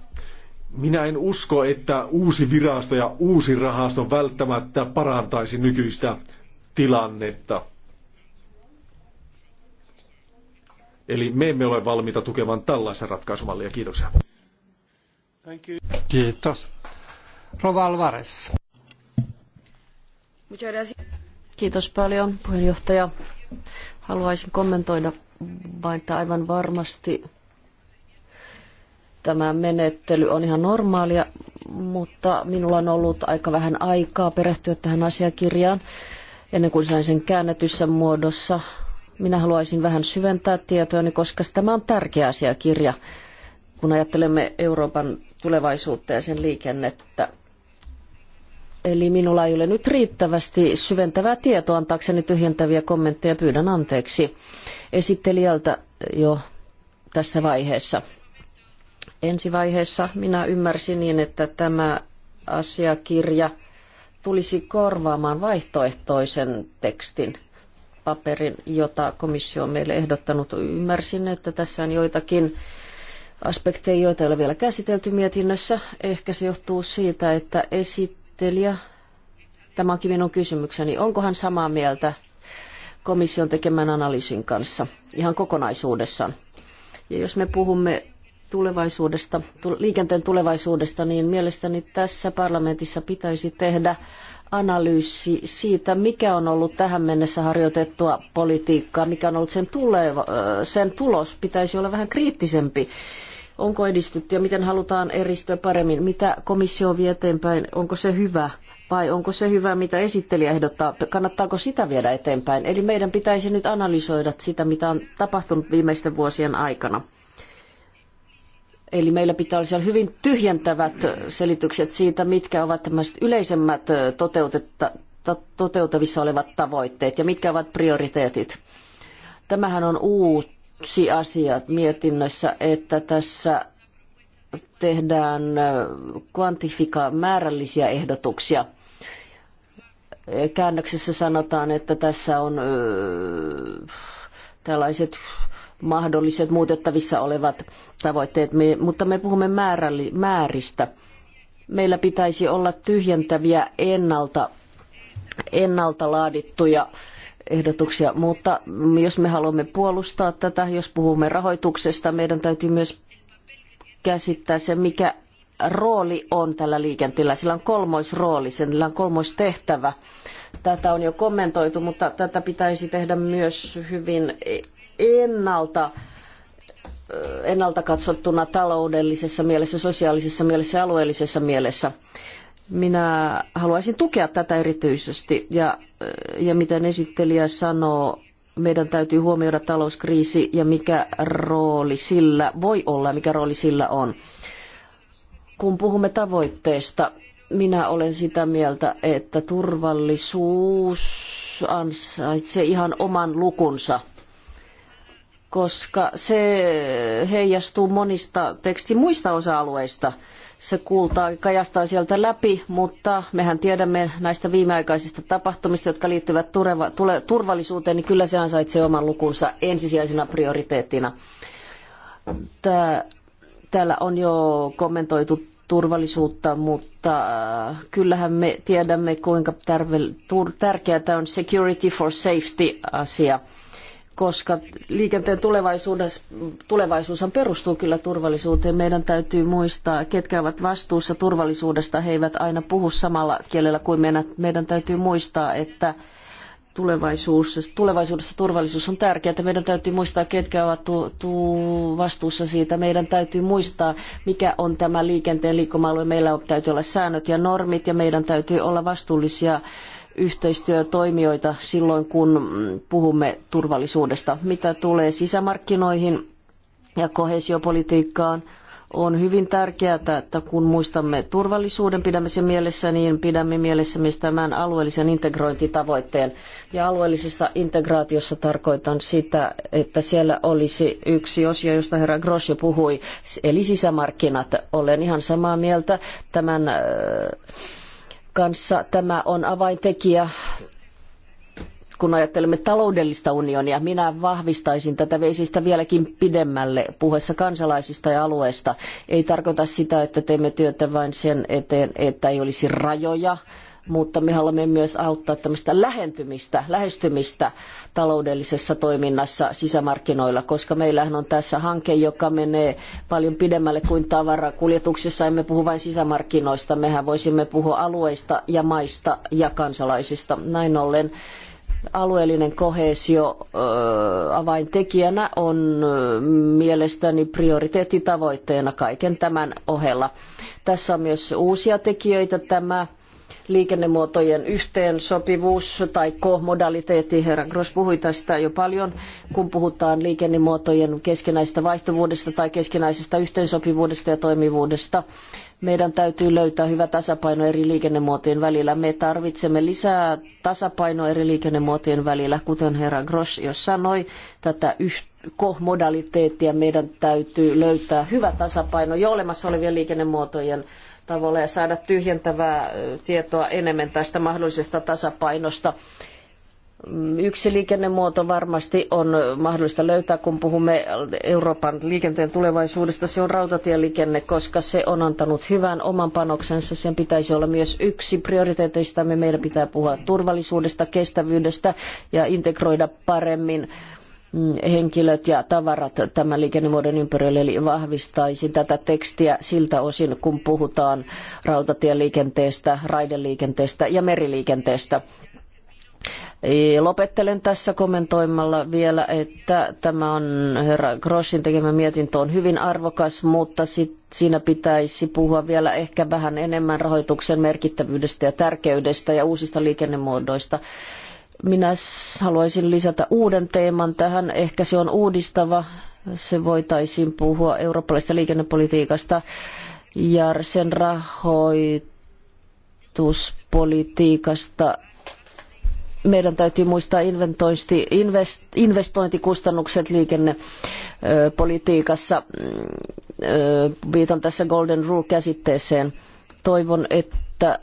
minä en usko, että uusi virasto ja uusi rahasto välttämättä parantaisi nykyistä tilannetta. Eli me emme ole valmiita tukemaan tällaista ratkaisumallia. Kiitoksia. Kiitos. Rova Alvarez. Kiitos paljon, puheenjohtaja. Haluaisin kommentoida vain, että aivan varmasti tämä menettely on ihan normaalia, mutta minulla on ollut aika vähän aikaa perehtyä tähän asiakirjaan ennen kuin sain sen käännetyssä muodossa. Minä haluaisin vähän syventää tietoani, koska tämä on tärkeä asiakirja, kun ajattelemme Euroopan tulevaisuutta ja sen liikennettä. Eli minulla ei ole nyt riittävästi syventävää tietoa antaakseni tyhjentäviä kommentteja. Pyydän anteeksi esittelijältä jo tässä vaiheessa. Ensi vaiheessa minä ymmärsin niin, että tämä asiakirja tulisi korvaamaan vaihtoehtoisen tekstin paperin, jota komissio on meille ehdottanut. Ymmärsin, että tässä on joitakin aspekteja, joita ei ole vielä käsitelty mietinnössä. Ehkä se johtuu siitä, että esit esittelijä. Tämä onkin minun kysymykseni. Onko hän samaa mieltä komission tekemän analyysin kanssa ihan kokonaisuudessaan? Ja jos me puhumme tulevaisuudesta, liikenteen tulevaisuudesta, niin mielestäni tässä parlamentissa pitäisi tehdä analyysi siitä, mikä on ollut tähän mennessä harjoitettua politiikkaa, mikä on ollut sen, tuleva, sen tulos, pitäisi olla vähän kriittisempi Onko edistytty ja miten halutaan eristyä paremmin? Mitä komissio vie eteenpäin? Onko se hyvä? Vai onko se hyvä, mitä esittelijä ehdottaa? Kannattaako sitä viedä eteenpäin? Eli meidän pitäisi nyt analysoida sitä, mitä on tapahtunut viimeisten vuosien aikana. Eli meillä pitää olla hyvin tyhjentävät selitykset siitä, mitkä ovat tämmöiset yleisemmät toteutettavissa olevat tavoitteet ja mitkä ovat prioriteetit. Tämähän on uutta yksi asia mietinnössä, että tässä tehdään kvantifika määrällisiä ehdotuksia. Käännöksessä sanotaan, että tässä on tällaiset mahdolliset muutettavissa olevat tavoitteet, me, mutta me puhumme määräli, määristä. Meillä pitäisi olla tyhjentäviä ennalta, ennalta laadittuja äh, ehdotuksia, mutta jos me haluamme puolustaa tätä, jos puhumme rahoituksesta, meidän täytyy myös käsittää se, mikä rooli on tällä liikenteellä. Sillä on kolmoisrooli, sillä on kolmoistehtävä. Tätä on jo kommentoitu, mutta tätä pitäisi tehdä myös hyvin ennalta ennalta katsottuna taloudellisessa mielessä, sosiaalisessa mielessä ja alueellisessa mielessä. Minä haluaisin tukea tätä erityisesti ja, ja miten esittelijä sanoo, meidän täytyy huomioida talouskriisi ja mikä rooli sillä voi olla, mikä rooli sillä on. Kun puhumme tavoitteesta, minä olen sitä mieltä, että turvallisuus ansaitsee ihan oman lukunsa, koska se heijastuu monista tekstin muista osa-alueista – se kuultaa kajastaa sieltä läpi, mutta mehän tiedämme näistä viimeaikaisista tapahtumista, jotka liittyvät turvallisuuteen, niin kyllä se ansaitsee oman lukunsa ensisijaisena prioriteettina. Tää, täällä on jo kommentoitu turvallisuutta, mutta äh, kyllähän me tiedämme, kuinka tärkeää tämä on security for safety asia koska liikenteen tulevaisuudessa, on perustuu kyllä turvallisuuteen. Meidän täytyy muistaa, ketkä ovat vastuussa turvallisuudesta. He eivät aina puhu samalla kielellä kuin meidän. Meidän täytyy muistaa, että tulevaisuudessa, tulevaisuudessa turvallisuus on tärkeää. Meidän täytyy muistaa, ketkä ovat tu, tu, vastuussa siitä. Meidän täytyy muistaa, mikä on tämä liikenteen liikkuma-alue. Meillä täytyy olla säännöt ja normit ja meidän täytyy olla vastuullisia yhteistyötoimijoita silloin, kun puhumme turvallisuudesta. Mitä tulee sisämarkkinoihin ja kohesiopolitiikkaan, on hyvin tärkeää, että kun muistamme turvallisuuden, pidämme sen mielessä, niin pidämme mielessä myös tämän alueellisen integrointitavoitteen. Ja alueellisessa integraatiossa tarkoitan sitä, että siellä olisi yksi osio, josta herra Gross jo puhui, eli sisämarkkinat. Olen ihan samaa mieltä tämän äh, kanssa. Tämä on avaintekijä kun ajattelemme taloudellista unionia, minä vahvistaisin tätä veisistä vieläkin pidemmälle puheessa kansalaisista ja alueista. Ei tarkoita sitä, että teemme työtä vain sen eteen, että ei olisi rajoja, mutta me haluamme myös auttaa tämmöistä lähentymistä, lähestymistä taloudellisessa toiminnassa sisämarkkinoilla, koska meillähän on tässä hanke, joka menee paljon pidemmälle kuin tavarakuljetuksessa. Emme puhu vain sisämarkkinoista, mehän voisimme puhua alueista ja maista ja kansalaisista. Näin ollen alueellinen koheesio avaintekijänä on mielestäni prioriteettitavoitteena kaiken tämän ohella. Tässä on myös uusia tekijöitä tämä liikennemuotojen yhteensopivuus tai kohmodaliteetti, Herra Gross puhui tästä jo paljon, kun puhutaan liikennemuotojen keskinäisestä vaihtuvuudesta tai keskinäisestä yhteensopivuudesta ja toimivuudesta. Meidän täytyy löytää hyvä tasapaino eri liikennemuotojen välillä. Me tarvitsemme lisää tasapainoa eri liikennemuotojen välillä, kuten herra Gross jo sanoi, tätä kohmodaliteettia meidän täytyy löytää hyvä tasapaino jo olemassa olevien liikennemuotojen tavalla ja saada tyhjentävää tietoa enemmän tästä mahdollisesta tasapainosta. Mm, yksi liikennemuoto varmasti on mahdollista löytää, kun puhumme Euroopan liikenteen tulevaisuudesta. Se on rautatieliikenne, koska se on antanut hyvän oman panoksensa. Sen pitäisi olla myös yksi prioriteeteistamme. Meidän pitää puhua turvallisuudesta, kestävyydestä ja integroida paremmin henkilöt ja tavarat tämän liikennemuodon ympärille, eli vahvistaisin tätä tekstiä siltä osin, kun puhutaan rautatieliikenteestä, raideliikenteestä ja meriliikenteestä. E, lopettelen tässä kommentoimalla vielä, että tämä on herra Grossin tekemä mietintö on hyvin arvokas, mutta sit siinä pitäisi puhua vielä ehkä vähän enemmän rahoituksen merkittävyydestä ja tärkeydestä ja uusista liikennemuodoista. Minä haluaisin lisätä uuden teeman tähän. Ehkä se on uudistava. Se voitaisiin puhua eurooppalaisesta liikennepolitiikasta ja sen rahoituspolitiikasta meidän täytyy muistaa investointikustannukset liikennepolitiikassa. Viitan tässä Golden Rule-käsitteeseen. Toivon, että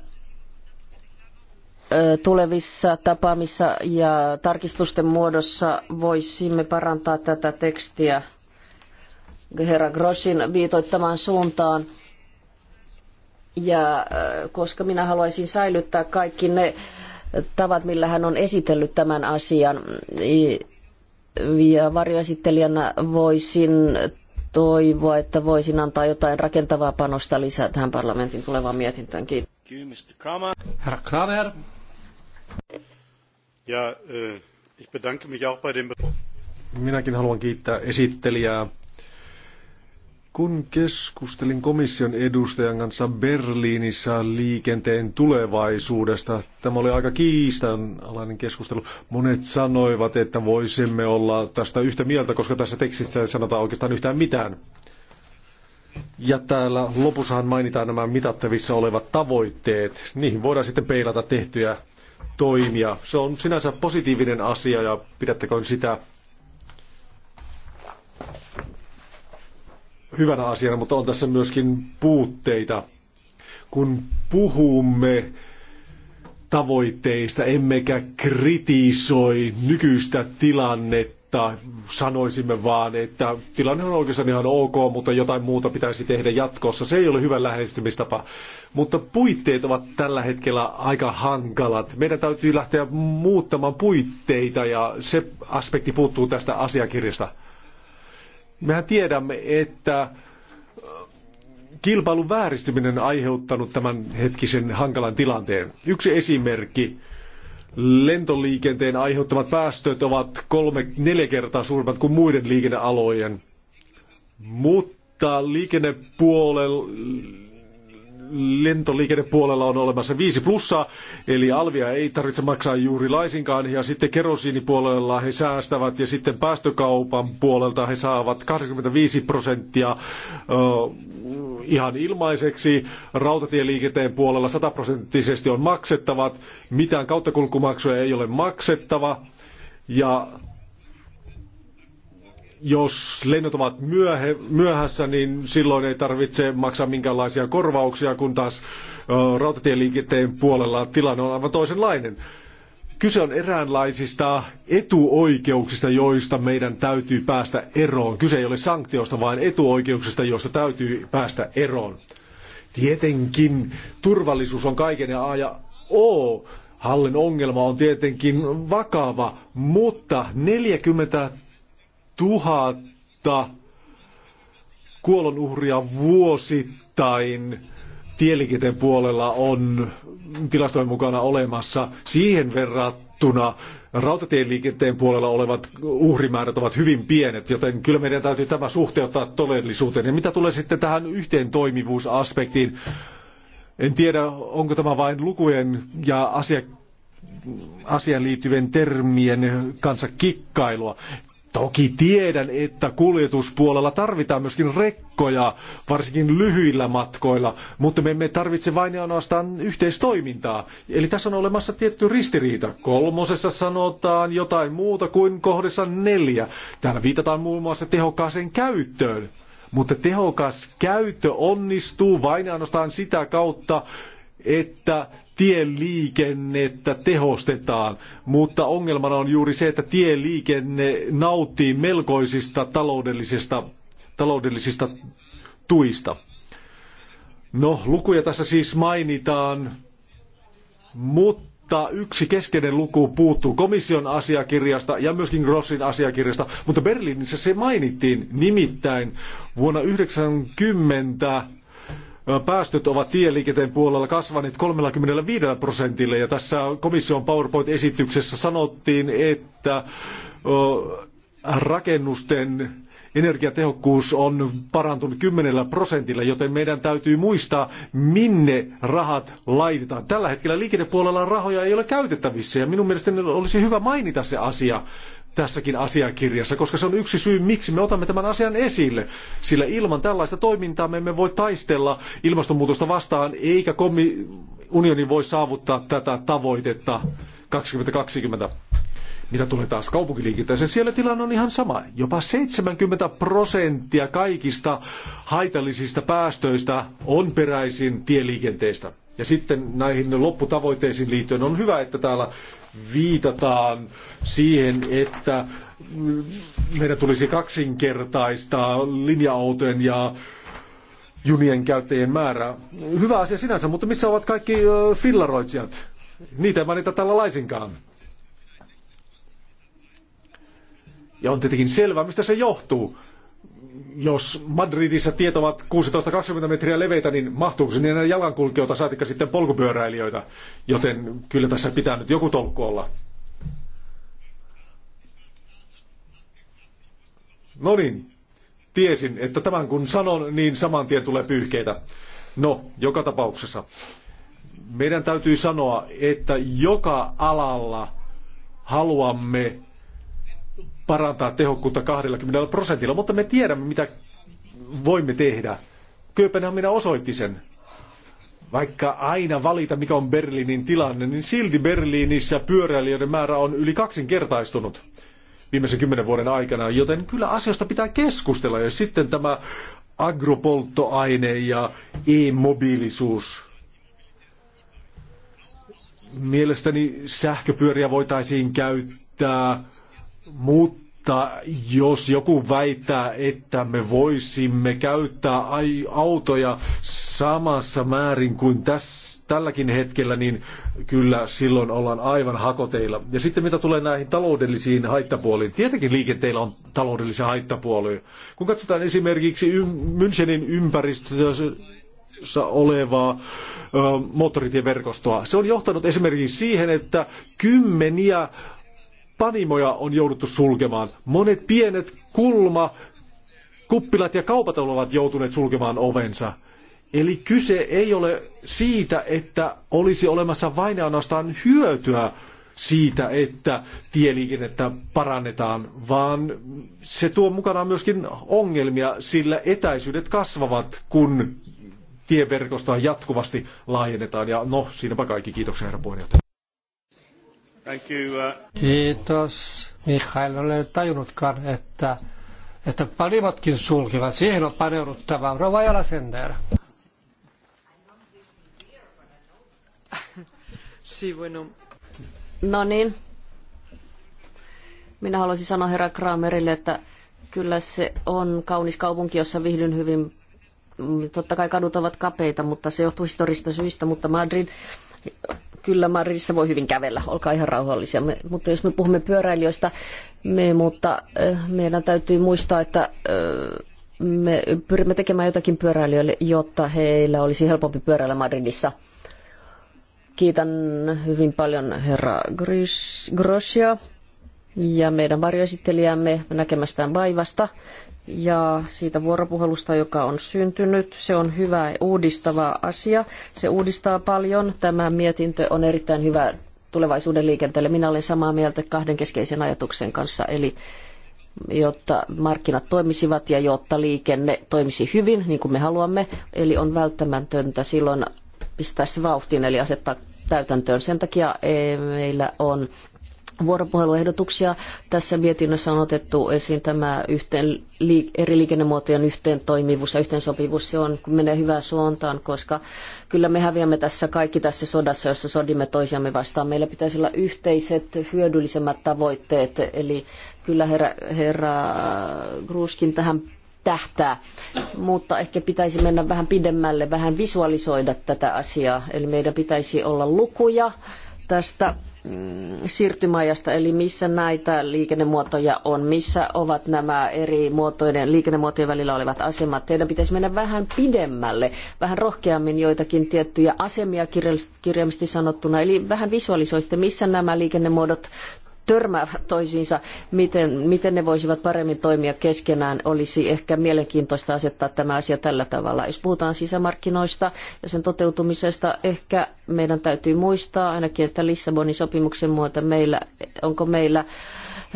tulevissa tapaamissa ja tarkistusten muodossa voisimme parantaa tätä tekstiä herra Grossin viitoittamaan suuntaan. Ja koska minä haluaisin säilyttää kaikki ne tavat, millä hän on esitellyt tämän asian, ja varjoesittelijänä voisin toivoa, että voisin antaa jotain rakentavaa panosta lisää tähän parlamentin tulevaan mietintöön. Kiitos. Herra Kramer. Ja, äh, ich bedanke mich auch bei dem... Minäkin haluan kiittää esittelijää. Kun keskustelin komission edustajan kanssa Berliinissä liikenteen tulevaisuudesta, tämä oli aika kiistanalainen keskustelu. Monet sanoivat, että voisimme olla tästä yhtä mieltä, koska tässä tekstissä ei sanota oikeastaan yhtään mitään. Ja täällä lopussahan mainitaan nämä mitattavissa olevat tavoitteet. Niihin voidaan sitten peilata tehtyjä toimia. Se on sinänsä positiivinen asia ja pidättekö sitä hyvänä asiana, mutta on tässä myöskin puutteita. Kun puhumme tavoitteista, emmekä kritisoi nykyistä tilannetta, jotta sanoisimme vaan, että tilanne on oikeastaan ihan ok, mutta jotain muuta pitäisi tehdä jatkossa. Se ei ole hyvä lähestymistapa. Mutta puitteet ovat tällä hetkellä aika hankalat. Meidän täytyy lähteä muuttamaan puitteita ja se aspekti puuttuu tästä asiakirjasta. Mehän tiedämme, että äh, kilpailun vääristyminen aiheuttanut tämän hetkisen hankalan tilanteen. Yksi esimerkki lentoliikenteen aiheuttamat päästöt ovat kolme, neljä kertaa suuremmat kuin muiden liikennealojen. Mutta liikennepuolella lentoliikennepuolella on olemassa viisi plussaa, eli alvia ei tarvitse maksaa juuri laisinkaan, ja sitten kerosiinipuolella he säästävät, ja sitten päästökaupan puolelta he saavat 85 prosenttia ihan ilmaiseksi, rautatieliikenteen puolella 100 prosenttisesti on maksettavat, mitään kauttakulkumaksuja ei ole maksettava, ja jos lennot ovat myöhe, myöhässä, niin silloin ei tarvitse maksaa minkäänlaisia korvauksia, kun taas ö, rautatieliikenteen puolella tilanne on aivan toisenlainen. Kyse on eräänlaisista etuoikeuksista, joista meidän täytyy päästä eroon. Kyse ei ole sanktioista, vaan etuoikeuksista, joista täytyy päästä eroon. Tietenkin turvallisuus on kaiken ja A ja O. Hallin ongelma on tietenkin vakava, mutta 40 tuhatta kuolonuhria vuosittain tieliikenteen puolella on tilastojen mukana olemassa. Siihen verrattuna rautatieliikenteen puolella olevat uhrimäärät ovat hyvin pienet, joten kyllä meidän täytyy tämä suhteuttaa todellisuuteen. Ja mitä tulee sitten tähän yhteen toimivuusaspektiin, en tiedä, onko tämä vain lukujen ja asia, asiaan liittyvien termien kanssa kikkailua. Toki tiedän, että kuljetuspuolella tarvitaan myöskin rekkoja, varsinkin lyhyillä matkoilla, mutta me emme tarvitse vain ja ainoastaan yhteistoimintaa. Eli tässä on olemassa tietty ristiriita. Kolmosessa sanotaan jotain muuta kuin kohdassa neljä. Täällä viitataan muun muassa tehokkaaseen käyttöön. Mutta tehokas käyttö onnistuu vain ja ainoastaan sitä kautta, että tieliikennettä tehostetaan, mutta ongelmana on juuri se, että tieliikenne nauttii melkoisista taloudellisista, taloudellisista tuista. No, lukuja tässä siis mainitaan, mutta yksi keskeinen luku puuttuu komission asiakirjasta ja myöskin Grossin asiakirjasta, mutta Berliinissä se mainittiin nimittäin vuonna 1990 päästöt ovat tieliikenteen puolella kasvaneet 35 prosentilla ja tässä komission PowerPoint-esityksessä sanottiin, että rakennusten energiatehokkuus on parantunut 10 prosentilla, joten meidän täytyy muistaa, minne rahat laitetaan. Tällä hetkellä liikennepuolella rahoja ei ole käytettävissä ja minun mielestäni olisi hyvä mainita se asia tässäkin asiakirjassa, koska se on yksi syy, miksi me otamme tämän asian esille. Sillä ilman tällaista toimintaa me emme voi taistella ilmastonmuutosta vastaan, eikä kommi unioni voi saavuttaa tätä tavoitetta 2020. Mitä tulee taas kaupunkiliikenteeseen, siellä tilanne on ihan sama. Jopa 70 prosenttia kaikista haitallisista päästöistä on peräisin tieliikenteestä. Ja sitten näihin lopputavoitteisiin liittyen on hyvä, että täällä viitataan siihen, että meidän tulisi kaksinkertaistaa linja-autojen ja junien käyttäjien määrä Hyvä asia sinänsä, mutta missä ovat kaikki fillaroitsijat? Niitä ei mainita tällä laisinkaan. Ja on tietenkin selvää, mistä se johtuu jos Madridissa tiet ovat 16-20 metriä leveitä, niin mahtuuko sinne enää jalankulkijoita, saatikka sitten polkupyöräilijöitä, joten kyllä tässä pitää nyt joku tolkku olla. No niin, tiesin, että tämän kun sanon, niin saman tien tulee pyyhkeitä. No, joka tapauksessa. Meidän täytyy sanoa, että joka alalla haluamme parantaa tehokkuutta 20 prosentilla, mutta me tiedämme, mitä voimme tehdä. Kööpenhamina osoitti sen. Vaikka aina valita, mikä on Berliinin tilanne, niin silti Berliinissä pyöräilijöiden määrä on yli kaksinkertaistunut viimeisen kymmenen vuoden aikana, joten kyllä asioista pitää keskustella. Ja sitten tämä agropolttoaine ja e-mobiilisuus. Mielestäni sähköpyöriä voitaisiin käyttää mutta jos joku väittää, että me voisimme käyttää autoja samassa määrin kuin tässä, tälläkin hetkellä, niin kyllä silloin ollaan aivan hakoteilla. Ja sitten mitä tulee näihin taloudellisiin haittapuoliin, tietenkin liikenteillä on taloudellisia haittapuolia. Kun katsotaan esimerkiksi Münchenin ympäristössä olevaa ö, moottoritieverkostoa, se on johtanut esimerkiksi siihen, että kymmeniä panimoja on jouduttu sulkemaan. Monet pienet kulma, kuppilat ja kaupat ovat joutuneet sulkemaan ovensa. Eli kyse ei ole siitä, että olisi olemassa vain ainoastaan hyötyä siitä, että tieliikennettä parannetaan, vaan se tuo mukanaan myöskin ongelmia, sillä etäisyydet kasvavat, kun tieverkostoa jatkuvasti laajennetaan. Ja no, siinäpä kaikki. Kiitoksia herra puheenjohtaja. Thank you, uh... Kiitos. Mikael, olen tajunnutkaan, että, että panimotkin sulkivat. Siihen on paneuduttava. Rova Jalasender. Si, bueno. No niin. Minä haluaisin sanoa herra Kramerille, että kyllä se on kaunis kaupunki, jossa vihdyn hyvin. Totta kai kadut ovat kapeita, mutta se johtuu historista syistä, mutta Madrid kyllä Madridissa voi hyvin kävellä, olkaa ihan rauhallisia. Me, mutta jos me puhumme pyöräilijöistä, me, mutta eh, meidän täytyy muistaa, että eh, me pyrimme tekemään jotakin pyöräilijöille, jotta heillä olisi helpompi pyöräillä Madridissa. Kiitän hyvin paljon herra Grosia ja meidän varjoesittelijämme näkemästään vaivasta ja siitä vuoropuhelusta, joka on syntynyt. Se on hyvä ja uudistava asia. Se uudistaa paljon. Tämä mietintö on erittäin hyvä tulevaisuuden liikenteelle. Minä olen samaa mieltä kahden keskeisen ajatuksen kanssa, eli jotta markkinat toimisivat ja jotta liikenne toimisi hyvin, niin kuin me haluamme. Eli on välttämätöntä silloin pistää se vauhtiin, eli asettaa täytäntöön. Sen takia eh, meillä on vuoropuheluehdotuksia. Tässä mietinnössä on otettu esiin tämä yhteen, eri liikennemuotojen yhteen toimivuus ja yhteensopivuus. Se on, kun menee hyvään suuntaan, koska kyllä me häviämme tässä kaikki tässä sodassa, jossa sodimme toisiamme vastaan. Meillä pitäisi olla yhteiset hyödyllisemmät tavoitteet. Eli kyllä herra, herra Gruskin tähän tähtää, mutta ehkä pitäisi mennä vähän pidemmälle, vähän visualisoida tätä asiaa. Eli meidän pitäisi olla lukuja tästä Mm, siirtymäajasta, eli missä näitä liikennemuotoja on, missä ovat nämä eri muotoiden, liikennemuotojen välillä olevat asemat. Teidän pitäisi mennä vähän pidemmälle, vähän rohkeammin joitakin tiettyjä asemia kirjallisesti sanottuna, eli vähän visualisoisitte, missä nämä liikennemuodot törmäävät toisiinsa, miten, miten ne voisivat paremmin toimia keskenään, olisi ehkä mielenkiintoista asettaa tämä asia tällä tavalla. Jos puhutaan sisämarkkinoista ja sen toteutumisesta, ehkä meidän täytyy muistaa ainakin, että Lissabonin sopimuksen myötä meillä, onko meillä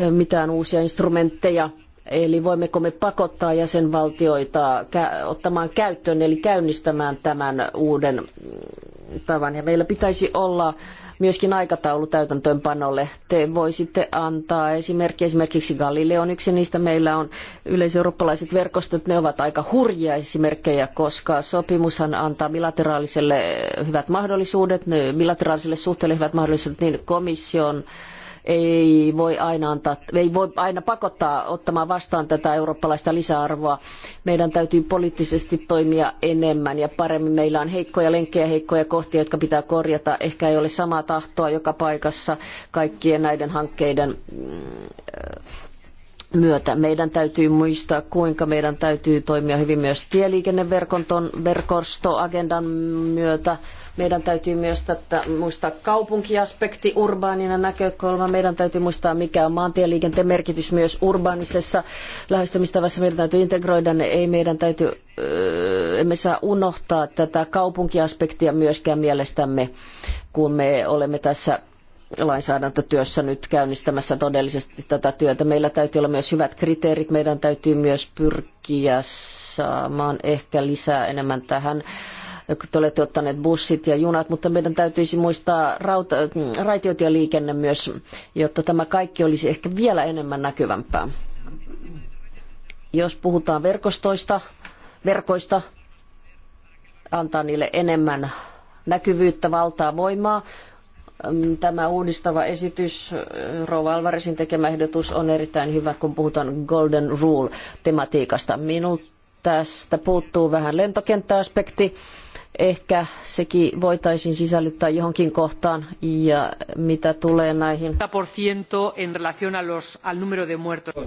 eh, mitään uusia instrumentteja Eli voimmeko me pakottaa jäsenvaltioita ottamaan käyttöön, eli käynnistämään tämän uuden mm, tavan. Ja meillä pitäisi olla myöskin aikataulu täytäntöönpanolle. Te voisitte antaa esimerkki, esimerkiksi Galileo on yksi niistä. Meillä on yleiseurooppalaiset verkostot, ne ovat aika hurjia esimerkkejä, koska sopimushan antaa bilateraaliselle hyvät mahdollisuudet, bilateraaliselle suhteelle hyvät mahdollisuudet niin komission ei voi aina, antaa, ei voi aina pakottaa ottamaan vastaan tätä eurooppalaista lisäarvoa. Meidän täytyy poliittisesti toimia enemmän ja paremmin. Meillä on heikkoja lenkkejä, heikkoja kohtia, jotka pitää korjata. Ehkä ei ole samaa tahtoa joka paikassa kaikkien näiden hankkeiden mm, myötä. Meidän täytyy muistaa, kuinka meidän täytyy toimia hyvin myös tieliikenneverkostoagendan myötä meidän täytyy myös tätä, muistaa kaupunkiaspekti, urbaaninen näkökulma. Meidän täytyy muistaa, mikä on maantieliikenteen merkitys myös urbaanisessa lähestymistavassa. Meidän täytyy integroida ne, ei meidän täytyy, öö, emme saa unohtaa tätä kaupunkiaspektia myöskään mielestämme, kun me olemme tässä lainsäädäntötyössä nyt käynnistämässä todellisesti tätä työtä. Meillä täytyy olla myös hyvät kriteerit. Meidän täytyy myös pyrkiä saamaan ehkä lisää enemmän tähän te olette ottaneet bussit ja junat, mutta meidän täytyisi muistaa rauta, mm, raitiotieliikenne myös, jotta tämä kaikki olisi ehkä vielä enemmän näkyvämpää. Jos puhutaan verkostoista, verkoista, antaa niille enemmän näkyvyyttä, valtaa, voimaa, mm, tämä uudistava esitys, Rova Alvaresin tekemä ehdotus on erittäin hyvä, kun puhutaan Golden Rule-tematiikasta. Minulta tästä puuttuu vähän lentokenttäaspekti. aspekti Ehkä sekin voitaisiin sisällyttää johonkin kohtaan ja mitä tulee näihin.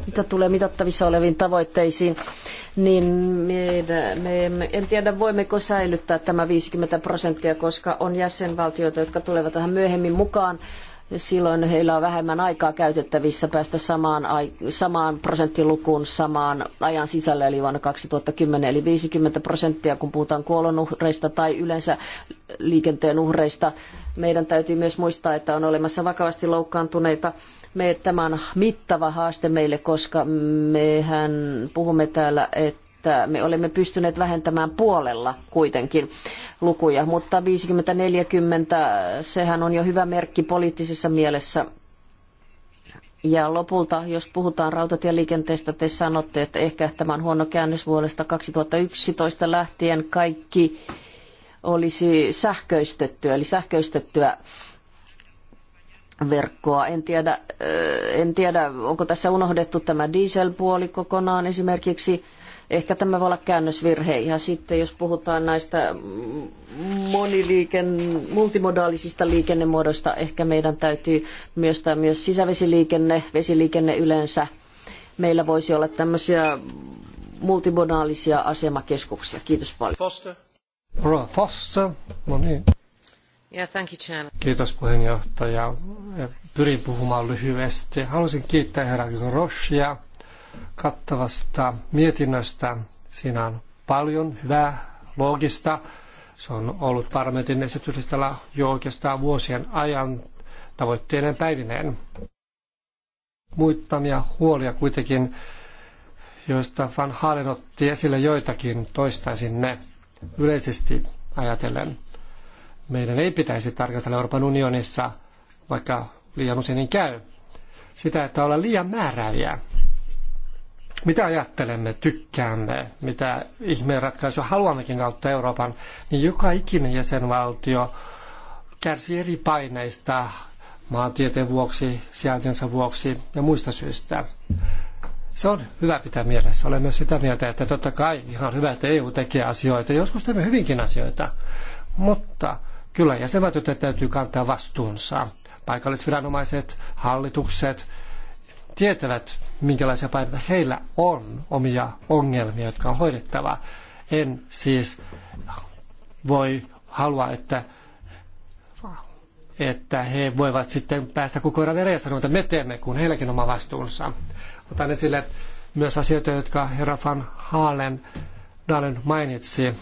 Mitä tulee mitattavissa oleviin tavoitteisiin, niin me, me, en tiedä voimmeko säilyttää tämä 50 prosenttia, koska on jäsenvaltioita, jotka tulevat tähän myöhemmin mukaan silloin heillä on vähemmän aikaa käytettävissä päästä samaan, samaan prosenttilukuun samaan ajan sisällä, eli vuonna 2010, eli 50 prosenttia, kun puhutaan kuolonuhreista tai yleensä liikenteen uhreista. Meidän täytyy myös muistaa, että on olemassa vakavasti loukkaantuneita. Me, tämä on mittava haaste meille, koska mehän puhumme täällä, että että me olemme pystyneet vähentämään puolella kuitenkin lukuja, mutta 50-40, sehän on jo hyvä merkki poliittisessa mielessä. Ja lopulta, jos puhutaan rautatieliikenteestä, te sanotte, että ehkä tämä on huono käännös vuodesta 2011 lähtien kaikki olisi sähköistettyä, eli sähköistettyä verkkoa. En tiedä, en tiedä, onko tässä unohdettu tämä dieselpuoli kokonaan esimerkiksi. Ehkä tämä voi olla käännösvirhe. Ja sitten jos puhutaan näistä moniliiken, multimodaalisista liikennemuodoista, ehkä meidän täytyy myös, myös sisävesiliikenne, vesiliikenne yleensä. Meillä voisi olla tämmöisiä multimodaalisia asemakeskuksia. Kiitos paljon. Foster. Roa Foster. No niin. Yeah, thank you, Chairman. Kiitos puheenjohtaja. Pyrin puhumaan lyhyesti. Haluaisin kiittää herra Rochia kattavasta mietinnöstä. Siinä on paljon hyvää, loogista. Se on ollut parlamentin esityslistalla jo oikeastaan vuosien ajan tavoitteiden päivineen. Muittamia huolia kuitenkin, joista Van Halen otti esille joitakin, toistaisin ne yleisesti ajatellen. Meidän ei pitäisi tarkastella Euroopan unionissa, vaikka liian usein niin käy, sitä, että olla liian määrääviä mitä ajattelemme, tykkäämme, mitä ihmeen ratkaisua haluammekin kautta Euroopan, niin joka ikinen jäsenvaltio kärsii eri paineista maantieteen vuoksi, sijaintinsa vuoksi ja muista syistä. Se on hyvä pitää mielessä. Olen myös sitä mieltä, että totta kai ihan hyvä, että EU tekee asioita. Joskus teemme hyvinkin asioita, mutta kyllä jäsenvaltioiden täytyy kantaa vastuunsa. Paikallisviranomaiset, hallitukset tietävät, minkälaisia paineita heillä on omia ongelmia, jotka on hoidettava. En siis voi halua, että, että he voivat sitten päästä ajan vereen sanoa, että me teemme, kun heilläkin oma vastuunsa. Otan esille myös asioita, jotka herra Van Haalen Dalen mainitsi.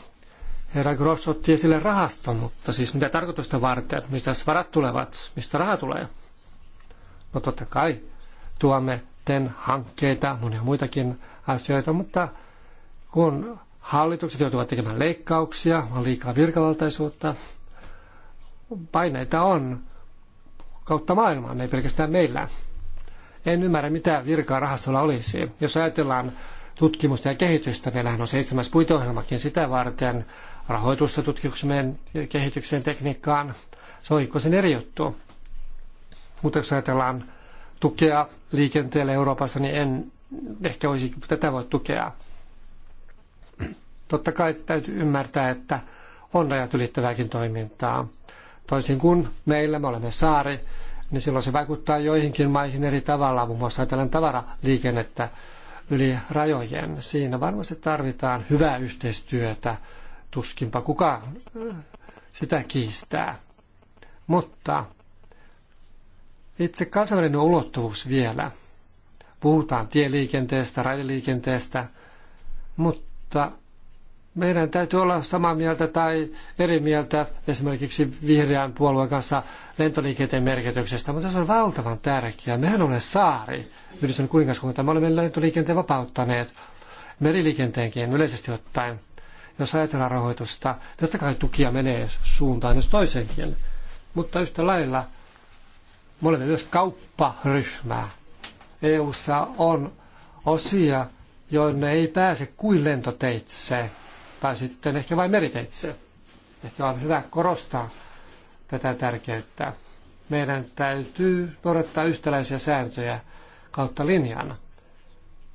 Herra Gross otti esille rahaston, mutta siis mitä tarkoitusta varten, mistä varat tulevat, mistä raha tulee. No totta kai tuomme sitten hankkeita, monia muitakin asioita, mutta kun hallitukset joutuvat tekemään leikkauksia, on liikaa virkavaltaisuutta, paineita on kautta maailman, ei pelkästään meillä. En ymmärrä, mitä virkaa rahastolla olisi. Jos ajatellaan tutkimusta ja kehitystä, meillähän on seitsemäs puiteohjelmakin sitä varten, rahoitusta tutkimukseen, kehitykseen, tekniikkaan, se on sen eri juttu. Mutta jos ajatellaan tukea liikenteelle Euroopassa, niin en ehkä olisi tätä voi tukea. Totta kai täytyy ymmärtää, että on rajat ylittävääkin toimintaa. Toisin kuin meillä, me olemme saari, niin silloin se vaikuttaa joihinkin maihin eri tavalla, muun muassa ajatellen tavaraliikennettä yli rajojen. Siinä varmasti tarvitaan hyvää yhteistyötä, tuskinpa kukaan äh, sitä kiistää. Mutta itse kansainvälinen ulottuvuus vielä. Puhutaan tieliikenteestä, raideliikenteestä, mutta meidän täytyy olla samaa mieltä tai eri mieltä esimerkiksi vihreän puolueen kanssa lentoliikenteen merkityksestä, mutta se on valtavan tärkeää. Mehän olemme saari, Yhdistön kuningaskunta. Me olemme lentoliikenteen vapauttaneet meriliikenteenkin yleisesti ottaen, jos ajatellaan rahoitusta. Totta kai tukia menee suuntaan jos toiseenkin, mutta yhtä lailla – me olemme myös kaupparyhmää. EU:ssa on osia, joille ei pääse kuin lentoteitse, tai sitten ehkä vain meriteitse. Ehkä on hyvä korostaa tätä tärkeyttä. Meidän täytyy noudattaa yhtäläisiä sääntöjä kautta linjana.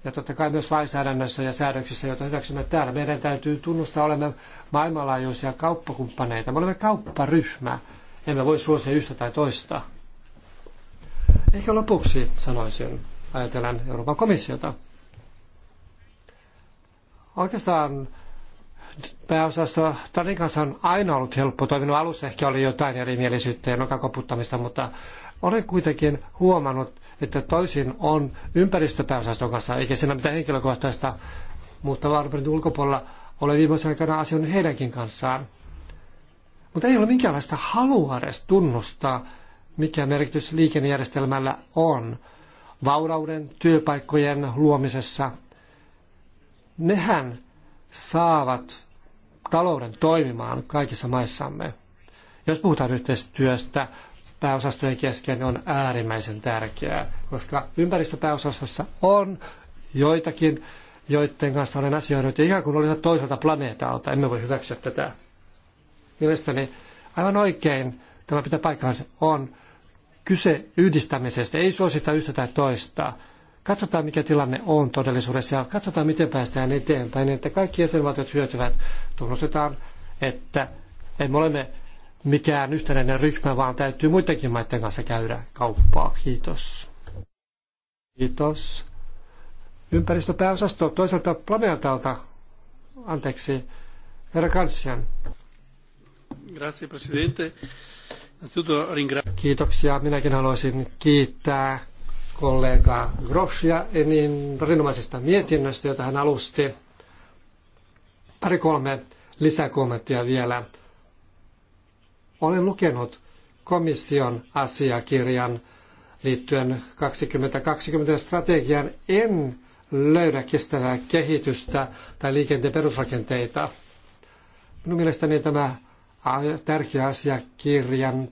Ja totta kai myös lainsäädännössä ja säädöksissä, joita hyväksymme täällä. Meidän täytyy tunnustaa, olemme maailmanlaajuisia kauppakumppaneita. Me olemme kaupparyhmä. Emme voi suosia yhtä tai toista. Ehkä lopuksi sanoisin, ajatellen Euroopan komissiota. Oikeastaan pääosasto Tanin kanssa on aina ollut helppo toiminut. Alussa ehkä oli jotain erimielisyyttä ja nokakoputtamista, mutta olen kuitenkin huomannut, että toisin on ympäristöpääosaston kanssa, eikä siinä mitään henkilökohtaista, mutta varmasti ulkopuolella olen viimeisen aikana asioinut heidänkin kanssaan. Mutta ei ole minkäänlaista halua edes tunnustaa mikä merkitys liikennejärjestelmällä on vaurauden työpaikkojen luomisessa. Nehän saavat talouden toimimaan kaikissa maissamme. Jos puhutaan yhteistyöstä pääosastojen kesken, on äärimmäisen tärkeää, koska ympäristöpääosastossa on joitakin, joiden kanssa olen asioinut, ja ihan kuin olisivat toiselta planeetalta. Emme voi hyväksyä tätä. Mielestäni aivan oikein tämä pitää paikkaansa on kyse yhdistämisestä, ei suosita yhtä tai toista. Katsotaan, mikä tilanne on todellisuudessa ja katsotaan, miten päästään eteenpäin, niin että kaikki jäsenvaltiot hyötyvät. Tunnustetaan, että emme ole mikään yhtenäinen ryhmä, vaan täytyy muidenkin maiden kanssa käydä kauppaa. Kiitos. Kiitos. Ympäristöpääosasto toiselta planeetalta. Anteeksi. Herra Kansian. Grazie, presidente. Kiitoksia. Minäkin haluaisin kiittää kollega Groschia niin rinomaisesta mietinnöstä, jota hän alusti. Pari kolme lisäkommenttia vielä. Olen lukenut komission asiakirjan liittyen 2020 strategian. En löydä kestävää kehitystä tai liikenteen perusrakenteita. Minun mielestäni tämä tärkeä asiakirjan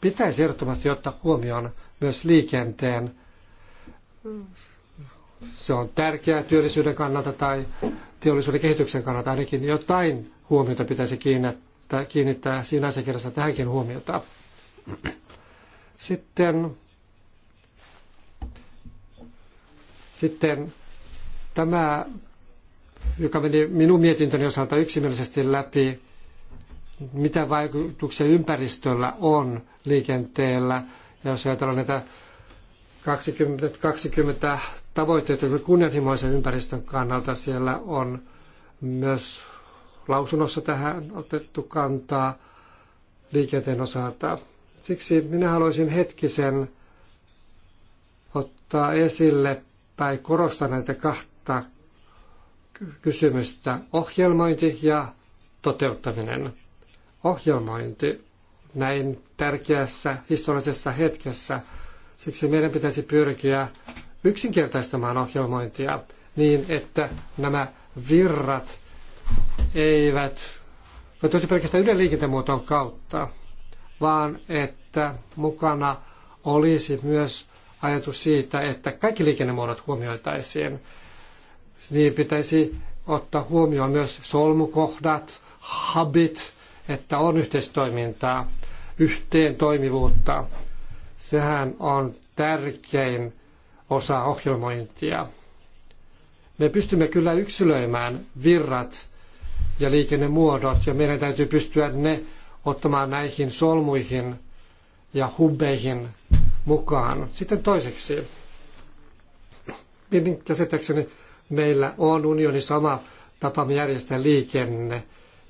pitäisi ehdottomasti ottaa huomioon myös liikenteen. Se on tärkeää työllisyyden kannalta tai teollisuuden kehityksen kannalta ainakin jotain huomiota pitäisi kiinnittää, kiinnittää siinä asiakirjassa tähänkin huomiota. Sitten, sitten tämä, joka meni minun mietintöni osalta yksimielisesti läpi, mitä vaikutuksia ympäristöllä on liikenteellä. Ja jos ajatellaan näitä 20, 20 tavoitteita kunnianhimoisen ympäristön kannalta, siellä on myös lausunnossa tähän otettu kantaa liikenteen osalta. Siksi minä haluaisin hetkisen ottaa esille tai korostaa näitä kahta kysymystä, ohjelmointi ja toteuttaminen ohjelmointi näin tärkeässä historiallisessa hetkessä. Siksi meidän pitäisi pyrkiä yksinkertaistamaan ohjelmointia niin, että nämä virrat eivät tosi pelkästään yhden liikennemuoton kautta, vaan että mukana olisi myös ajatus siitä, että kaikki liikennemuodot huomioitaisiin. Niin pitäisi ottaa huomioon myös solmukohdat, habit että on yhteistoimintaa, yhteen toimivuutta. Sehän on tärkein osa ohjelmointia. Me pystymme kyllä yksilöimään virrat ja liikennemuodot, ja meidän täytyy pystyä ne ottamaan näihin solmuihin ja hubbeihin mukaan. Sitten toiseksi, minun käsittääkseni meillä on unionissa oma tapamme järjestää liikenne –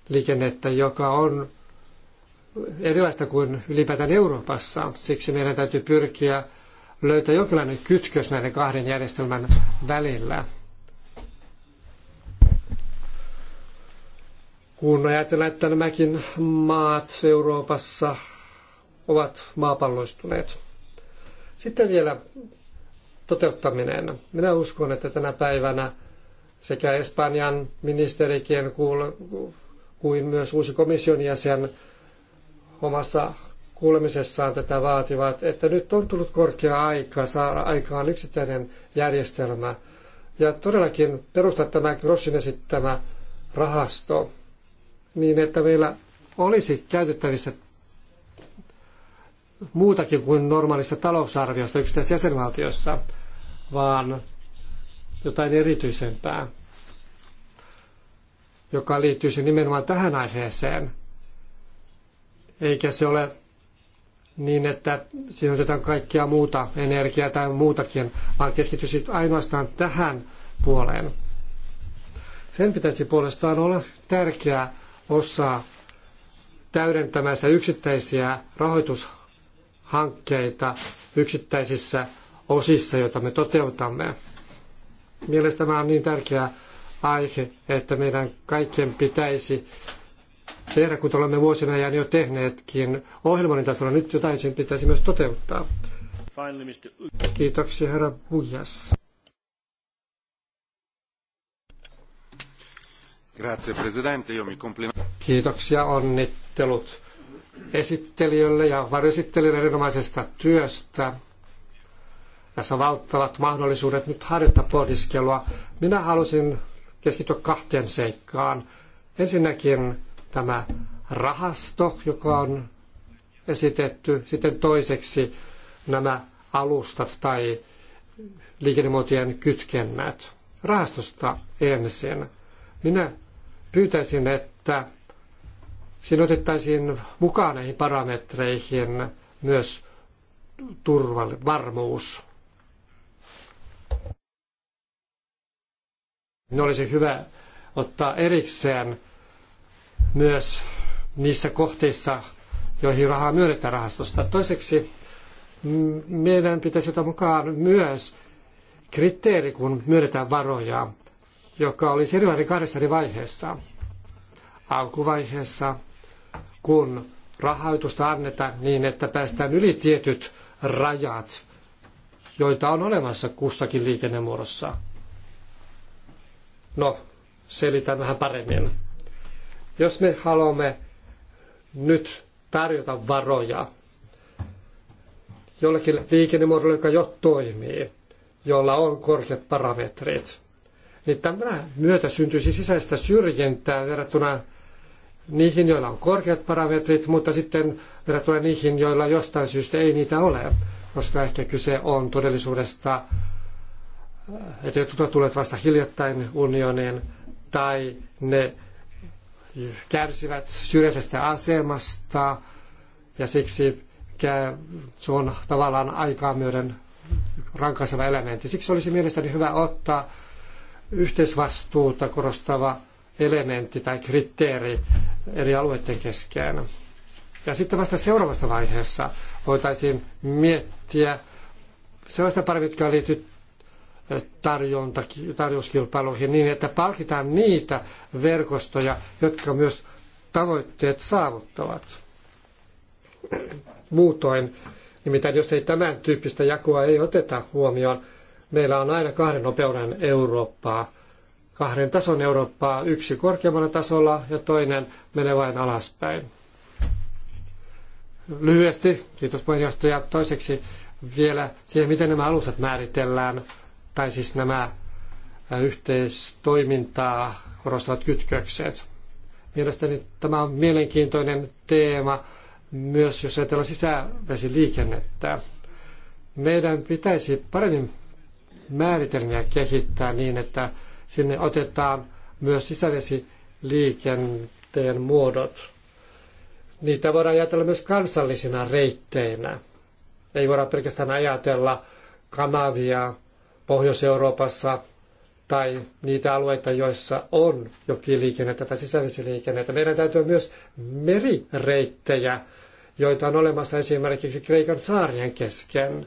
liikennettä, joka on erilaista kuin ylipäätään Euroopassa. Siksi meidän täytyy pyrkiä löytää jonkinlainen kytkös näiden kahden järjestelmän välillä. Kun ajatellaan, että nämäkin maat Euroopassa ovat maapalloistuneet. Sitten vielä toteuttaminen. Minä uskon, että tänä päivänä sekä Espanjan ministerikin kuin myös uusi komission jäsen omassa kuulemisessaan tätä vaativat, että nyt on tullut korkea aika saada aikaan yksittäinen järjestelmä ja todellakin perustaa tämä Grossin esittämä rahasto niin, että meillä olisi käytettävissä muutakin kuin normaalissa talousarviossa yksittäisessä jäsenvaltiossa, vaan jotain erityisempää joka liittyisi nimenomaan tähän aiheeseen. Eikä se ole niin, että siihen otetaan kaikkia muuta energiaa tai muutakin, vaan keskityisi ainoastaan tähän puoleen. Sen pitäisi puolestaan olla tärkeä osa täydentämässä yksittäisiä rahoitushankkeita yksittäisissä osissa, joita me toteutamme. Mielestäni tämä on niin tärkeä aihe, että meidän kaikkien pitäisi tehdä, kun olemme vuosina ajan jo tehneetkin ohjelmoinnin tasolla. Nyt jotain sen pitäisi myös toteuttaa. Kiitoksia, herra Bujas. Grazie, presidente. Io mi Kiitoksia, onnittelut esittelijöille ja varjoesittelijöille erinomaisesta työstä. Tässä on valtavat mahdollisuudet nyt harjoittaa pohdiskelua. Minä halusin keskittyä kahteen seikkaan. Ensinnäkin tämä rahasto, joka on esitetty, sitten toiseksi nämä alustat tai liikennemuotojen kytkennät. Rahastosta ensin. Minä pyytäisin, että siinä otettaisiin mukaan näihin parametreihin myös turvallisuus, varmuus. niin olisi hyvä ottaa erikseen myös niissä kohteissa, joihin rahaa myönnetään rahastosta. Toiseksi meidän pitäisi ottaa mukaan myös kriteeri, kun myönnetään varoja, joka olisi erilainen kahdessa eri vaiheessa. Alkuvaiheessa, kun rahoitusta annetaan niin, että päästään yli tietyt rajat, joita on olemassa kussakin liikennemuodossa. No, selitän vähän paremmin. Jos me haluamme nyt tarjota varoja jollekin liikennemuodolle, joka jo toimii, jolla on korkeat parametrit, niin tämä myötä syntyisi sisäistä syrjintää verrattuna niihin, joilla on korkeat parametrit, mutta sitten verrattuna niihin, joilla jostain syystä ei niitä ole, koska ehkä kyse on todellisuudesta että jotkut ovat tulleet vasta hiljattain unioniin, tai ne kärsivät syrjäisestä asemasta, ja siksi se on tavallaan aikaa myöden rankaiseva elementti. Siksi olisi mielestäni hyvä ottaa yhteisvastuuta korostava elementti tai kriteeri eri alueiden kesken. Ja sitten vasta seuraavassa vaiheessa voitaisiin miettiä sellaista parvia, jotka liittyvät tarjonta, tarjouskilpailuihin niin, että palkitaan niitä verkostoja, jotka myös tavoitteet saavuttavat. Muutoin, nimittäin jos ei tämän tyyppistä jakoa ei oteta huomioon, meillä on aina kahden nopeuden Eurooppaa, kahden tason Eurooppaa, yksi korkeammalla tasolla ja toinen menee vain alaspäin. Lyhyesti, kiitos puheenjohtaja, toiseksi vielä siihen, miten nämä alustat määritellään tai siis nämä yhteistoimintaa korostavat kytkökset. Mielestäni tämä on mielenkiintoinen teema myös, jos ajatellaan sisävesiliikennettä. Meidän pitäisi paremmin määritelmiä kehittää niin, että sinne otetaan myös sisävesiliikenteen muodot. Niitä voidaan ajatella myös kansallisina reitteinä. Ei voida pelkästään ajatella kanavia Pohjois-Euroopassa tai niitä alueita, joissa on jokiliikennettä tai sisävesiliikennettä. Meidän täytyy myös merireittejä, joita on olemassa esimerkiksi Kreikan saarien kesken,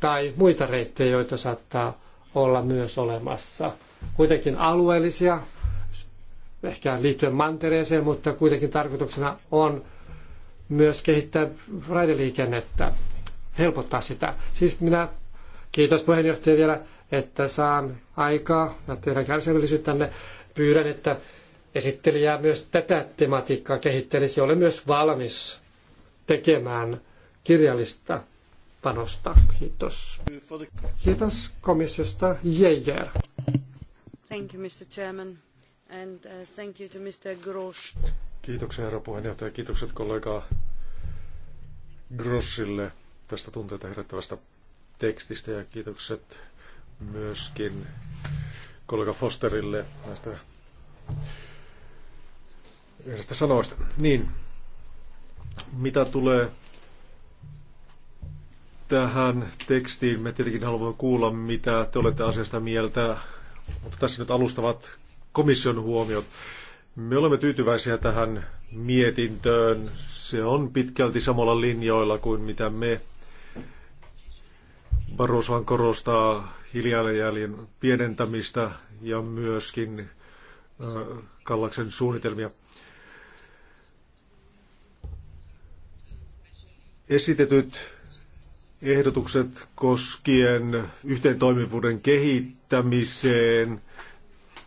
tai muita reittejä, joita saattaa olla myös olemassa. Kuitenkin alueellisia, ehkä liittyen mantereeseen, mutta kuitenkin tarkoituksena on myös kehittää raideliikennettä, helpottaa sitä. Siis minä Kiitos puheenjohtaja vielä, että saan aikaa ja teidän kärsivällisyyttänne. Pyydän, että esittelijä myös tätä tematiikkaa kehittelisi. Olen myös valmis tekemään kirjallista panosta. Kiitos. Kiitos komissiosta. Jäger. Thank you, Mr. Chairman. And uh, thank you to Mr. Grosch. Kiitoksia, herra puheenjohtaja. Kiitokset kollega Grossille tästä tunteita herättävästä tekstistä ja kiitokset myöskin kollega Fosterille näistä yhdestä sanoista. Niin, mitä tulee tähän tekstiin, me tietenkin haluamme kuulla, mitä te olette asiasta mieltä, mutta tässä nyt alustavat komission huomiot. Me olemme tyytyväisiä tähän mietintöön. Se on pitkälti samalla linjoilla kuin mitä me Barrosohan korostaa hiilijalanjäljen pienentämistä ja myöskin Kallaksen suunnitelmia. Esitetyt ehdotukset koskien toimivuuden kehittämiseen,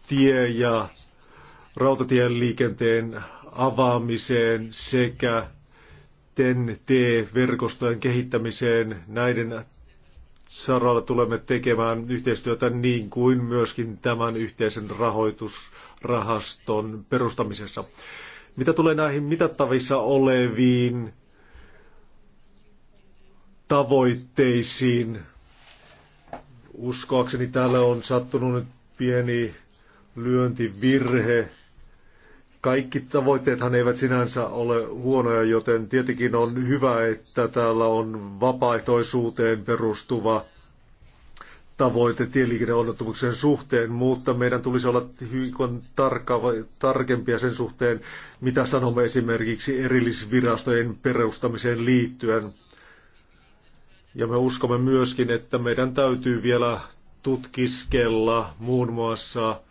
tie- ja rautatien liikenteen avaamiseen sekä TEN-T-verkostojen kehittämiseen. Näiden saralla tulemme tekemään yhteistyötä niin kuin myöskin tämän yhteisen rahoitusrahaston perustamisessa. Mitä tulee näihin mitattavissa oleviin tavoitteisiin, uskoakseni täällä on sattunut nyt pieni lyöntivirhe kaikki tavoitteethan eivät sinänsä ole huonoja, joten tietenkin on hyvä, että täällä on vapaaehtoisuuteen perustuva tavoite tieliikenneonnettomuuksien suhteen, mutta meidän tulisi olla tarkka, tarkempia sen suhteen, mitä sanomme esimerkiksi erillisvirastojen perustamiseen liittyen. Ja me uskomme myöskin, että meidän täytyy vielä tutkiskella muun muassa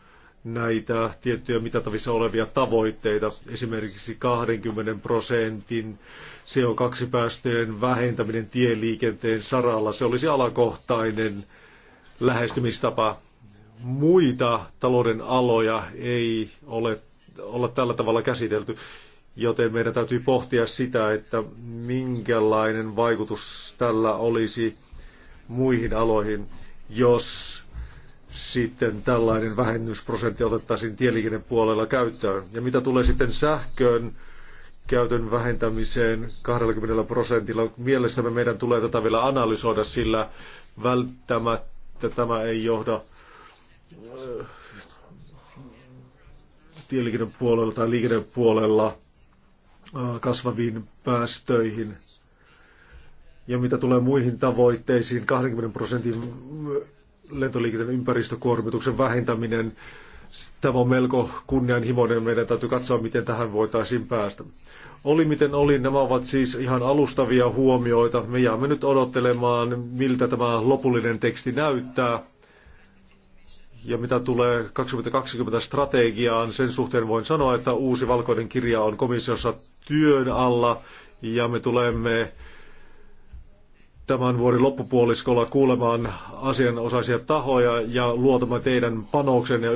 näitä tiettyjä mitattavissa olevia tavoitteita, esimerkiksi 20 prosentin CO2-päästöjen vähentäminen tieliikenteen saralla. Se olisi alakohtainen lähestymistapa. Muita talouden aloja ei ole olla tällä tavalla käsitelty, joten meidän täytyy pohtia sitä, että minkälainen vaikutus tällä olisi muihin aloihin, jos sitten tällainen vähennysprosentti otettaisiin tieliikennepuolella käyttöön. Ja mitä tulee sitten sähköön, käytön vähentämiseen 20 prosentilla. Mielestämme meidän tulee tätä vielä analysoida, sillä välttämättä tämä ei johda äh, tieliikennepuolella tai liikennepuolella äh, kasvaviin päästöihin. Ja mitä tulee muihin tavoitteisiin, 20 prosentin lentoliikenteen ympäristökuormituksen vähentäminen. Tämä on melko kunnianhimoinen. Meidän täytyy katsoa, miten tähän voitaisiin päästä. Oli miten oli, nämä ovat siis ihan alustavia huomioita. Me jäämme nyt odottelemaan, miltä tämä lopullinen teksti näyttää. Ja mitä tulee 2020-strategiaan, sen suhteen voin sanoa, että uusi valkoinen kirja on komissiossa työn alla ja me tulemme tämän vuoden loppupuoliskolla kuulemaan asianosaisia tahoja ja luotamme teidän panoksen ja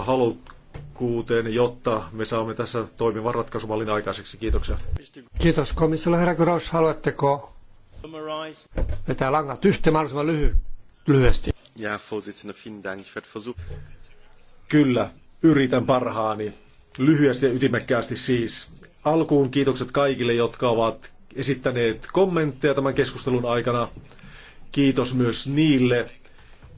halukkuuteen, jotta me saamme tässä toimivan ratkaisumallin aikaiseksi. Kiitoksia. Kiitos komissio. Herra Gross, haluatteko vetää langat yhteen mahdollisimman lyhy- lyhyesti? Ja, vielen Dank. Ich werde versuchen. Kyllä, yritän parhaani. Lyhyesti ja ytimekkäästi siis. Alkuun kiitokset kaikille, jotka ovat esittäneet kommentteja tämän keskustelun aikana. Kiitos myös niille,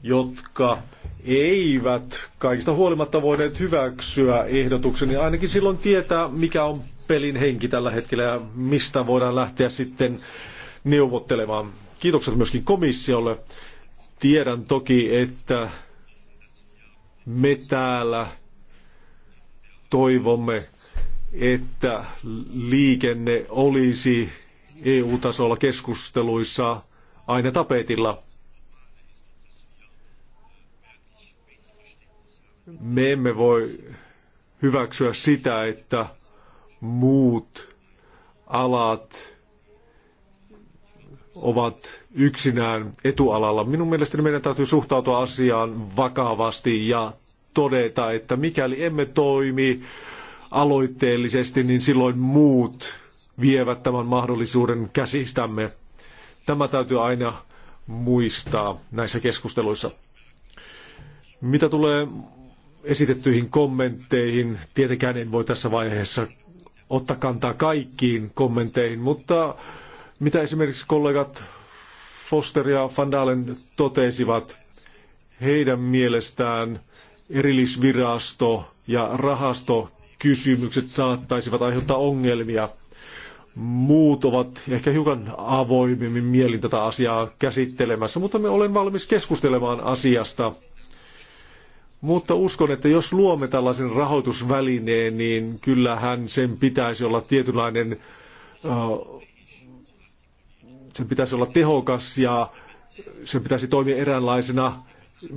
jotka eivät kaikista huolimatta voineet hyväksyä ehdotuksen, ja ainakin silloin tietää, mikä on pelin henki tällä hetkellä ja mistä voidaan lähteä sitten neuvottelemaan. Kiitokset myöskin komissiolle. Tiedän toki, että me täällä toivomme, että liikenne olisi EU-tasolla keskusteluissa aina tapetilla. Me emme voi hyväksyä sitä, että muut alat ovat yksinään etualalla. Minun mielestäni meidän täytyy suhtautua asiaan vakavasti ja todeta, että mikäli emme toimi aloitteellisesti, niin silloin muut vievät tämän mahdollisuuden käsistämme. Tämä täytyy aina muistaa näissä keskusteluissa. Mitä tulee esitettyihin kommentteihin, tietenkään en voi tässä vaiheessa ottaa kantaa kaikkiin kommentteihin, mutta mitä esimerkiksi kollegat Foster ja Van Dalen totesivat, heidän mielestään erillisvirasto ja rahastokysymykset saattaisivat aiheuttaa ongelmia – muut ovat ehkä hiukan avoimemmin mielin tätä asiaa käsittelemässä, mutta me olen valmis keskustelemaan asiasta. Mutta uskon, että jos luomme tällaisen rahoitusvälineen, niin kyllähän sen pitäisi olla tietynlainen, sen pitäisi olla tehokas ja sen pitäisi toimia eräänlaisena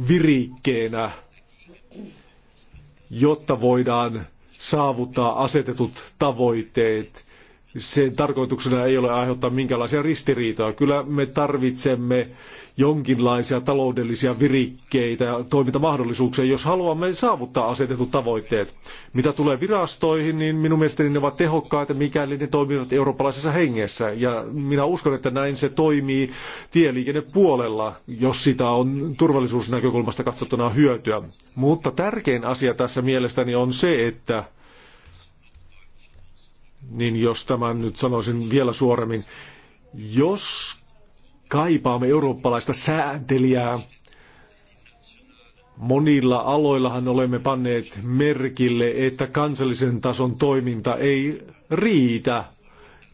virikkeenä, jotta voidaan saavuttaa asetetut tavoitteet sen tarkoituksena ei ole aiheuttaa minkälaisia ristiriitoja. Kyllä me tarvitsemme jonkinlaisia taloudellisia virikkeitä ja toimintamahdollisuuksia, jos haluamme saavuttaa asetetut tavoitteet. Mitä tulee virastoihin, niin minun mielestäni ne ovat tehokkaita, mikäli ne toimivat eurooppalaisessa hengessä. Ja minä uskon, että näin se toimii tieliikennepuolella, jos sitä on turvallisuusnäkökulmasta katsottuna hyötyä. Mutta tärkein asia tässä mielestäni on se, että niin jos tämän nyt sanoisin vielä suoremmin, jos kaipaamme eurooppalaista sääntelijää, monilla aloillahan olemme panneet merkille, että kansallisen tason toiminta ei riitä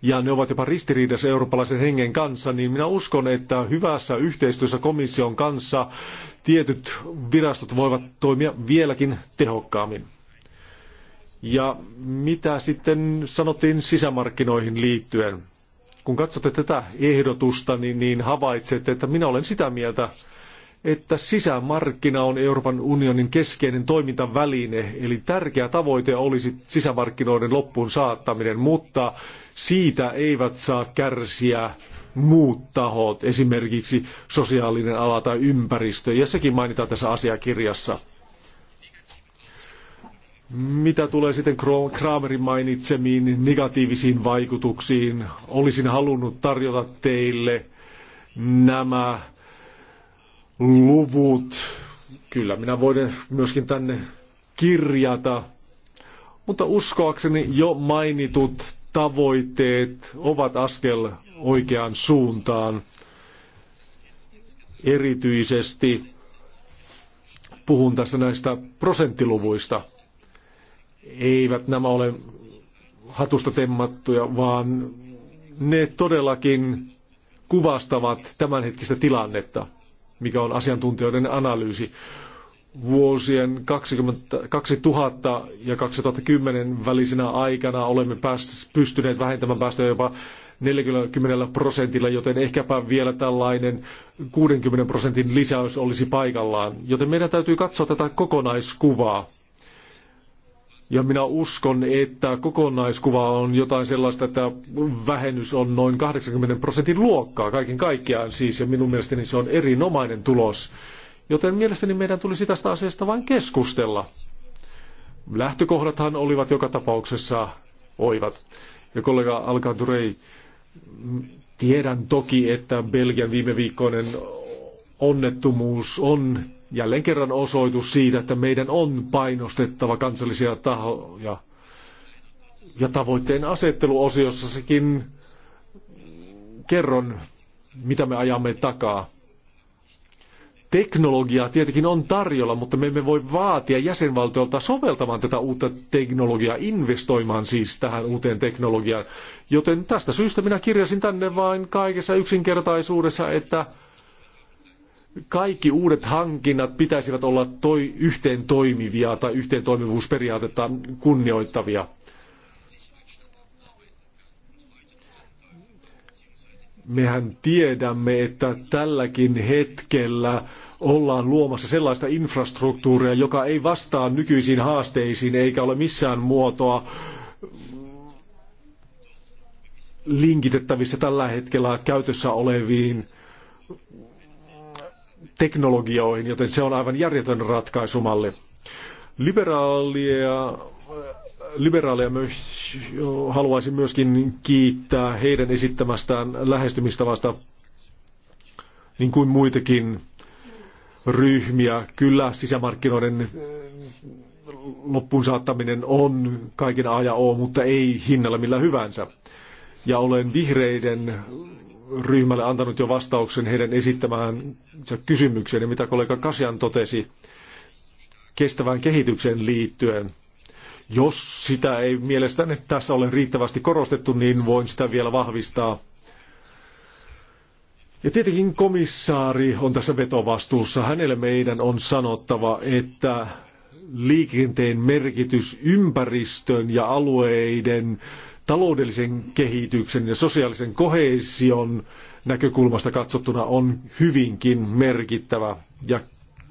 ja ne ovat jopa ristiriidassa eurooppalaisen hengen kanssa, niin minä uskon, että hyvässä yhteistyössä komission kanssa tietyt virastot voivat toimia vieläkin tehokkaammin. Ja mitä sitten sanottiin sisämarkkinoihin liittyen? Kun katsotte tätä ehdotusta, niin, niin havaitsette, että minä olen sitä mieltä, että sisämarkkina on Euroopan unionin keskeinen toimintaväline, eli tärkeä tavoite olisi sisämarkkinoiden loppuun saattaminen, mutta siitä eivät saa kärsiä muut tahot, esimerkiksi sosiaalinen ala tai ympäristö, ja sekin mainitaan tässä asiakirjassa. Mitä tulee sitten Kramerin mainitsemiin negatiivisiin vaikutuksiin, olisin halunnut tarjota teille nämä luvut. Kyllä, minä voin myöskin tänne kirjata. Mutta uskoakseni jo mainitut tavoitteet ovat askel oikeaan suuntaan. Erityisesti puhun tässä näistä prosenttiluvuista eivät nämä ole hatusta temmattuja, vaan ne todellakin kuvastavat tämänhetkistä tilannetta, mikä on asiantuntijoiden analyysi. Vuosien 20, 2000 ja 2010 välisenä aikana olemme pääst, pystyneet vähentämään päästöjä jopa 40 prosentilla, joten ehkäpä vielä tällainen 60 prosentin lisäys olisi paikallaan. Joten meidän täytyy katsoa tätä kokonaiskuvaa. Ja minä uskon, että kokonaiskuva on jotain sellaista, että vähennys on noin 80 prosentin luokkaa kaiken kaikkiaan siis, ja minun mielestäni se on erinomainen tulos. Joten mielestäni meidän tulisi tästä asiasta vain keskustella. Lähtökohdathan olivat joka tapauksessa oivat. Ja kollega Alcanturei, tiedän toki, että Belgian viime viikkoinen onnettomuus on jälleen kerran osoitus siitä, että meidän on painostettava kansallisia tahoja. Ja tavoitteen asetteluosiossakin kerron, mitä me ajamme takaa. Teknologiaa tietenkin on tarjolla, mutta me emme voi vaatia jäsenvaltiolta soveltamaan tätä uutta teknologiaa, investoimaan siis tähän uuteen teknologiaan. Joten tästä syystä minä kirjasin tänne vain kaikessa yksinkertaisuudessa, että kaikki uudet hankinnat pitäisivät olla toi yhteen toimivia tai yhteen toimivuusperiaatetta kunnioittavia. Mehän tiedämme, että tälläkin hetkellä ollaan luomassa sellaista infrastruktuuria, joka ei vastaa nykyisiin haasteisiin eikä ole missään muotoa linkitettävissä tällä hetkellä käytössä oleviin teknologioihin, joten se on aivan järjetön ratkaisumalli. Liberaalia liberaaleja myös, haluaisin myöskin kiittää heidän esittämästään lähestymistavasta, niin kuin muitakin ryhmiä. Kyllä sisämarkkinoiden eh, loppuun saattaminen on kaiken A ja O, mutta ei hinnalla millä hyvänsä. Ja olen vihreiden ryhmälle antanut jo vastauksen heidän esittämään kysymykseen, mitä kollega Kasian totesi kestävään kehitykseen liittyen. Jos sitä ei mielestäni tässä ole riittävästi korostettu, niin voin sitä vielä vahvistaa. Ja tietenkin komissaari on tässä vetovastuussa. Hänelle meidän on sanottava, että liikenteen merkitys ympäristön ja alueiden äh, taloudellisen kehityksen ja sosiaalisen kohesion näkökulmasta katsottuna on hyvinkin merkittävä. Ja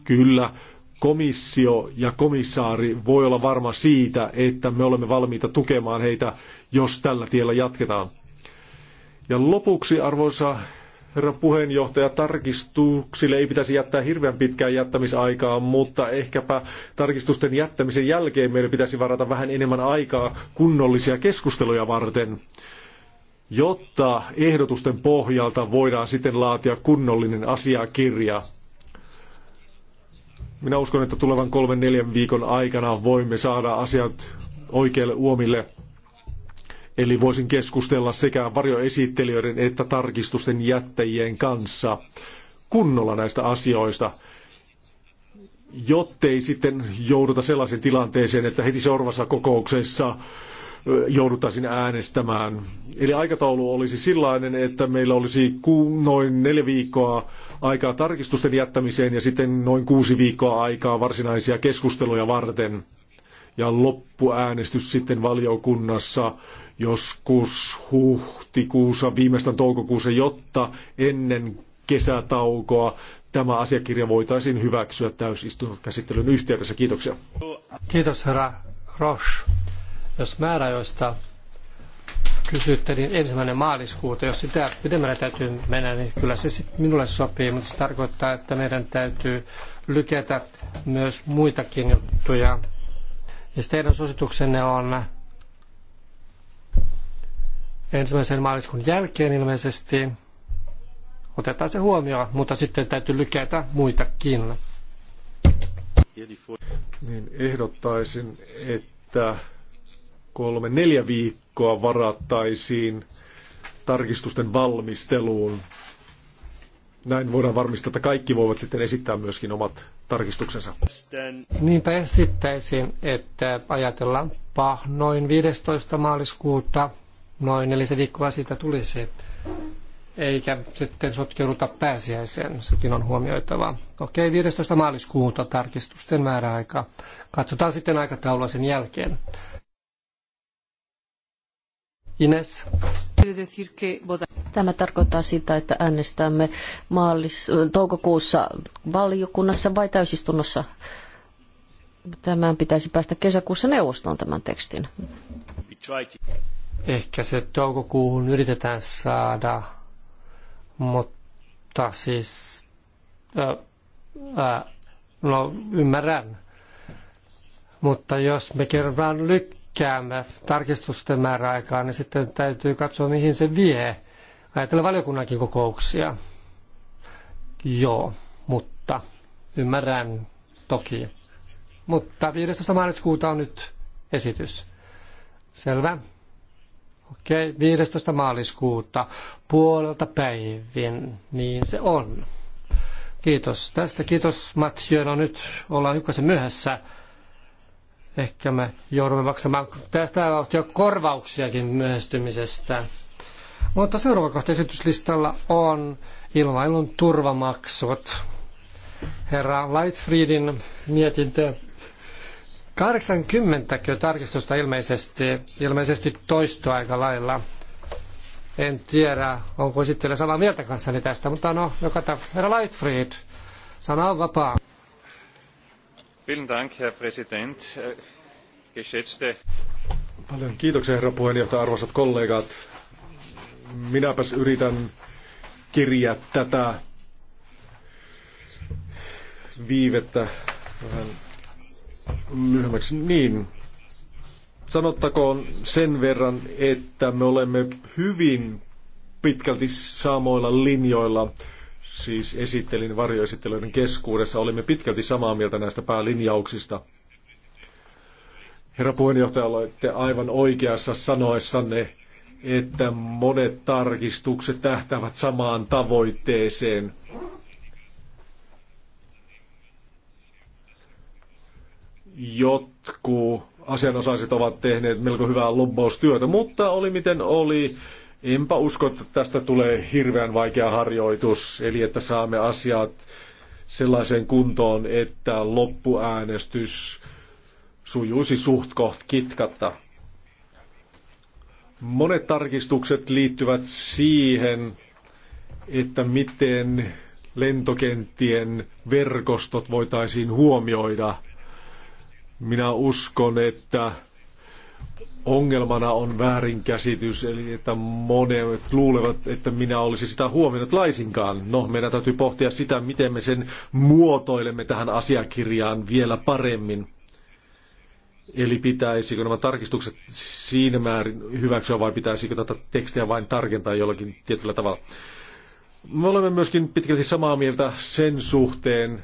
kyllä komissio ja komissaari voi olla varma siitä, että me olemme valmiita tukemaan heitä, jos tällä tiellä jatketaan. Ja lopuksi, arvoisa herra puheenjohtaja, tarkistuksille ei pitäisi jättää hirveän pitkää jättämisaikaa, mutta ehkäpä tarkistusten jättämisen jälkeen meidän pitäisi varata vähän enemmän aikaa kunnollisia keskusteluja varten, jotta ehdotusten pohjalta voidaan sitten laatia kunnollinen asiakirja. Minä uskon, että tulevan kolmen neljän viikon aikana voimme saada asiat oikeille uomille. Eli voisin keskustella sekä varjoesittelijöiden että tarkistusten jättäjien kanssa kunnolla näistä asioista, jottei sitten jouduta sellaisen tilanteeseen, että heti seuraavassa kokouksessa jouduttaisiin äänestämään. Eli aikataulu olisi sellainen, että meillä olisi noin neljä viikkoa aikaa tarkistusten jättämiseen ja sitten noin kuusi viikkoa aikaa varsinaisia keskusteluja varten. Ja loppuäänestys sitten valiokunnassa joskus huhtikuussa, viimeistään toukokuussa, jotta ennen kesätaukoa tämä asiakirja voitaisiin hyväksyä täysistunnon käsittelyn yhteydessä. Kiitoksia. Kiitos herra Roche. Jos määräajoista kysytte, niin ensimmäinen maaliskuuta, jos sitä pidemmälle täytyy mennä, niin kyllä se minulle sopii, mutta se tarkoittaa, että meidän täytyy lykätä myös muitakin juttuja. Ja siis teidän suosituksenne on ensimmäisen maaliskuun jälkeen ilmeisesti. Otetaan se huomioon, mutta sitten täytyy lykätä muitakin. Niin ehdottaisin, että kolme neljä viikkoa varattaisiin tarkistusten valmisteluun. Näin voidaan varmistaa, että kaikki voivat sitten esittää myöskin omat tarkistuksensa. Niinpä esittäisin, että ajatellaanpa noin 15. maaliskuuta Noin neljä viikkoa siitä tuli se, eikä sitten sotkeuduta pääsiäiseen, sekin on huomioitava. Okei, 15. maaliskuuta tarkistusten määräaika. Katsotaan sitten aikataulua sen jälkeen. Ines. Tämä tarkoittaa sitä, että äänestämme maalis, toukokuussa valiokunnassa vai täysistunnossa. Tämän pitäisi päästä kesäkuussa neuvostoon tämän tekstin. Ehkä se toukokuuhun yritetään saada, mutta siis, äh, äh, no ymmärrän. Mutta jos me kerran lykkäämme tarkistusten määräaikaa, niin sitten täytyy katsoa, mihin se vie. Ajatellaan valiokunnankin kokouksia. Joo, mutta ymmärrän toki. Mutta 15. maaliskuuta on nyt esitys. Selvä okay, 15. maaliskuuta puolelta päivin, niin se on. Kiitos tästä. Kiitos Mathieu. No nyt ollaan hiukkasen myöhässä. Ehkä me joudumme maksamaan tätä vauhtia korvauksiakin myöhästymisestä. Mutta seuraava kohta esityslistalla on ilmailun turvamaksut. Herra Lightfriedin mietintö 80 tarkistusta ilmeisesti, ilmeisesti toistoa aika lailla. En tiedä, onko esittelijä samaa mieltä kanssani tästä, mutta no, joka tapauksessa. Herra Lightfried, sana on vapaa. Dank, Herr äh, Geschätzte... Paljon kiitoksia, herra puheenjohtaja, arvoisat kollegat. Minäpäs yritän kirjaa tätä viivettä vähän lyhyemmäksi. Niin, sanottakoon sen verran, että me olemme hyvin pitkälti samoilla linjoilla, siis esittelin varjoesittelyiden keskuudessa, olimme pitkälti samaa mieltä näistä päälinjauksista. Herra puheenjohtaja, olette aivan oikeassa sanoessanne, että monet tarkistukset tähtävät samaan tavoitteeseen. jotkut asianosaiset ovat tehneet melko hyvää lobbaustyötä, mutta oli miten oli. Enpä usko, että tästä tulee hirveän vaikea harjoitus, eli että saamme asiat sellaiseen kuntoon, että loppuäänestys sujuisi suht koht kitkatta. Monet tarkistukset liittyvät siihen, että miten lentokenttien verkostot voitaisiin huomioida – minä uskon, että ongelmana on väärinkäsitys, eli että monet luulevat, että minä olisin sitä huomioinut laisinkaan. No, meidän täytyy pohtia sitä, miten me sen muotoilemme tähän asiakirjaan vielä paremmin. Eli pitäisikö nämä tarkistukset siinä määrin hyväksyä vai pitäisikö tätä tekstiä vain tarkentaa jollakin tietyllä tavalla? Me olemme myöskin pitkälti samaa mieltä sen suhteen,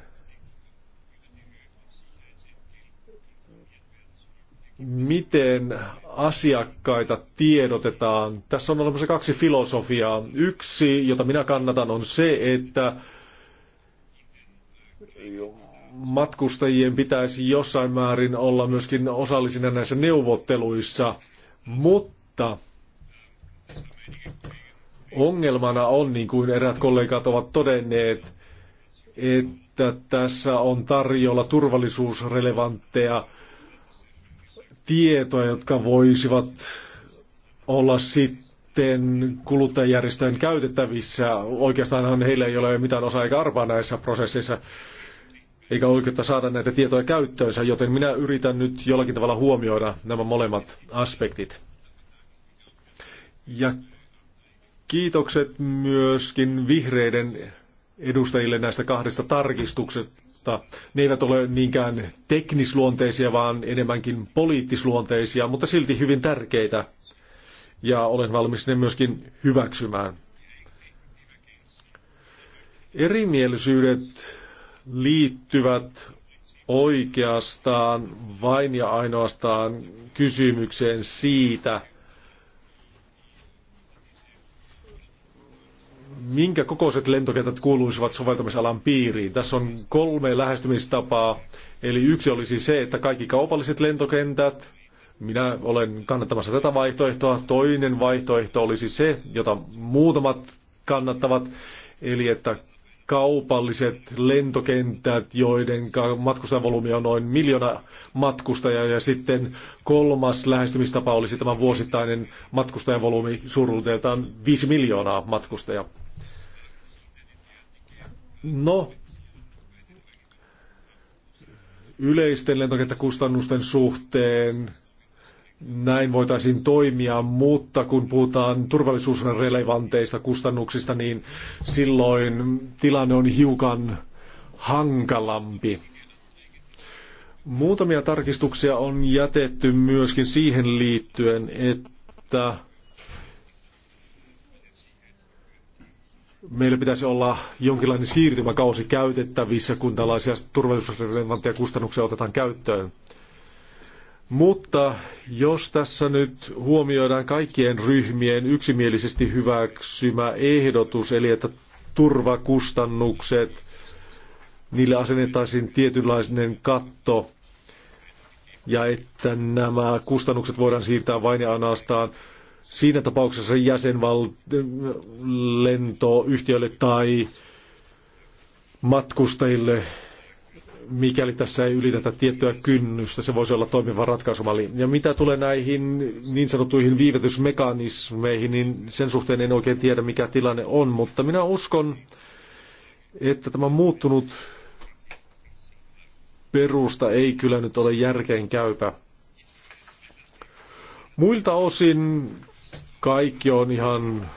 miten asiakkaita tiedotetaan. Tässä on olemassa kaksi filosofiaa. Yksi, jota minä kannatan, on se, että matkustajien pitäisi jossain määrin olla myöskin osallisina näissä neuvotteluissa, mutta ongelmana on, niin kuin eräät kollegat ovat todenneet, että tässä on tarjolla turvallisuusrelevantteja tietoja, jotka voisivat olla sitten kuluttajajärjestöjen käytettävissä. Oikeastaanhan heillä ei ole mitään osaa eikä arvaa näissä prosesseissa, eikä oikeutta saada näitä tietoja käyttöönsä, joten minä yritän nyt jollakin tavalla huomioida nämä molemmat aspektit. Ja kiitokset myöskin vihreiden edustajille näistä kahdesta tarkistuksesta vastausta. Ne eivät ole niinkään teknisluonteisia, vaan enemmänkin poliittisluonteisia, mutta silti hyvin tärkeitä. Ja olen valmis ne myöskin hyväksymään. Erimielisyydet liittyvät oikeastaan vain ja ainoastaan kysymykseen siitä, minkä kokoiset lentokentät kuuluisivat soveltamisalan piiriin. Tässä on kolme lähestymistapaa. Eli yksi olisi se, että kaikki kaupalliset lentokentät, minä olen kannattamassa tätä vaihtoehtoa. Toinen vaihtoehto olisi se, jota muutamat kannattavat, eli että kaupalliset lentokentät, joiden matkustajavolyymi on noin miljoona matkustajaa, ja sitten kolmas lähestymistapa olisi tämä vuosittainen matkustajavolyymi suuruudeltaan 5 miljoonaa matkustajaa. No, yleisten lentokenttäkustannusten suhteen näin voitaisiin toimia, mutta kun puhutaan turvallisuusrelevanteista kustannuksista, niin silloin tilanne on hiukan hankalampi. Muutamia tarkistuksia on jätetty myöskin siihen liittyen, että meillä pitäisi olla jonkinlainen siirtymäkausi käytettävissä, kun tällaisia turvallisuusrelevantteja kustannuksia otetaan käyttöön. Mutta jos tässä nyt huomioidaan kaikkien ryhmien yksimielisesti hyväksymä ehdotus, eli että turvakustannukset, niille asennettaisiin tietynlainen katto, ja että nämä kustannukset voidaan siirtää vain ja ainoastaan Siinä tapauksessa jäsenlentoyhtiöille tai matkustajille, mikäli tässä ei ylitetä tiettyä kynnystä, se voisi olla toimiva ratkaisumalli. Ja mitä tulee näihin niin sanottuihin viivetysmekanismeihin, niin sen suhteen en oikein tiedä, mikä tilanne on, mutta minä uskon, että tämä muuttunut perusta ei kyllä nyt ole järkeen käypä. Muilta osin kaikki on ihan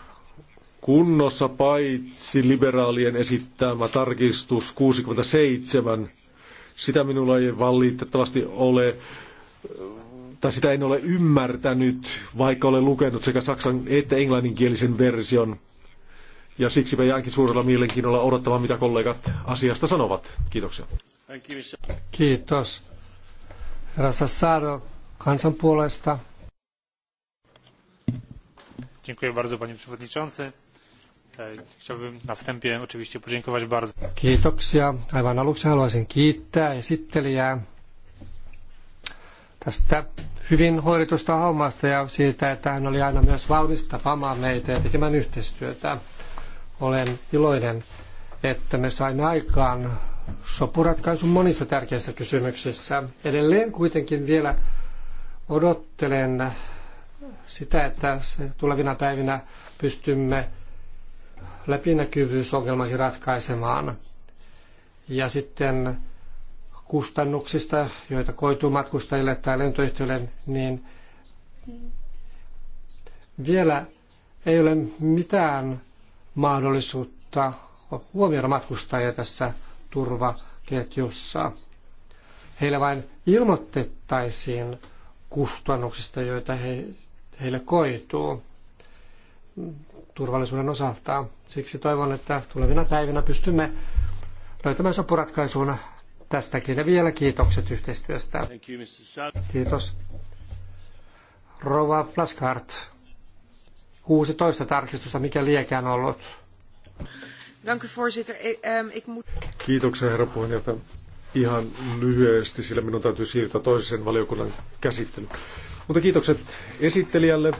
kunnossa, paitsi liberaalien esittämä tarkistus 67. Sitä minulla ei valitettavasti ole, tai sitä en ole ymmärtänyt, vaikka olen lukenut sekä saksan että englanninkielisen version. Ja siksi me jäänkin suurella mielenkiinnolla odottamaan, mitä kollegat asiasta sanovat. Kiitoksia. Kiitos. Herra Sassaro, kansan puolesta panie przewodniczący. E, chciałbym na wstępie oczywiście podziękować bardzo. Kiitoksia. Aivan aluksi haluaisin kiittää esittelijää tästä hyvin hoidetusta hommasta ja siitä, että hän oli aina myös valmis tapaamaan meitä ja tekemään yhteistyötä. Olen iloinen, että me saimme aikaan sopuratkaisun monissa tärkeissä kysymyksissä. Edelleen kuitenkin vielä odottelen sitä, että tulevina päivinä pystymme läpinäkyvyysongelmankin ratkaisemaan. Ja sitten kustannuksista, joita koituu matkustajille tai lentoyhtiöille, niin vielä ei ole mitään mahdollisuutta huomioida matkustajia tässä turvaketjussa. Heille vain ilmoitettaisiin kustannuksista, joita he heille koituu turvallisuuden osalta. Siksi toivon, että tulevina päivinä pystymme löytämään sopuratkaisuun tästäkin. Ja vielä kiitokset yhteistyöstä. Kiitos. Rova Plaskart, 16 tarkistusta, mikä liekään ollut. E, ehm, Kiitoksia herra puheenjohtaja. Ihan lyhyesti, sillä minun täytyy siirtää toisen valiokunnan käsittelyyn. Mutta kiitokset esittelijälle.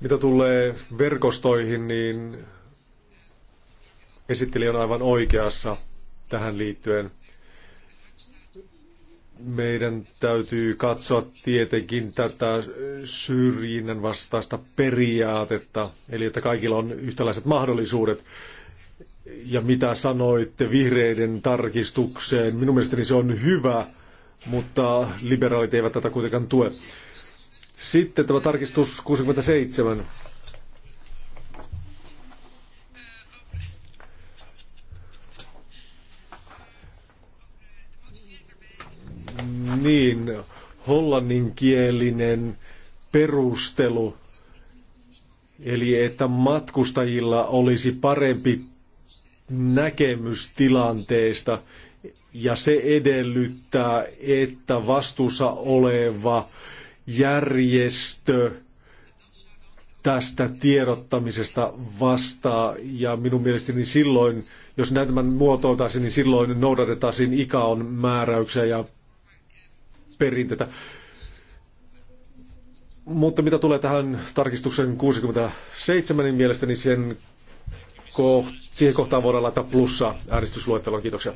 Mitä tulee verkostoihin, niin esittelijä on aivan oikeassa tähän liittyen. Meidän täytyy katsoa tietenkin tätä syrjinnän vastaista periaatetta, eli että kaikilla on yhtäläiset mahdollisuudet. Ja mitä sanoitte vihreiden tarkistukseen? Minun mielestäni se on hyvä mutta liberaalit eivät tätä kuitenkaan tue. Sitten tämä tarkistus 67. Niin, hollanninkielinen perustelu, eli että matkustajilla olisi parempi näkemys tilanteesta ja se edellyttää, että vastuussa oleva järjestö tästä tiedottamisesta vastaa. Ja minun mielestäni silloin, jos näin tämän muotoiltaisiin, niin silloin noudatetaan ikaon määräyksiä ja perinteitä. Mutta mitä tulee tähän tarkistuksen 67, niin mielestäni sen siihen kohtaan voidaan laittaa plussaa äänestysluetteloon. Kiitoksia.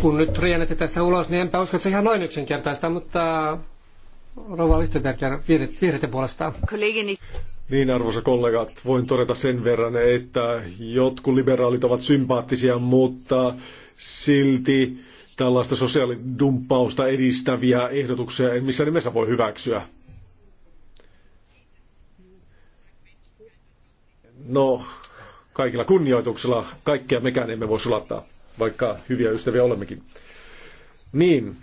Kun nyt riennätte tässä ulos, niin enpä usko, että se ihan noin yksinkertaista, mutta Rova Lichtenberger vihreiden puolestaan. Kollegini. Niin, arvoisa kollegat, voin todeta sen verran, että jotkut liberaalit ovat sympaattisia, mutta silti tällaista sosiaalidumppausta edistäviä ehdotuksia en missään nimessä voi hyväksyä. No, kaikilla kunnioituksella. Kaikkea mekään emme voi sulattaa, vaikka hyviä ystäviä olemmekin. Niin,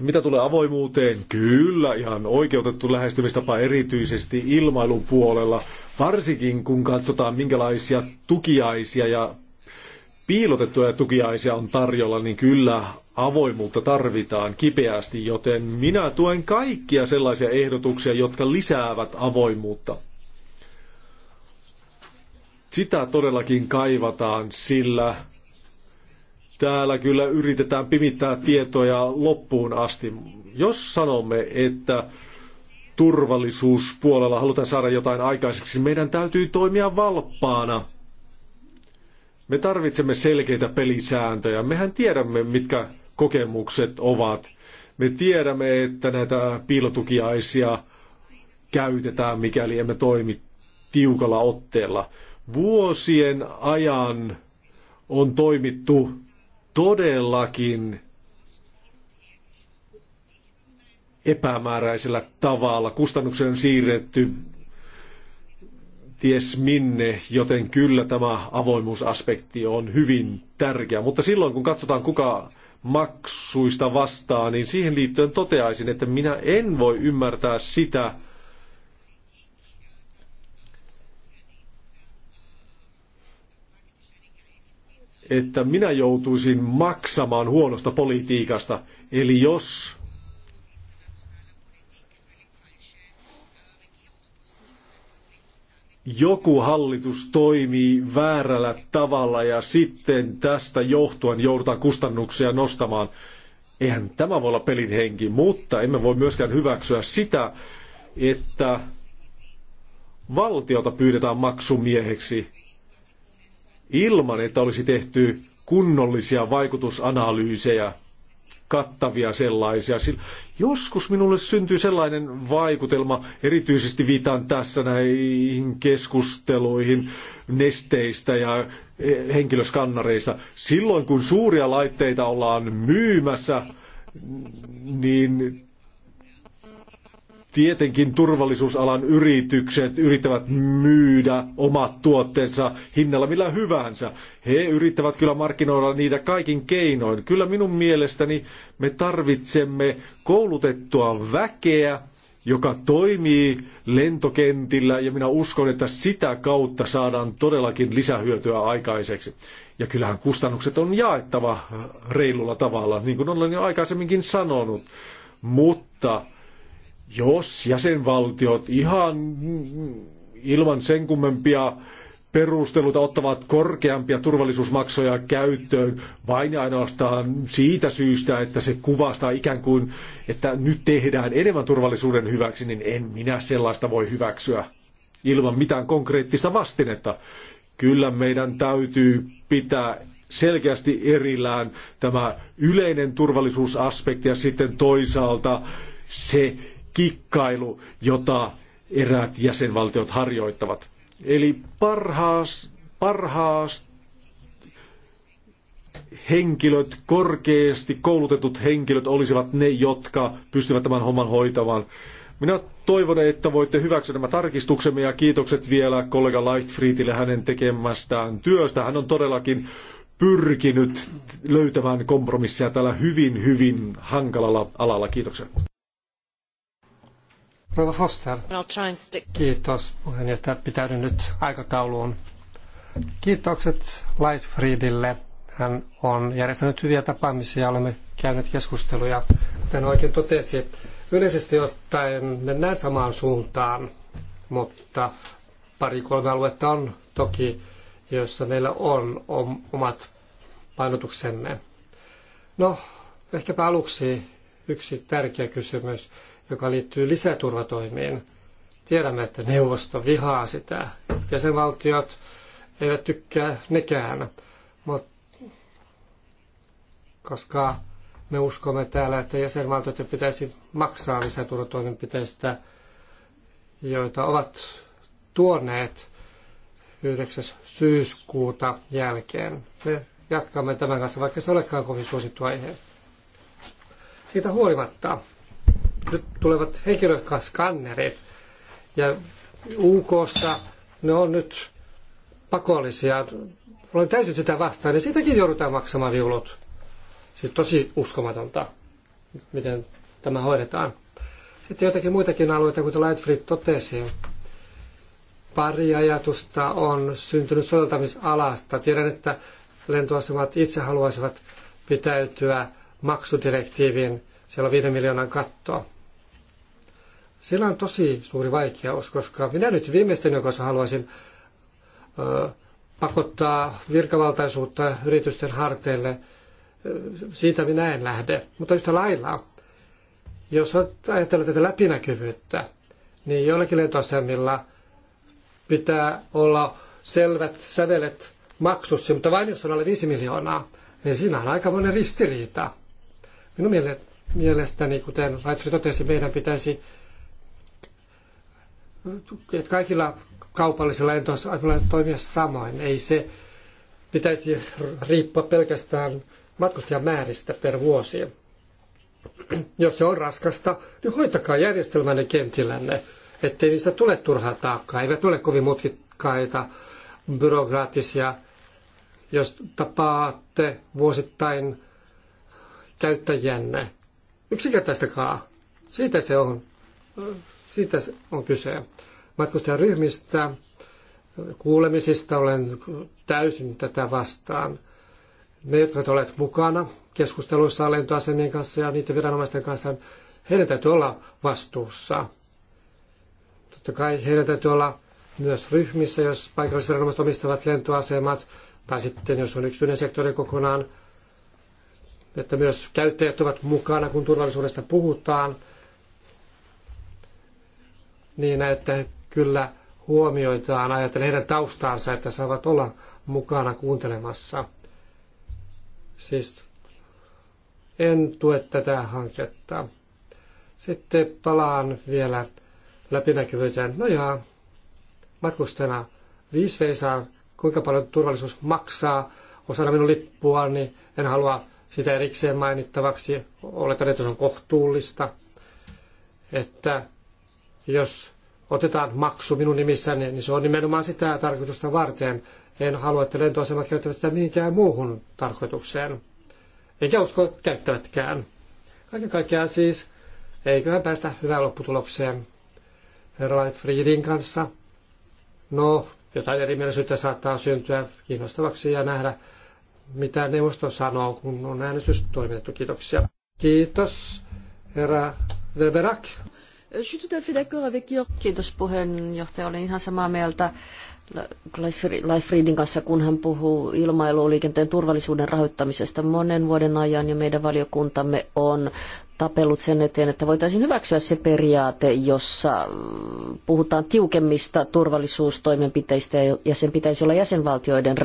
mitä tulee avoimuuteen, kyllä ihan oikeutettu lähestymistapa erityisesti ilmailun puolella, varsinkin kun katsotaan minkälaisia tukiaisia ja piilotettuja tukiaisia on tarjolla, niin kyllä avoimuutta tarvitaan kipeästi, joten minä tuen kaikkia sellaisia ehdotuksia, jotka lisäävät avoimuutta. Sitä todellakin kaivataan, sillä täällä kyllä yritetään pimittää tietoja loppuun asti. Jos sanomme, että turvallisuuspuolella halutaan saada jotain aikaiseksi, meidän täytyy toimia valppaana. Me tarvitsemme selkeitä pelisääntöjä. Mehän tiedämme, mitkä kokemukset ovat. Me tiedämme, että näitä piilotukiaisia käytetään, mikäli emme toimi tiukalla otteella. Vuosien ajan on toimittu todellakin epämääräisellä tavalla. kustannuksen on siirretty ties minne, joten kyllä tämä avoimuusaspekti on hyvin tärkeä. Mutta silloin kun katsotaan kuka maksuista vastaa, niin siihen liittyen toteaisin, että minä en voi ymmärtää sitä, että minä joutuisin maksamaan huonosta politiikasta. Eli jos joku hallitus toimii väärällä tavalla ja sitten tästä johtuen joudutaan kustannuksia nostamaan. Eihän tämä voi olla pelin henki, mutta emme voi myöskään hyväksyä sitä, että valtiota pyydetään maksumieheksi ilman, että olisi tehty kunnollisia vaikutusanalyysejä, kattavia sellaisia. Joskus minulle syntyy sellainen vaikutelma, erityisesti viitaan tässä näihin keskusteluihin nesteistä ja e, henkilöskannareista. Silloin kun suuria laitteita ollaan myymässä, niin Tietenkin turvallisuusalan yritykset yrittävät myydä omat tuotteensa hinnalla millä hyvänsä. He yrittävät kyllä markkinoida niitä kaikin keinoin. Kyllä minun mielestäni me tarvitsemme koulutettua väkeä, joka toimii lentokentillä ja minä uskon, että sitä kautta saadaan todellakin lisähyötyä aikaiseksi. Ja kyllähän kustannukset on jaettava reilulla tavalla, niin kuin olen jo aikaisemminkin sanonut. Mutta jos jäsenvaltiot ihan ilman sen kummempia perusteluita ottavat korkeampia turvallisuusmaksoja käyttöön vain ja ainoastaan siitä syystä, että se kuvastaa ikään kuin, että nyt tehdään enemmän turvallisuuden hyväksi, niin en minä sellaista voi hyväksyä ilman mitään konkreettista vastinetta. Kyllä meidän täytyy pitää selkeästi erillään tämä yleinen turvallisuusaspekti ja sitten toisaalta se kikkailu, jota eräät jäsenvaltiot harjoittavat. Eli parhaas, parhaas henkilöt, korkeasti koulutetut henkilöt olisivat ne, jotka pystyvät tämän homman hoitamaan. Minä toivon, että voitte hyväksyä nämä tarkistuksemme ja kiitokset vielä kollega Lightfriedille hänen tekemästään työstä. Hän on todellakin pyrkinyt löytämään kompromisseja tällä hyvin, hyvin hankalalla alalla. Kiitoksia. Rova Foster. Kiitos puheenjohtaja. Pitäydyn nyt aikatauluun. Kiitokset Lightfriedille. Hän on järjestänyt hyviä tapaamisia ja olemme käyneet keskusteluja. Kuten oikein totesi, yleisesti ottaen mennään samaan suuntaan, mutta pari-kolme aluetta on toki, joissa meillä on omat painotuksemme. No, ehkäpä aluksi yksi tärkeä kysymys joka liittyy lisäturvatoimiin. Tiedämme, että neuvosto vihaa sitä. Jäsenvaltiot eivät tykkää nekään. Mutta koska me uskomme täällä, että jäsenvaltioiden pitäisi maksaa lisäturvatoimenpiteistä, joita ovat tuoneet 9. syyskuuta jälkeen. Me jatkamme tämän kanssa, vaikka se olekaan kovin suosittu aihe. Siitä huolimatta nyt tulevat henkilöskannerit. Ja UKssa ne on nyt pakollisia. Olen täysin sitä vastaan ja siitäkin joudutaan maksamaan viulut. Siis tosi uskomatonta, miten tämä hoidetaan. Sitten jotakin muitakin alueita, kuten Lightfried totesi. Pari ajatusta on syntynyt soveltamisalasta. Tiedän, että lentoasemat itse haluaisivat pitäytyä maksudirektiivin, siellä on 5 miljoonan kattoa. Sillä on tosi suuri vaikeus, koska minä nyt viimeisten joukossa haluaisin ö, pakottaa virkavaltaisuutta yritysten harteille. Siitä minä en lähde. Mutta yhtä lailla, jos ajatellaan tätä läpinäkyvyyttä, niin joillakin lentoasemilla pitää olla selvät sävelet maksussa, mutta vain jos on alle 5 miljoonaa, niin siinä on monen ristiriita. Minun mielestäni, kuten Raitfri totesi, meidän pitäisi että kaikilla kaupallisilla lentoasemilla toimia samoin. Ei se pitäisi riippua pelkästään matkustajamääristä per vuosi. Jos se on raskasta, niin hoitakaa järjestelmänne kentillänne, ettei niistä tule turhaa taakkaa. Eivät ole kovin mutkikkaita, byrokraattisia. Jos tapaatte vuosittain käyttäjänne, yksinkertaistakaa. Siitä se on siitä on kyse. Matkustajaryhmistä, kuulemisista olen täysin tätä vastaan. Ne, jotka olet mukana keskusteluissa lentoasemien kanssa ja niiden viranomaisten kanssa, heidän täytyy olla vastuussa. Totta kai heidän täytyy olla myös ryhmissä, jos paikallisviranomaiset omistavat lentoasemat, tai sitten jos on yksityinen sektori kokonaan, että myös käyttäjät ovat mukana, kun turvallisuudesta puhutaan – niin että kyllä huomioitaan ajatellen heidän taustaansa, että saavat olla mukana kuuntelemassa. Siis en tue tätä hanketta. Sitten palaan vielä läpinäkyvyyteen. No jaa, matkustena viisi veisaa, kuinka paljon turvallisuus maksaa osana minun lippua, niin en halua sitä erikseen mainittavaksi. Oletan, että se on kohtuullista, että jos otetaan maksu minun nimissäni, niin se on nimenomaan sitä tarkoitusta varten. En halua, että lentoasemat käyttävät sitä mihinkään muuhun tarkoitukseen. Eikä usko käyttävätkään. Kaiken kaikkiaan siis, eiköhän päästä hyvään lopputulokseen herra Friedin kanssa. No, jotain erimielisyyttä saattaa syntyä kiinnostavaksi ja nähdä, mitä neuvosto sanoo, kun on äänestys toimitettu. Kiitoksia. Kiitos, herra Weberak. Euh, Kiitos puheenjohtaja. Olen ihan samaa mieltä Leifriedin kanssa, kun hän puhuu ilmailuliikenteen turvallisuuden rahoittamisesta monen vuoden ajan ja meidän valiokuntamme on tapellut sen eteen, että voitaisiin hyväksyä se periaate, jossa puhutaan tiukemmista turvallisuustoimenpiteistä ja sen pitäisi olla jäsenvaltioiden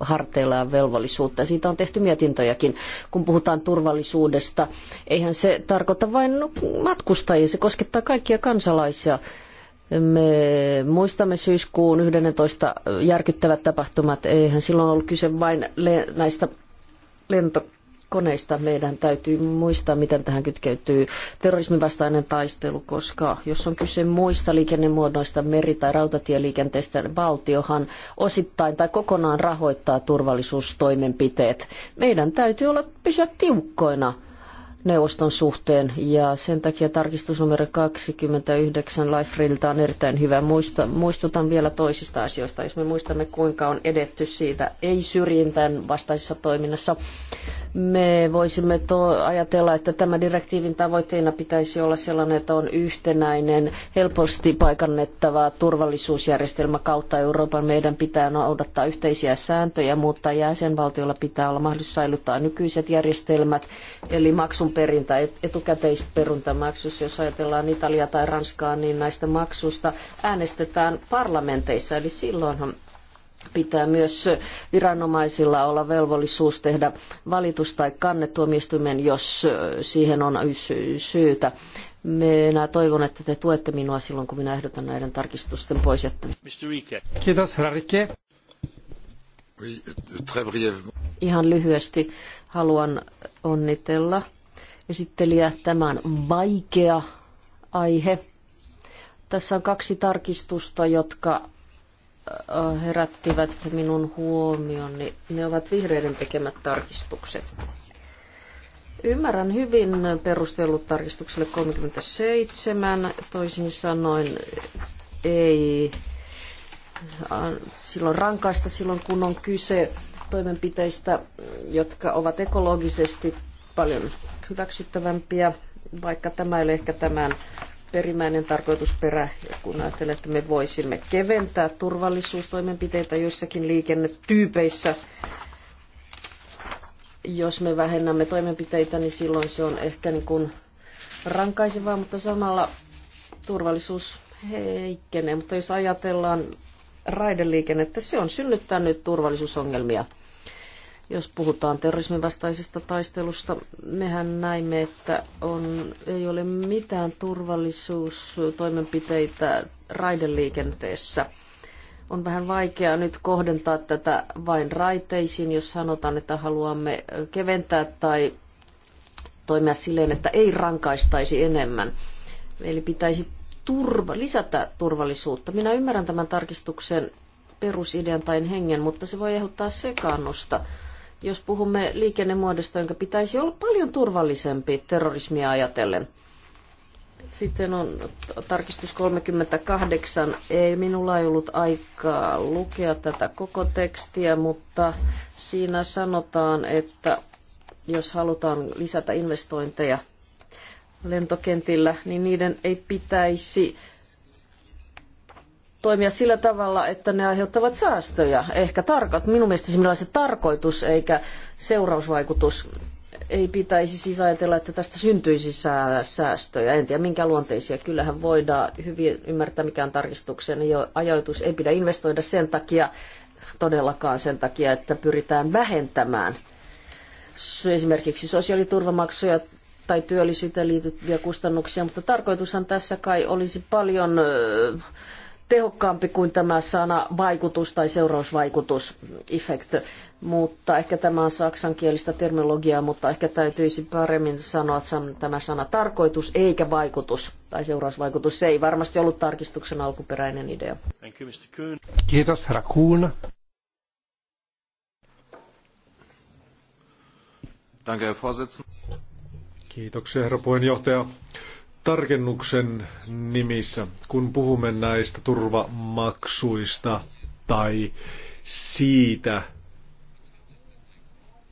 harteilla ja velvollisuutta. Siitä on tehty mietintöjäkin, kun puhutaan turvallisuudesta. Eihän se tarkoita vain matkustajia, se koskettaa kaikkia kansalaisia. Me muistamme syyskuun 11 järkyttävät tapahtumat. Eihän silloin ollut kyse vain näistä lentokoneista koneista. Meidän täytyy muistaa, miten tähän kytkeytyy terrorismin vastainen taistelu, koska jos on kyse muista liikennemuodoista, meri- tai rautatieliikenteestä, niin valtiohan osittain tai kokonaan rahoittaa turvallisuustoimenpiteet. Meidän täytyy olla pysyä tiukkoina neuvoston suhteen ja sen takia tarkistus numero 29 Lifereelta on erittäin hyvä. Muista, muistutan vielä toisista asioista, jos me muistamme kuinka on edetty siitä ei-syrjintään vastaisessa toiminnassa. Me voisimme to- ajatella, että tämän direktiivin tavoitteena pitäisi olla sellainen, että on yhtenäinen, helposti paikannettava turvallisuusjärjestelmä kautta Euroopan. Meidän pitää noudattaa yhteisiä sääntöjä, mutta jäsenvaltiolla pitää olla mahdollisuus säilyttää nykyiset järjestelmät, eli maksun perintä, etukäteisperuntamaksus. Jos ajatellaan Italiaa tai Ranskaa, niin näistä maksuista äänestetään parlamenteissa, eli silloinhan pitää myös viranomaisilla olla velvollisuus tehdä valitus tai kanne tuomioistuimen, jos siihen on syytä. Minä toivon, että te tuette minua silloin, kun minä ehdotan näiden tarkistusten pois jättämistä. Kiitos, herra Ihan lyhyesti haluan onnitella esittelijä. Tämä on vaikea aihe. Tässä on kaksi tarkistusta, jotka Äh, herättivät minun huomioni. Ne ovat vihreiden tekemät tarkistukset. Ymmärrän hyvin perustellut tarkistukselle 37, toisin sanoen ei äh, silloin rankaista silloin, kun on kyse toimenpiteistä, jotka ovat ekologisesti paljon hyväksyttävämpiä, vaikka tämä ei ole ehkä tämän perimmäinen tarkoitusperä, kun ajattelen, että me voisimme keventää turvallisuustoimenpiteitä joissakin liikennetyypeissä. Jos me vähennämme toimenpiteitä, niin silloin se on ehkä niin kuin rankaisevaa, mutta samalla turvallisuus heikkenee. Mutta jos ajatellaan raideliikennettä, se on synnyttänyt turvallisuusongelmia – jos puhutaan terrorismin vastaisesta taistelusta, mehän näimme, että on, ei ole mitään turvallisuustoimenpiteitä raideliikenteessä. On vähän vaikeaa nyt kohdentaa tätä vain raiteisiin, jos sanotaan, että haluamme keventää tai toimia silleen, että ei rankaistaisi enemmän. Eli pitäisi turva, lisätä turvallisuutta. Minä ymmärrän tämän tarkistuksen perusidean tai hengen, mutta se voi ehdottaa sekaannusta jos puhumme liikennemuodosta, jonka pitäisi olla paljon turvallisempi terrorismia ajatellen. Sitten on tarkistus 38. Ei, minulla ei ollut aikaa lukea tätä koko tekstiä, mutta siinä sanotaan, että jos halutaan lisätä investointeja lentokentillä, niin niiden ei pitäisi toimia sillä tavalla, että ne aiheuttavat säästöjä. Ehkä tarkat, minun mielestä se tarkoitus eikä seurausvaikutus. Ei pitäisi siis ajatella, että tästä syntyisi säästöjä. En tiedä minkä luonteisia. Kyllähän voidaan hyvin ymmärtää mikään tarkistuksen jo ajoitus. Ei pidä investoida sen takia, todellakaan sen takia, että pyritään vähentämään esimerkiksi sosiaaliturvamaksuja tai työllisyyteen liittyviä kustannuksia, mutta tarkoitushan tässä kai olisi paljon tehokkaampi kuin tämä sana vaikutus tai seurausvaikutus, effect. Mutta ehkä tämä on saksankielistä terminologiaa, mutta ehkä täytyisi paremmin sanoa tämä sana tarkoitus eikä vaikutus tai seurausvaikutus. Se ei varmasti ollut tarkistuksen alkuperäinen idea. Kiitos, herra Kiitoksia, herra puheenjohtaja tarkennuksen nimissä, kun puhumme näistä turvamaksuista tai siitä,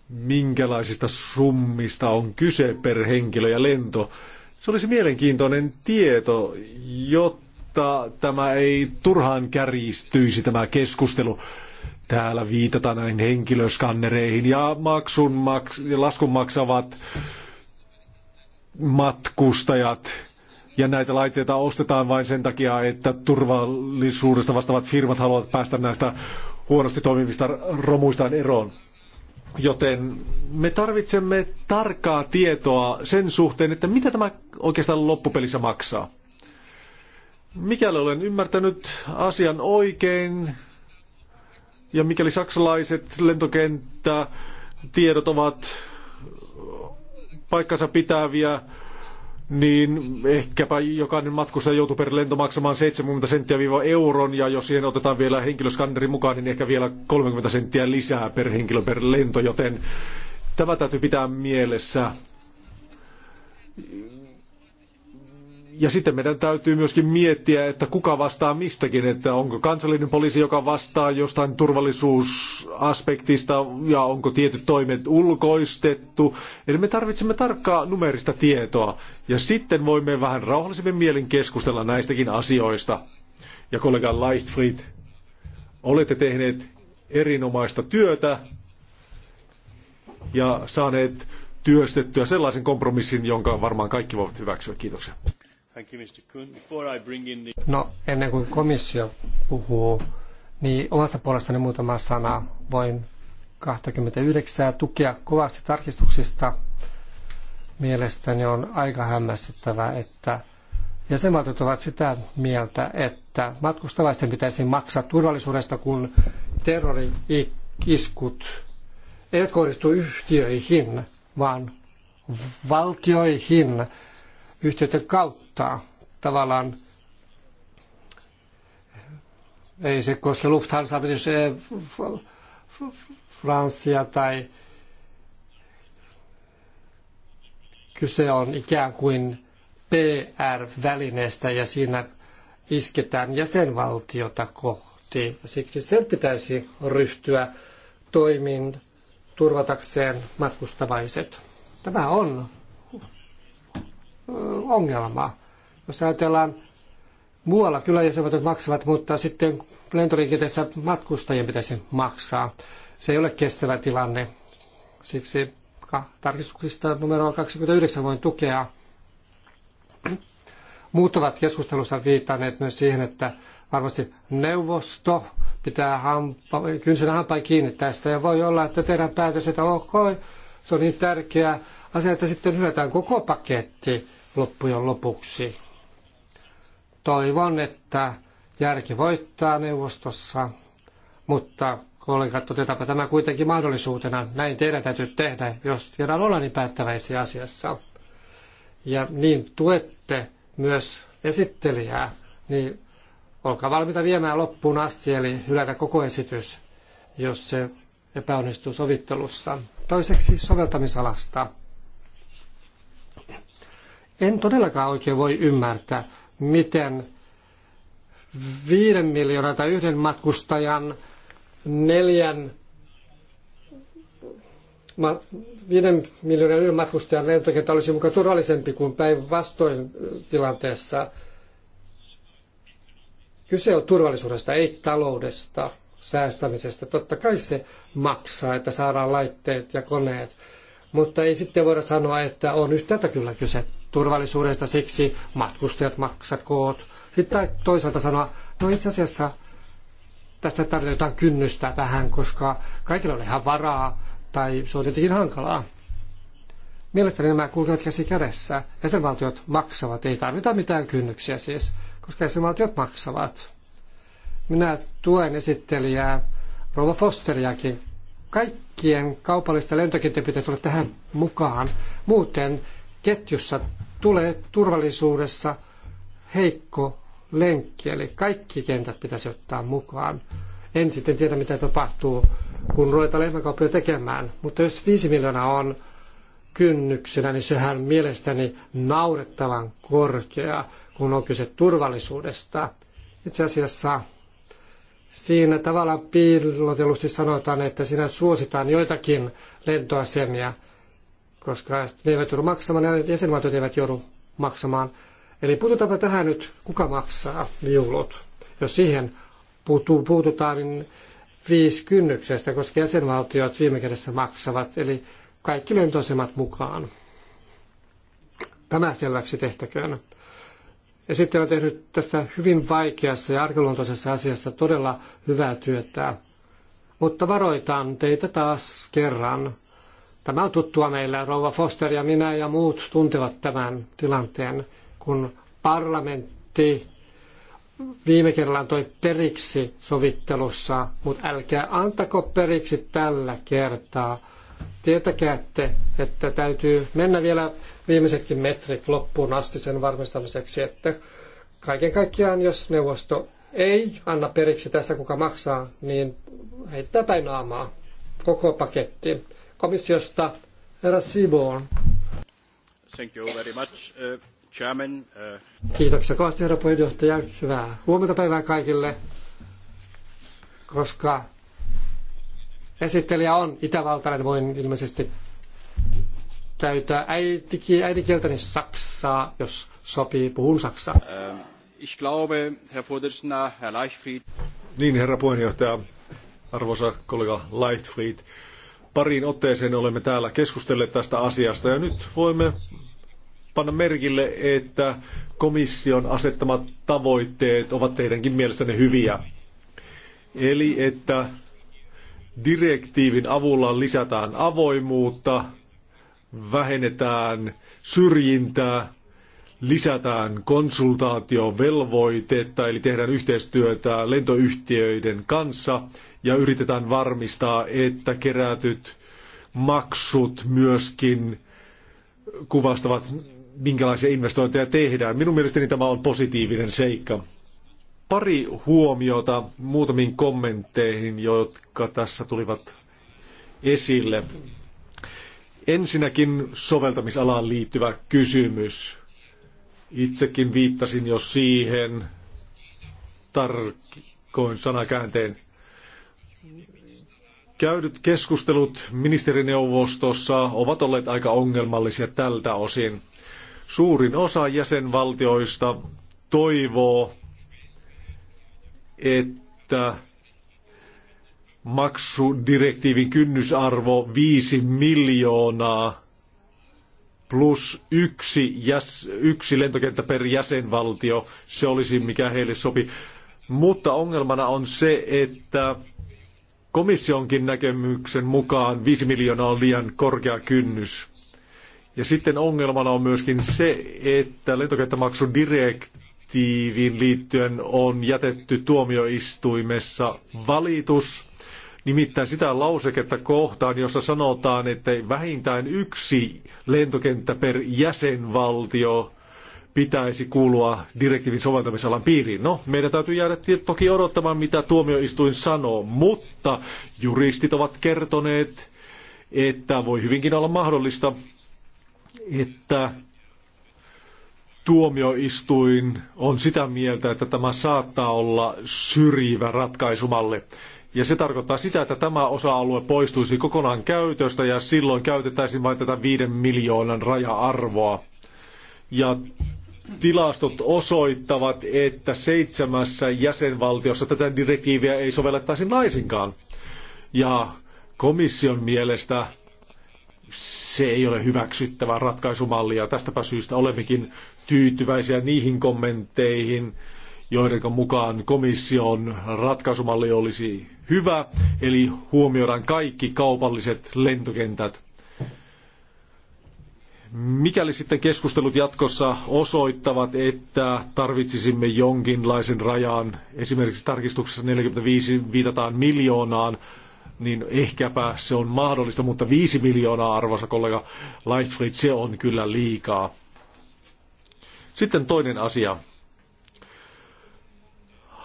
minkälaisista summista on kyse per henkilö ja lento. Se olisi mielenkiintoinen tieto, jotta tämä ei turhaan kärjistyisi tämä keskustelu. Täällä viitataan näihin henkilöskannereihin ja maksun maks- ja laskun maksavat matkustajat. Ja näitä laitteita ostetaan vain sen takia, että turvallisuudesta vastaavat firmat haluavat päästä näistä huonosti toimivista romuistaan eroon. Joten me tarvitsemme tarkkaa tietoa sen suhteen, että mitä tämä oikeastaan loppupelissä maksaa. Mikäli olen ymmärtänyt asian oikein, ja mikäli saksalaiset lentokenttä tiedot ovat paikkansa pitäviä, niin ehkäpä jokainen matkustaja joutuu per lento maksamaan 70 senttiä viiva euron, ja jos siihen otetaan vielä henkilöskanneri mukaan, niin ehkä vielä 30 senttiä lisää per henkilö per lento, joten tämä täytyy pitää mielessä ja sitten meidän täytyy myöskin miettiä, että kuka vastaa mistäkin, että onko kansallinen poliisi, joka vastaa jostain turvallisuusaspektista ja onko tietyt toimet ulkoistettu. Eli me tarvitsemme tarkkaa numerista tietoa ja sitten voimme vähän rauhallisemmin mielin keskustella näistäkin asioista. Ja kollega Leichtfried, olette tehneet erinomaista työtä ja saaneet työstettyä sellaisen kompromissin, jonka varmaan kaikki voivat hyväksyä. Kiitoksia. No, ennen kuin komissio puhuu, niin omasta puolestani muutama sana. Voin 29 tukea kovasti tarkistuksista. Mielestäni on aika hämmästyttävää, että jäsenvaltiot ovat sitä mieltä, että matkustavaisten pitäisi maksaa turvallisuudesta, kun terrori-iskut eivät kohdistu yhtiöihin, vaan valtioihin yhtiöiden kautta rajoittaa. Tavallaan ei se koske Lufthansa, se eh, Francia tai kyse on ikään kuin PR-välineestä ja siinä isketään jäsenvaltiota kohti. Siksi sen pitäisi ryhtyä toimiin turvatakseen matkustavaiset. Tämä on eh, ongelma. Jos ajatellaan, muualla kyllä jäsenvaltiot maksavat, mutta sitten lentoliikenteessä matkustajien pitäisi maksaa. Se ei ole kestävä tilanne. Siksi tarkistuksista numero 29 voin tukea. Muut ovat keskustelussa viitanneet myös siihen, että varmasti neuvosto pitää hampa, kynsyn hampain kiinni tästä. Ja voi olla, että tehdään päätös, että ok, se on niin tärkeä asia, että sitten hyötään koko paketti loppujen lopuksi. Toivon, että järki voittaa neuvostossa, mutta kollegat, otetaanpa tämä kuitenkin mahdollisuutena. Näin teidän täytyy tehdä, jos tiedän olla niin päättäväisiä asiassa. Ja niin tuette myös esittelijää, niin olkaa valmiita viemään loppuun asti, eli hylätä koko esitys, jos se epäonnistuu sovittelussa. Toiseksi soveltamisalasta. En todellakaan oikein voi ymmärtää, miten viiden miljoonan tai yhden matkustajan neljän viiden miljoonan yhden matkustajan lentokenttä olisi mukaan turvallisempi kuin päinvastoin tilanteessa. Kyse on turvallisuudesta, ei taloudesta, säästämisestä. Totta kai se maksaa, että saadaan laitteet ja koneet, mutta ei sitten voida sanoa, että on yhtäältä kyllä kyse turvallisuudesta, siksi matkustajat maksakoot. Sitten toisaalta sanoa, no itse asiassa tässä tarvitaan jotain kynnystä vähän, koska kaikilla on ihan varaa tai se on jotenkin hankalaa. Mielestäni nämä kulkevat käsi kädessä. Jäsenvaltiot maksavat, ei tarvita mitään kynnyksiä siis, koska jäsenvaltiot maksavat. Minä tuen esittelijää Rova Fosteriakin. Kaikkien kaupallisten lentokenttä pitäisi olla tähän mukaan. Muuten ketjussa tulee turvallisuudessa heikko lenkki, eli kaikki kentät pitäisi ottaa mukaan. En sitten tiedä, mitä tapahtuu, kun ruvetaan lehmäkauppia tekemään, mutta jos 5 miljoonaa on kynnyksenä, niin sehän mielestäni naurettavan korkea, kun on kyse turvallisuudesta. Itse asiassa siinä tavallaan piilotellusti sanotaan, että siinä suositaan joitakin lentoasemia – koska ne eivät joudu maksamaan, ne jäsenvaltiot eivät joudu maksamaan. Eli puututaanpa tähän nyt, kuka maksaa viulut. Jos siihen puutu, puututaan, niin viisi kynnyksestä, koska jäsenvaltiot viime kädessä maksavat, eli kaikki lentoasemat mukaan. Tämä selväksi tehtäköön. Ja sitten on tehnyt tässä hyvin vaikeassa ja arkeluontoisessa asiassa todella hyvää työtä. Mutta varoitan teitä taas kerran. Tämä on tuttua meillä. Rouva Foster ja minä ja muut tuntevat tämän tilanteen, kun parlamentti viime kerralla toi periksi sovittelussa, mutta älkää antako periksi tällä kertaa. Tietäkäätte, että täytyy mennä vielä viimeisetkin metrit loppuun asti sen varmistamiseksi, että kaiken kaikkiaan, jos neuvosto ei anna periksi tässä, kuka maksaa, niin heitetään päin naamaa koko paketti komissiosta herra Siboon. Thank you very much, uh, chairman, uh... Kiitoksia kovasti herra puheenjohtaja. Hyvää huomenta päivää kaikille, koska esittelijä on itävaltainen, voin ilmeisesti käyttää äidinkieltäni saksaa, jos sopii, puhun saksaa. Uh, ich glaube, Herr Herr Leichfried. Niin, herra puheenjohtaja, arvoisa kollega Leichtfried. Pariin otteeseen olemme täällä keskustelleet tästä asiasta ja nyt voimme panna merkille, että komission asettamat tavoitteet ovat teidänkin mielestänne hyviä. Eli että direktiivin avulla lisätään avoimuutta, vähennetään syrjintää lisätään konsultaatiovelvoitetta, eli tehdään yhteistyötä lentoyhtiöiden kanssa ja yritetään varmistaa, että kerätyt maksut myöskin kuvastavat, minkälaisia investointeja tehdään. Minun mielestäni tämä on positiivinen seikka. Pari huomiota muutamiin kommentteihin, jotka tässä tulivat esille. Ensinnäkin soveltamisalaan liittyvä kysymys Itsekin viittasin jo siihen tarkoin sanakäänteen. Käydyt keskustelut ministerineuvostossa ovat olleet aika ongelmallisia tältä osin. Suurin osa jäsenvaltioista toivoo, että maksudirektiivin kynnysarvo 5 miljoonaa plus yksi, jäs, yksi lentokenttä per jäsenvaltio, se olisi mikä heille sopi. Mutta ongelmana on se, että komissionkin näkemyksen mukaan 5 miljoonaa on liian korkea kynnys. Ja sitten ongelmana on myöskin se, että lentokenttämaksudirektiiviin liittyen on jätetty tuomioistuimessa valitus – nimittäin sitä lauseketta kohtaan, jossa sanotaan, että vähintään yksi lentokenttä per jäsenvaltio pitäisi kuulua direktiivin soveltamisalan piiriin. No, meidän täytyy jäädä toki odottamaan, mitä tuomioistuin sanoo, mutta juristit ovat kertoneet, että voi hyvinkin olla mahdollista, että tuomioistuin on sitä mieltä, että tämä saattaa olla syrjivä ratkaisumalle. Ja se tarkoittaa sitä, että tämä osa-alue poistuisi kokonaan käytöstä ja silloin käytettäisiin vain tätä viiden miljoonan raja-arvoa. Ja tilastot osoittavat, että seitsemässä jäsenvaltiossa tätä direktiiviä ei sovellettaisi laisinkaan. Ja komission mielestä se ei ole hyväksyttävä ratkaisumalli ja tästäpä syystä olemmekin tyytyväisiä niihin kommentteihin, joiden mukaan komission ratkaisumalli olisi hyvä, eli huomioidaan kaikki kaupalliset lentokentät. Mikäli sitten keskustelut jatkossa osoittavat, että tarvitsisimme jonkinlaisen rajan, esimerkiksi tarkistuksessa 45 viitataan miljoonaan, niin ehkäpä se on mahdollista, mutta 5 miljoonaa, arvoisa kollega Lightfleet, se on kyllä liikaa. Sitten toinen asia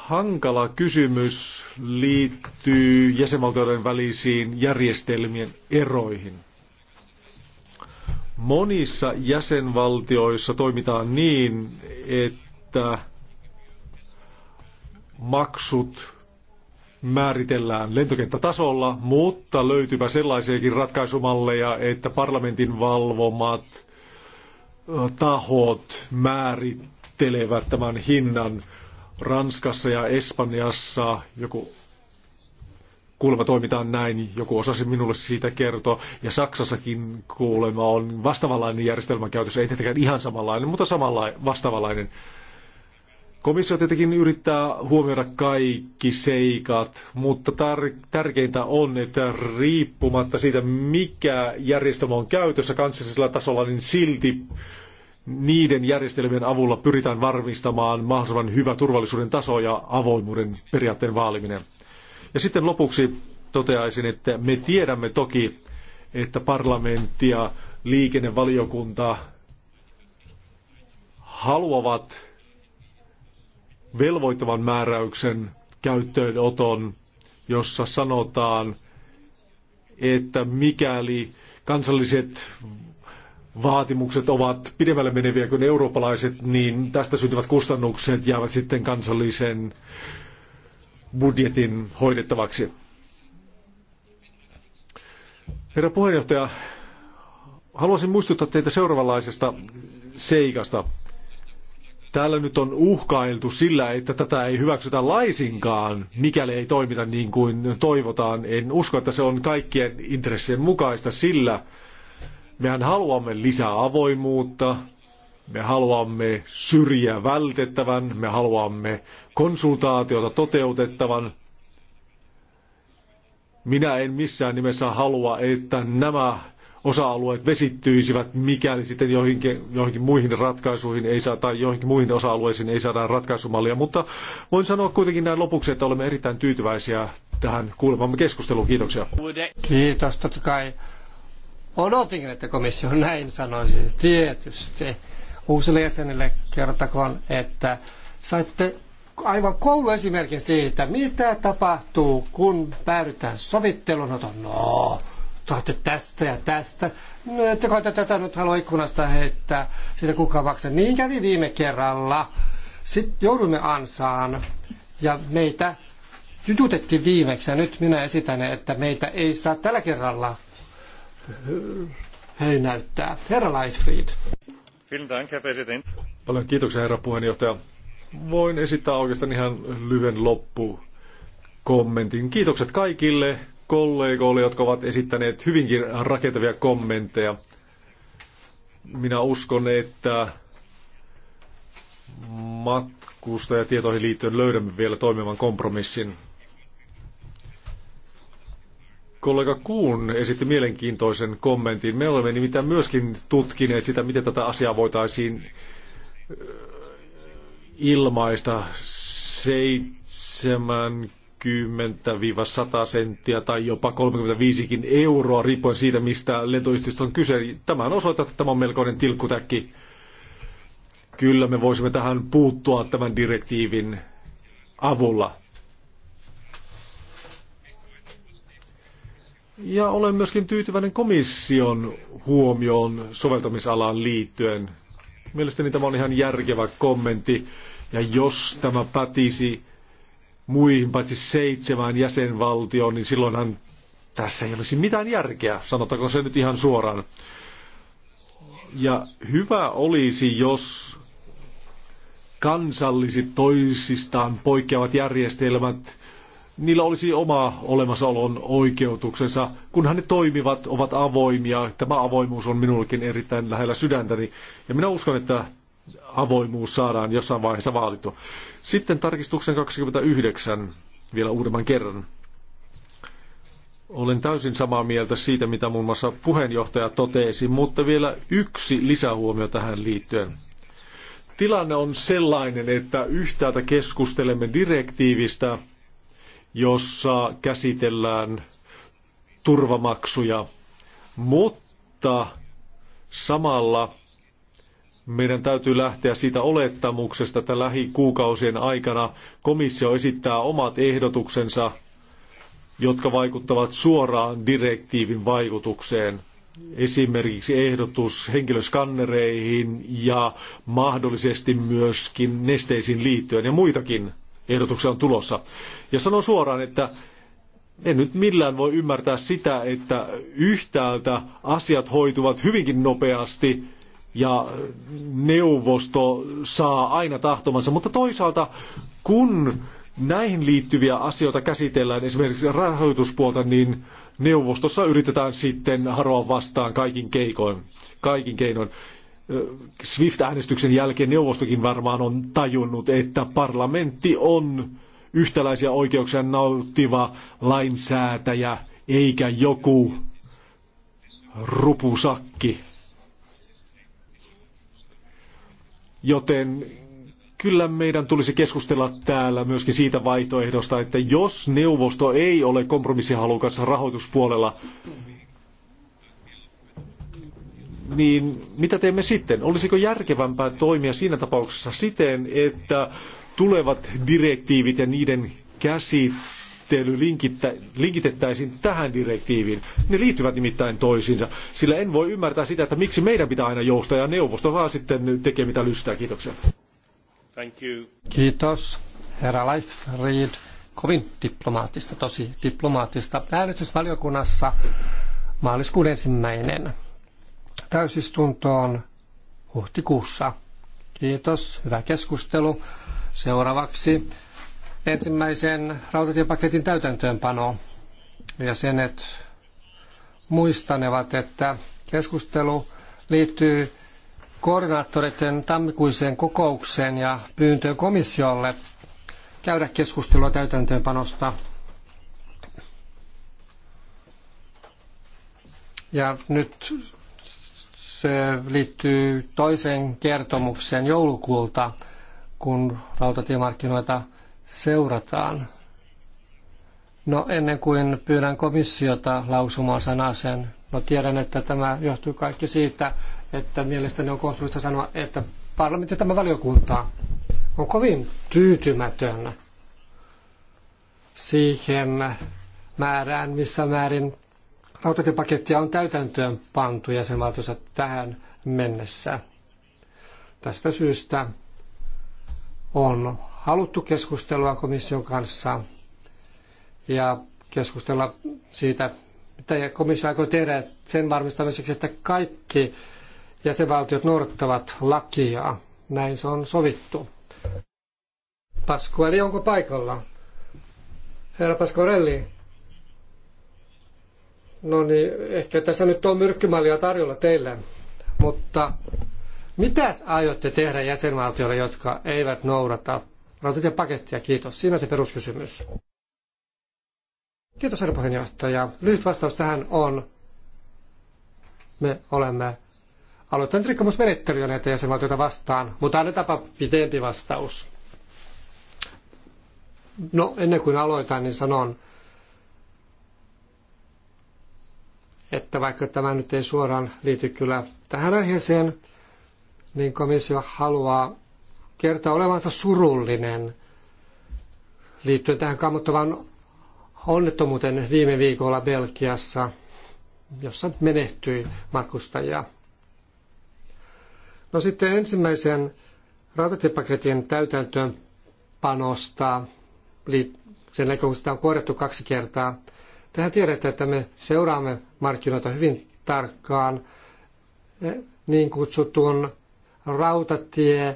hankala kysymys liittyy jäsenvaltioiden välisiin järjestelmien eroihin. Monissa jäsenvaltioissa toimitaan niin, että maksut määritellään lentokenttätasolla, mutta löytyvä sellaisiakin ratkaisumalleja, että parlamentin valvomat tahot määrittelevät tämän hinnan Ranskassa ja Espanjassa joku kuulemma toimitaan näin, joku osasi minulle siitä kertoa, ja Saksassakin kuulemma on vastaavanlainen järjestelmä käytössä, ei tietenkään ihan samanlainen, mutta samanlainen, vastavallainen. Komissio tietenkin yrittää huomioida kaikki seikat, mutta tärkeintä on, että riippumatta siitä, mikä järjestelmä on käytössä kansallisella tasolla, niin silti niiden järjestelmien avulla pyritään varmistamaan mahdollisimman hyvä turvallisuuden taso ja avoimuuden periaatteen vaaliminen. Ja sitten lopuksi toteaisin, että me tiedämme toki, että parlamentti ja liikennevaliokunta haluavat velvoittavan määräyksen käyttöönoton, jossa sanotaan, että mikäli kansalliset vaatimukset ovat pidemmälle meneviä kuin eurooppalaiset, niin tästä syntyvät kustannukset jäävät sitten kansallisen budjetin hoidettavaksi. Herra puheenjohtaja, haluaisin muistuttaa teitä seuraavanlaisesta seikasta. Täällä nyt on uhkailtu sillä, että tätä ei hyväksytä laisinkaan, mikäli ei toimita niin kuin toivotaan. En usko, että se on kaikkien intressien mukaista, sillä Mehän haluamme lisää avoimuutta, me haluamme syrjiä vältettävän, me haluamme konsultaatiota toteutettavan. Minä en missään nimessä halua, että nämä osa-alueet vesittyisivät, mikäli sitten joihinkin, joihinkin muihin ratkaisuihin ei saa, tai joihinkin muihin osa-alueisiin ei saada ratkaisumallia. Mutta voin sanoa kuitenkin näin lopuksi, että olemme erittäin tyytyväisiä tähän kuulemamme keskusteluun. Kiitoksia. Kiitos, totta kai Odotinkin, että komissio näin sanoisi. Tietysti. Uusille jäsenille kertakoon, että saitte aivan kouluesimerkin siitä, mitä tapahtuu, kun päädytään sovitteluun. No, no saatte tästä ja tästä. No, ettekä tätä nyt halua ikkunasta heittää sitä kuka maksaa. Niin kävi viime kerralla. Sitten joudumme ansaan ja meitä jututettiin viimeksi. Ja nyt minä esitän, että meitä ei saa tällä kerralla hänen näyttää. Herra Leitfried. Paljon kiitoksia, herra puheenjohtaja. Voin esittää oikeastaan ihan lyhyen loppu kommentin. Kiitokset kaikille kollegoille, jotka ovat esittäneet hyvinkin rakentavia kommentteja. Minä uskon, että matkustajatietoihin liittyen löydämme vielä toimivan kompromissin kollega Kuun esitti mielenkiintoisen kommentin. Me olemme nimittäin myöskin tutkineet sitä, miten tätä asiaa voitaisiin ilmaista 70-100 senttiä tai jopa 35 euroa, riippuen siitä, mistä lentoyhtiöstä on kyse. on osoittaa, että tämä on melkoinen tilkkutäkki. Kyllä me voisimme tähän puuttua tämän direktiivin avulla. Ja olen myöskin tyytyväinen komission huomioon soveltamisalaan liittyen. Mielestäni tämä on ihan järkevä kommentti. Ja jos tämä pätisi muihin paitsi seitsemään jäsenvaltioon, niin silloinhan tässä ei olisi mitään järkeä, sanotaanko se nyt ihan suoraan. Ja hyvä olisi, jos kansalliset toisistaan poikkeavat järjestelmät niillä olisi oma olemassaolon oikeutuksensa, kunhan ne toimivat, ovat avoimia. Tämä avoimuus on minullekin erittäin lähellä sydäntäni, ja minä uskon, että avoimuus saadaan jossain vaiheessa vaalittua. Sitten tarkistuksen 29 vielä uudemman kerran. Olen täysin samaa mieltä siitä, mitä muun muassa puheenjohtaja totesi, mutta vielä yksi lisähuomio tähän liittyen. Tilanne on sellainen, että yhtäältä keskustelemme direktiivistä, jossa käsitellään turvamaksuja, mutta samalla meidän täytyy lähteä siitä olettamuksesta, että lähikuukausien aikana komissio esittää omat ehdotuksensa, jotka vaikuttavat suoraan direktiivin vaikutukseen. Esimerkiksi ehdotus henkilöskannereihin ja mahdollisesti myöskin nesteisiin liittyen ja muitakin ehdotuksia on tulossa. Ja sanon suoraan, että en nyt millään voi ymmärtää sitä, että yhtäältä asiat hoituvat hyvinkin nopeasti ja neuvosto saa aina tahtomansa, mutta toisaalta kun näihin liittyviä asioita käsitellään, esimerkiksi rahoituspuolta, niin neuvostossa yritetään sitten haroa vastaan kaikin, keikoin, kaikin keinoin. SWIFT-äänestyksen jälkeen neuvostokin varmaan on tajunnut, että parlamentti on yhtäläisiä oikeuksia nauttiva lainsäätäjä eikä joku rupusakki. Joten kyllä meidän tulisi keskustella täällä myöskin siitä vaihtoehdosta, että jos neuvosto ei ole kompromissihalukas rahoituspuolella, niin mitä teemme sitten? Olisiko järkevämpää toimia siinä tapauksessa siten, että tulevat direktiivit ja niiden käsittely linkitettäisiin tähän direktiiviin. Ne liittyvät nimittäin toisiinsa, sillä en voi ymmärtää sitä, että miksi meidän pitää aina joustaa ja neuvosto vaan sitten tekee mitä lystää. Kiitoksia. Thank you. Kiitos, herra Leifried. Kovin diplomaattista, tosi diplomaattista. Äänestysvaliokunnassa maaliskuun ensimmäinen täysistuntoon huhtikuussa. Kiitos, hyvä keskustelu. Seuraavaksi ensimmäisen rautatiepaketin täytäntöönpano. Jäsenet muistanevat, että keskustelu liittyy koordinaattoreiden tammikuiseen kokoukseen ja pyyntöön komissiolle käydä keskustelua täytäntöönpanosta. Ja nyt se liittyy toiseen kertomukseen joulukuulta – kun rautatiemarkkinoita seurataan. No ennen kuin pyydän komissiota lausumaan sanasen, no tiedän, että tämä johtuu kaikki siitä, että mielestäni on kohtuullista sanoa, että parlamentti tämä valiokunta on kovin tyytymätön siihen määrään, missä määrin rautatiepakettia on täytäntöön pantu jäsenvaltiossa tähän mennessä. Tästä syystä on haluttu keskustelua komission kanssa ja keskustella siitä, mitä komissio aikoo tehdä sen varmistamiseksi, että kaikki jäsenvaltiot noudattavat lakia. Näin se on sovittu. Pasquale, onko paikalla? Herra Pasquarelli? No niin, ehkä tässä nyt on myrkkymallia tarjolla teille, mutta mitä aiotte tehdä jäsenvaltioille, jotka eivät noudata rautatiepakettia? Kiitos. Siinä on se peruskysymys. Kiitos, herra puheenjohtaja. Lyhyt vastaus tähän on, me olemme aloittaneet rikkomusmenettelyä näitä jäsenvaltioita vastaan, mutta annetaanpa pitempi vastaus. No, ennen kuin aloitan, niin sanon, että vaikka tämä nyt ei suoraan liity kyllä tähän aiheeseen, niin komissio haluaa kertoa olevansa surullinen liittyen tähän kammottavan onnettomuuteen viime viikolla Belgiassa, jossa menehtyi matkustajia. No sitten ensimmäisen rautatiepaketin täytäntöönpanosta, sen jälkeen kun sitä on korjattu kaksi kertaa, tehän tiedätte, että me seuraamme markkinoita hyvin tarkkaan eh, niin kutsutun rautatie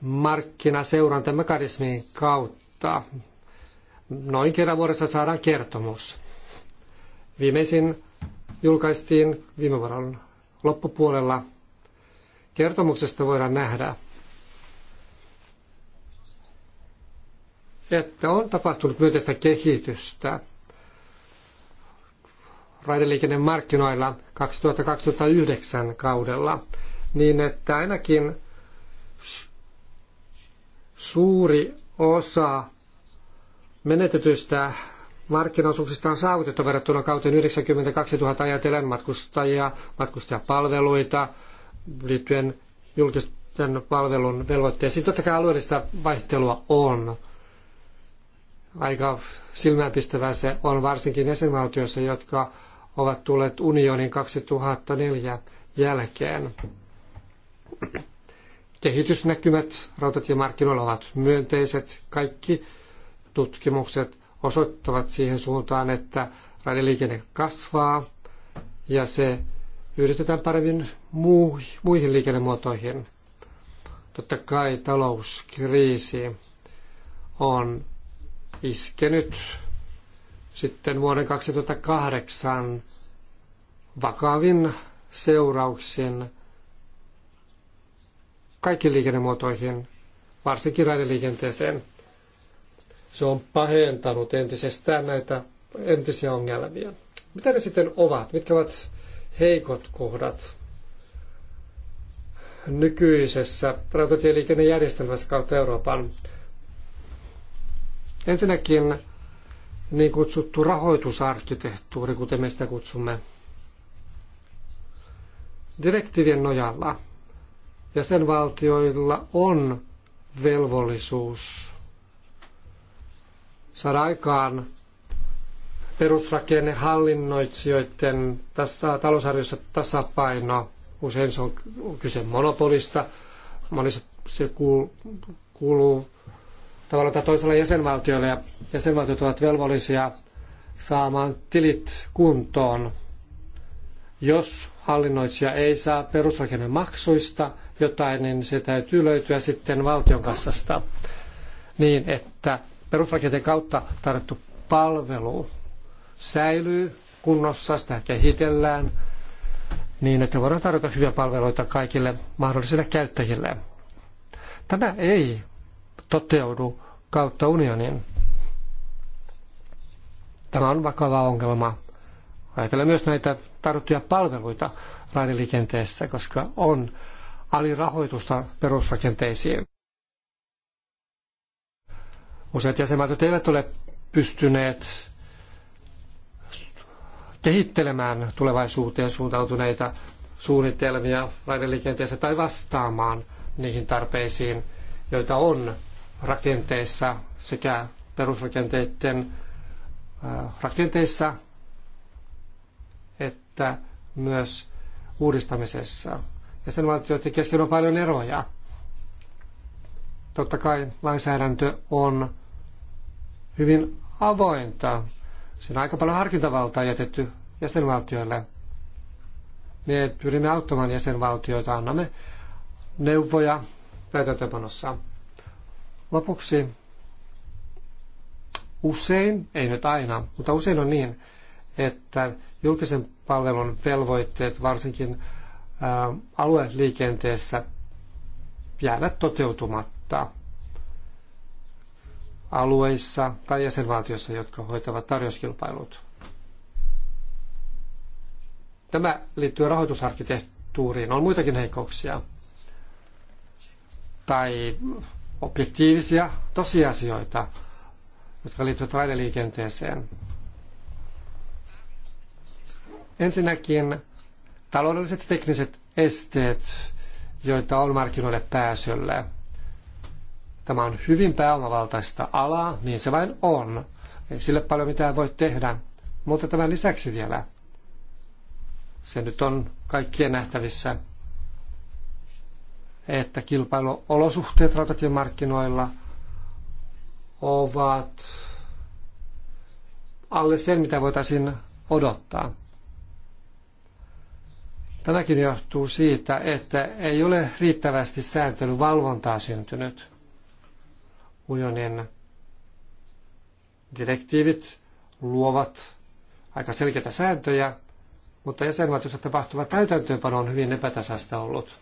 markkinaseurantamekanismin kautta. Noin kerran vuodessa saadaan kertomus. Viimeisin julkaistiin viime vuoden loppupuolella. Kertomuksesta voidaan nähdä, että on tapahtunut myönteistä kehitystä raideliikennemarkkinoilla 2009 kaudella niin että ainakin suuri osa menetetyistä markkinaosuuksista on saavutettu verrattuna kauteen 92 000 ajatellen matkustajia, matkustajapalveluita liittyen julkisten palvelun velvoitteisiin. Totta kai alueellista vaihtelua on. Aika silmäänpistävää se on varsinkin jäsenvaltioissa, jotka ovat tulleet unionin 2004 jälkeen. Kehitysnäkymät rautatiemarkkinoilla ovat myönteiset. Kaikki tutkimukset osoittavat siihen suuntaan, että raideliikenne kasvaa ja se yhdistetään paremmin muihin liikennemuotoihin. Totta kai talouskriisi on iskenyt sitten vuoden 2008 vakavin seurauksin kaikkiin liikennemuotoihin, varsinkin raideliikenteeseen. Se on pahentanut entisestään näitä entisiä ongelmia. Mitä ne sitten ovat? Mitkä ovat heikot kohdat nykyisessä rautatieliikennejärjestelmässä kautta Euroopan? Ensinnäkin niin kutsuttu rahoitusarkkitehtuuri, kuten me sitä kutsumme. Direktiivien nojalla – Jäsenvaltioilla on velvollisuus saada aikaan perusrakenne hallinnoitsijoiden tässä talousarviossa tasapaino. Usein se on kyse monopolista, monissa se kuuluu tavalla tai toisella jäsenvaltioille ja jäsenvaltiot ovat velvollisia saamaan tilit kuntoon. Jos hallinnoitsija ei saa perusrakennemaksuista, jotain, niin se täytyy löytyä sitten valtion kassasta niin, että perusrakenteen kautta tarjottu palvelu säilyy kunnossa, sitä kehitellään niin, että voidaan tarjota hyviä palveluita kaikille mahdollisille käyttäjille. Tämä ei toteudu kautta unionin. Tämä on vakava ongelma. Ajatellaan myös näitä tarjottuja palveluita raideliikenteessä, koska on alirahoitusta perusrakenteisiin. Useat jäsenvaltiot eivät ole pystyneet kehittelemään tulevaisuuteen suuntautuneita suunnitelmia raideliikenteessä tai vastaamaan niihin tarpeisiin, joita on rakenteissa sekä perusrakenteiden äh, rakenteissa että myös uudistamisessa jäsenvaltioiden kesken on paljon eroja. Totta kai lainsäädäntö on hyvin avointa. Siinä on aika paljon harkintavaltaa jätetty jäsenvaltioille. Me pyrimme auttamaan jäsenvaltioita, annamme neuvoja täytäntöpanossa. Lopuksi usein, ei nyt aina, mutta usein on niin, että julkisen palvelun velvoitteet, varsinkin alueliikenteessä jäädä toteutumatta alueissa tai jäsenvaltioissa, jotka hoitavat tarjouskilpailut. Tämä liittyy rahoitusarkkitehtuuriin. On muitakin heikkouksia tai objektiivisia tosiasioita, jotka liittyvät raideliikenteeseen. Ensinnäkin taloudelliset tekniset esteet, joita on markkinoille pääsyllä. Tämä on hyvin pääomavaltaista alaa, niin se vain on. Ei sille paljon mitään voi tehdä. Mutta tämän lisäksi vielä, se nyt on kaikkien nähtävissä, että kilpailuolosuhteet rautatiemarkkinoilla ovat alle sen, mitä voitaisiin odottaa. Tämäkin johtuu siitä, että ei ole riittävästi sääntelyvalvontaa syntynyt. Unionin direktiivit luovat aika selkeitä sääntöjä, mutta jäsenvaltiossa tapahtuva täytäntöönpano on hyvin epätasasta ollut.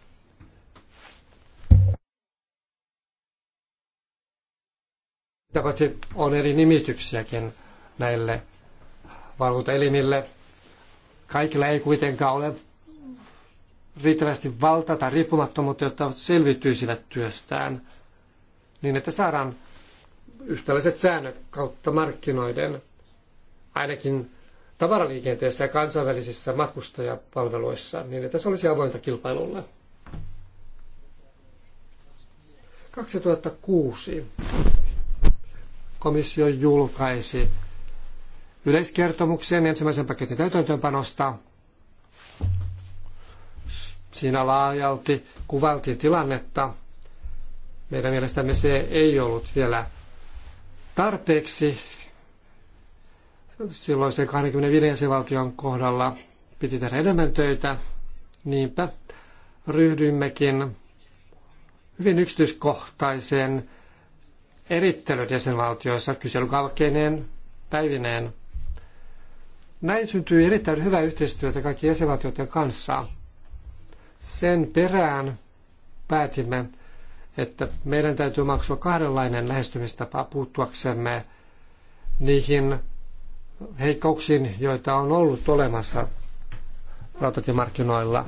Sitä paitsi on eri nimityksiäkin näille valvontaelimille. Kaikilla ei kuitenkaan ole riittävästi valtaa tai riippumattomuutta, jotta selviytyisivät työstään, niin että saadaan yhtäläiset säännöt kautta markkinoiden, ainakin tavaraliikenteessä ja kansainvälisissä matkustajapalveluissa, niin että se olisi avointa kilpailulle. 2006 komissio julkaisi yleiskertomuksen ensimmäisen paketin täytäntöönpanosta – Siinä laajalti kuvailtiin tilannetta. Meidän mielestämme se ei ollut vielä tarpeeksi silloisen 25 jäsenvaltion kohdalla piti tehdä enemmän töitä. Niinpä ryhdyimmekin hyvin yksityiskohtaiseen erittelyt jäsenvaltioissa kyselykalkeineen päivineen. Näin syntyi erittäin hyvää yhteistyötä kaikkien jäsenvaltioiden kanssa – sen perään päätimme, että meidän täytyy maksua kahdenlainen lähestymistapa puuttuaksemme niihin heikkouksiin, joita on ollut olemassa rautatiemarkkinoilla.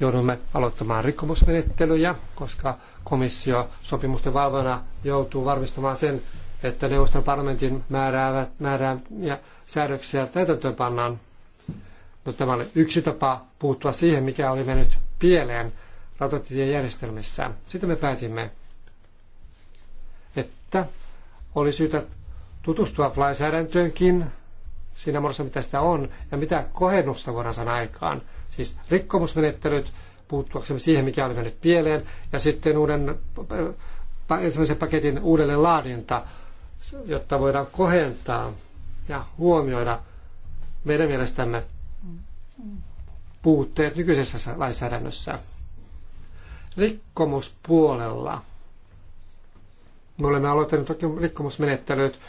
Joudumme aloittamaan rikkomusmenettelyjä, koska komissio sopimusten valvona joutuu varmistamaan sen, että neuvoston parlamentin määräävät, ja säädöksiä täytäntöönpannaan No, tämä oli yksi tapa puuttua siihen, mikä oli mennyt pieleen rautatiejärjestelmissä. Sitten me päätimme, että oli syytä tutustua lainsäädäntöönkin siinä muodossa, mitä sitä on, ja mitä kohennusta voidaan saada aikaan. Siis rikkomusmenettelyt, puuttuaksemme siihen, mikä oli mennyt pieleen, ja sitten uuden, ensimmäisen paketin uudelleen laadinta, jotta voidaan kohentaa ja huomioida meidän mielestämme puutteet nykyisessä lainsäädännössä. Rikkomuspuolella. Me olemme aloittaneet toki rikkomusmenettelyt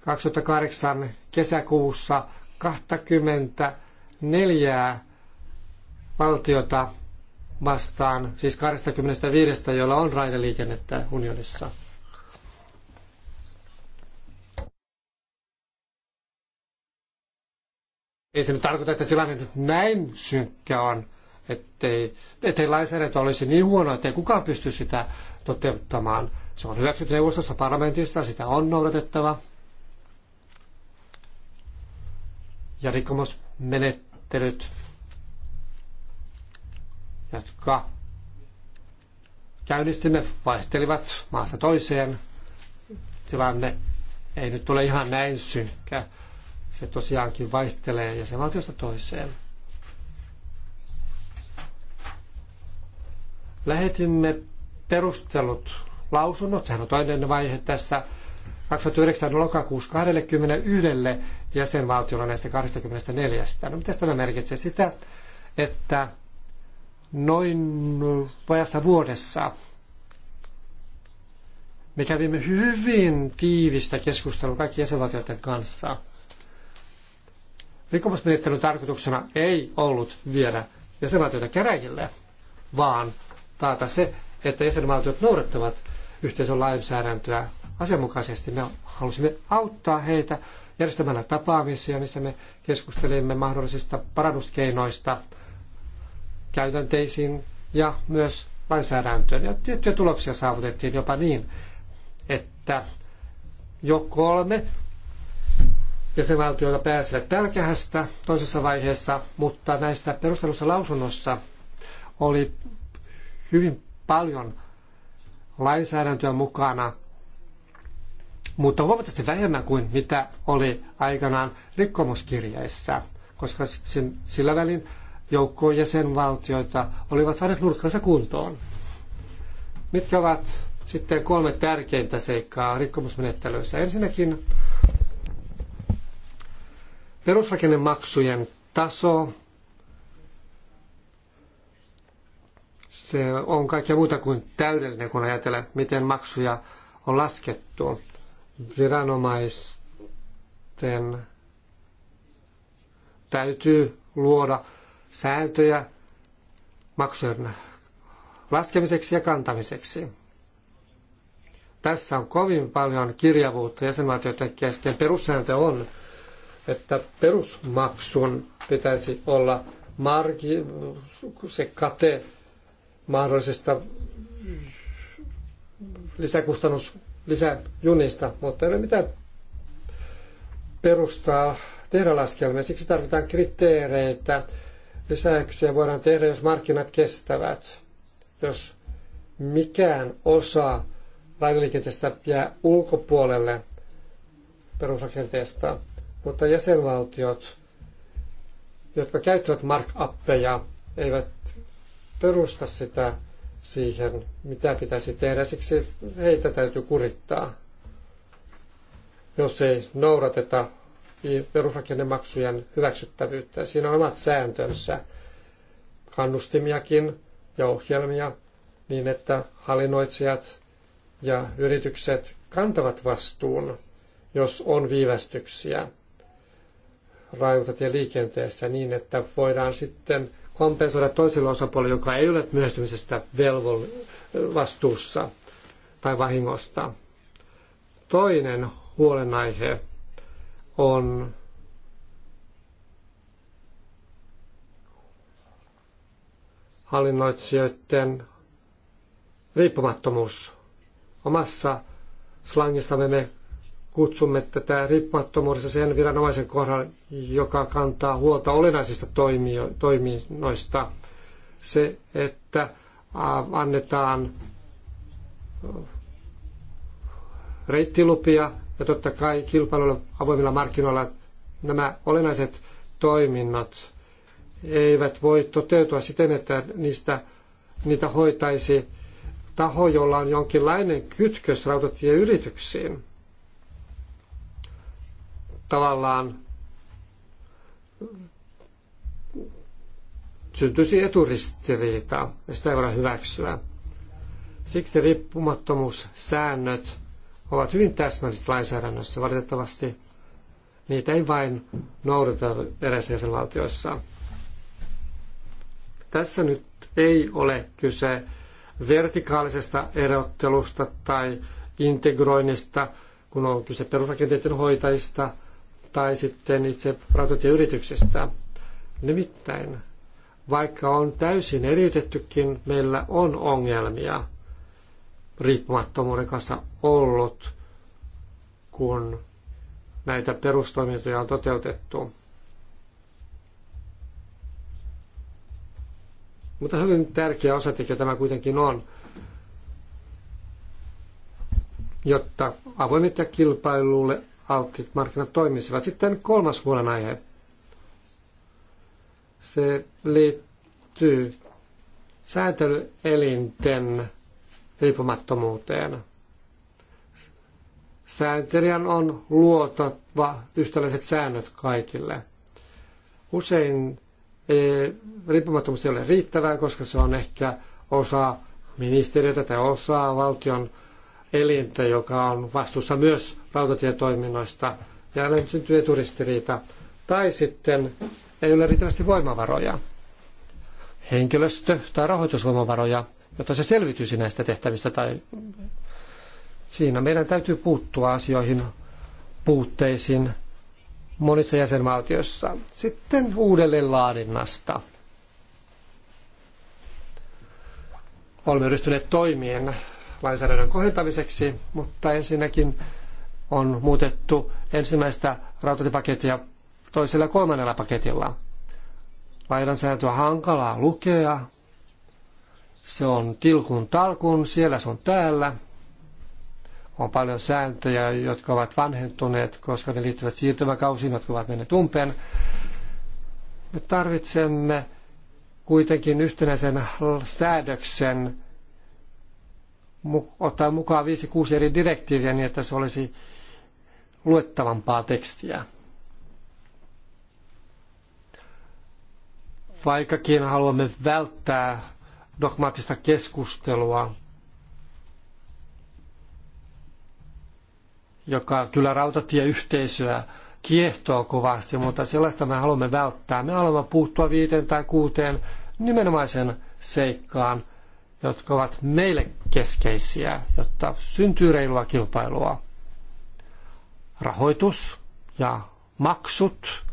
2008 kesäkuussa 24 valtiota vastaan, siis 25, joilla on raideliikennettä unionissa. Ei se nyt tarkoita, että tilanne nyt näin synkkä on, ettei, ettei lainsäädäntö olisi niin huono, ettei kukaan pysty sitä toteuttamaan. Se on hyväksytty neuvostossa parlamentissa, sitä on noudatettava. Ja rikkomusmenettelyt, jotka käynnistimme, vaihtelivat maasta toiseen. Tilanne ei nyt tule ihan näin synkkä se tosiaankin vaihtelee jäsenvaltiosta toiseen. Lähetimme perustelut lausunnot, sehän on toinen vaihe tässä 2009 lokakuussa 21 jäsenvaltiolla näistä 24. No mitä tämä merkitsee? Sitä, että noin vajassa vuodessa me kävimme hyvin tiivistä keskustelua kaikki jäsenvaltioiden kanssa – rikomusmenettelyn tarkoituksena ei ollut viedä jäsenvaltioita käräjille, vaan taata se, että jäsenvaltiot noudattavat yhteisön lainsäädäntöä asianmukaisesti. Me halusimme auttaa heitä järjestämällä tapaamisia, missä me keskustelimme mahdollisista parannuskeinoista käytänteisiin ja myös lainsäädäntöön. Ja tiettyjä tuloksia saavutettiin jopa niin, että jo kolme jäsenvaltioita pääsevät pälkähästä toisessa vaiheessa, mutta näissä perustelussa lausunnossa oli hyvin paljon lainsäädäntöä mukana, mutta huomattavasti vähemmän kuin mitä oli aikanaan rikkomuskirjeissä, koska sillä välin joukkoon jäsenvaltioita olivat saaneet nurkkansa kuntoon. Mitkä ovat sitten kolme tärkeintä seikkaa rikkomusmenettelyissä? Ensinnäkin Perusrakennemaksujen taso, se on kaikkea muuta kuin täydellinen, kun ajatellaan, miten maksuja on laskettu. Viranomaisten täytyy luoda sääntöjä maksujen laskemiseksi ja kantamiseksi. Tässä on kovin paljon kirjavuutta jäsenvaltioiden kesken. Perussääntö on, että perusmaksun pitäisi olla marki, se kate mahdollisesta lisäkustannus lisäjunista, mutta ei ole mitään perustaa tehdä laskelmia. Siksi tarvitaan kriteereitä. Lisäyksiä voidaan tehdä, jos markkinat kestävät. Jos mikään osa laivaliikenteestä jää ulkopuolelle perusrakenteesta, mutta jäsenvaltiot, jotka käyttävät markappeja, eivät perusta sitä siihen, mitä pitäisi tehdä. Siksi heitä täytyy kurittaa, jos ei noudateta perusrakennemaksujen hyväksyttävyyttä. Siinä on omat sääntönsä, kannustimiakin ja ohjelmia, niin että hallinnoitsijat ja yritykset kantavat vastuun, jos on viivästyksiä rautatieliikenteessä niin, että voidaan sitten kompensoida toiselle osapuolelle, joka ei ole myöhästymisestä velvoll- vastuussa tai vahingosta. Toinen huolenaihe on hallinnoitsijoiden riippumattomuus. Omassa slangissamme me kutsumme tätä riippumattomuudessa sen viranomaisen kohdan, joka kantaa huolta olennaisista toimio- toiminnoista. Se, että annetaan reittilupia ja totta kai kilpailuilla avoimilla markkinoilla nämä olennaiset toiminnot eivät voi toteutua siten, että niistä, niitä hoitaisi taho, jolla on jonkinlainen kytkös rautatieyrityksiin tavallaan syntyisi eturistiriita, ja sitä ei voida hyväksyä. Siksi riippumattomuussäännöt ovat hyvin täsmälliset lainsäädännössä. Valitettavasti niitä ei vain noudata eräissä jäsenvaltioissa. Tässä nyt ei ole kyse vertikaalisesta erottelusta tai integroinnista, kun on kyse perusrakenteiden hoitajista – tai sitten itse rautatieyrityksestä. Nimittäin, vaikka on täysin eriytettykin, meillä on ongelmia riippumattomuuden kanssa ollut, kun näitä perustoimintoja on toteutettu. Mutta hyvin tärkeä osatekijä tämä kuitenkin on, jotta avoimet ja kilpailulle alttiit markkinat toimisivat. Sitten kolmas huolenaihe. Se liittyy sääntelyelinten riippumattomuuteen. Sääntelijän on luotava yhtäläiset säännöt kaikille. Usein e, riippumattomuus ei ole riittävää, koska se on ehkä osa ministeriötä tai osa valtion elintä, joka on vastuussa myös rautatietoiminnoista ja näin syntyy eturistiriita. Tai sitten ei ole riittävästi voimavaroja, henkilöstö- tai rahoitusvoimavaroja, jotta se selvityisi näistä tehtävistä. Tai siinä meidän täytyy puuttua asioihin puutteisiin monissa jäsenvaltioissa. Sitten uudelleen laadinnasta. Olemme ryhtyneet toimien lainsäädännön kohentamiseksi, mutta ensinnäkin on muutettu ensimmäistä rautatiepakettia toisella ja kolmannella paketilla. Lainsäädäntö on hankalaa lukea. Se on tilkun talkun, siellä se on täällä. On paljon sääntöjä, jotka ovat vanhentuneet, koska ne liittyvät siirtymäkausiin, jotka ovat menneet umpeen. Me tarvitsemme kuitenkin yhtenäisen säädöksen ottaa mukaan 5-6 eri direktiiviä niin, että se olisi luettavampaa tekstiä. Vaikkakin haluamme välttää dogmaattista keskustelua, joka kyllä rautatieyhteisöä kiehtoo kovasti, mutta sellaista me haluamme välttää. Me haluamme puuttua viiteen tai kuuteen nimenomaisen seikkaan, jotka ovat meille keskeisiä, jotta syntyy reilua kilpailua. Rahoitus ja maksut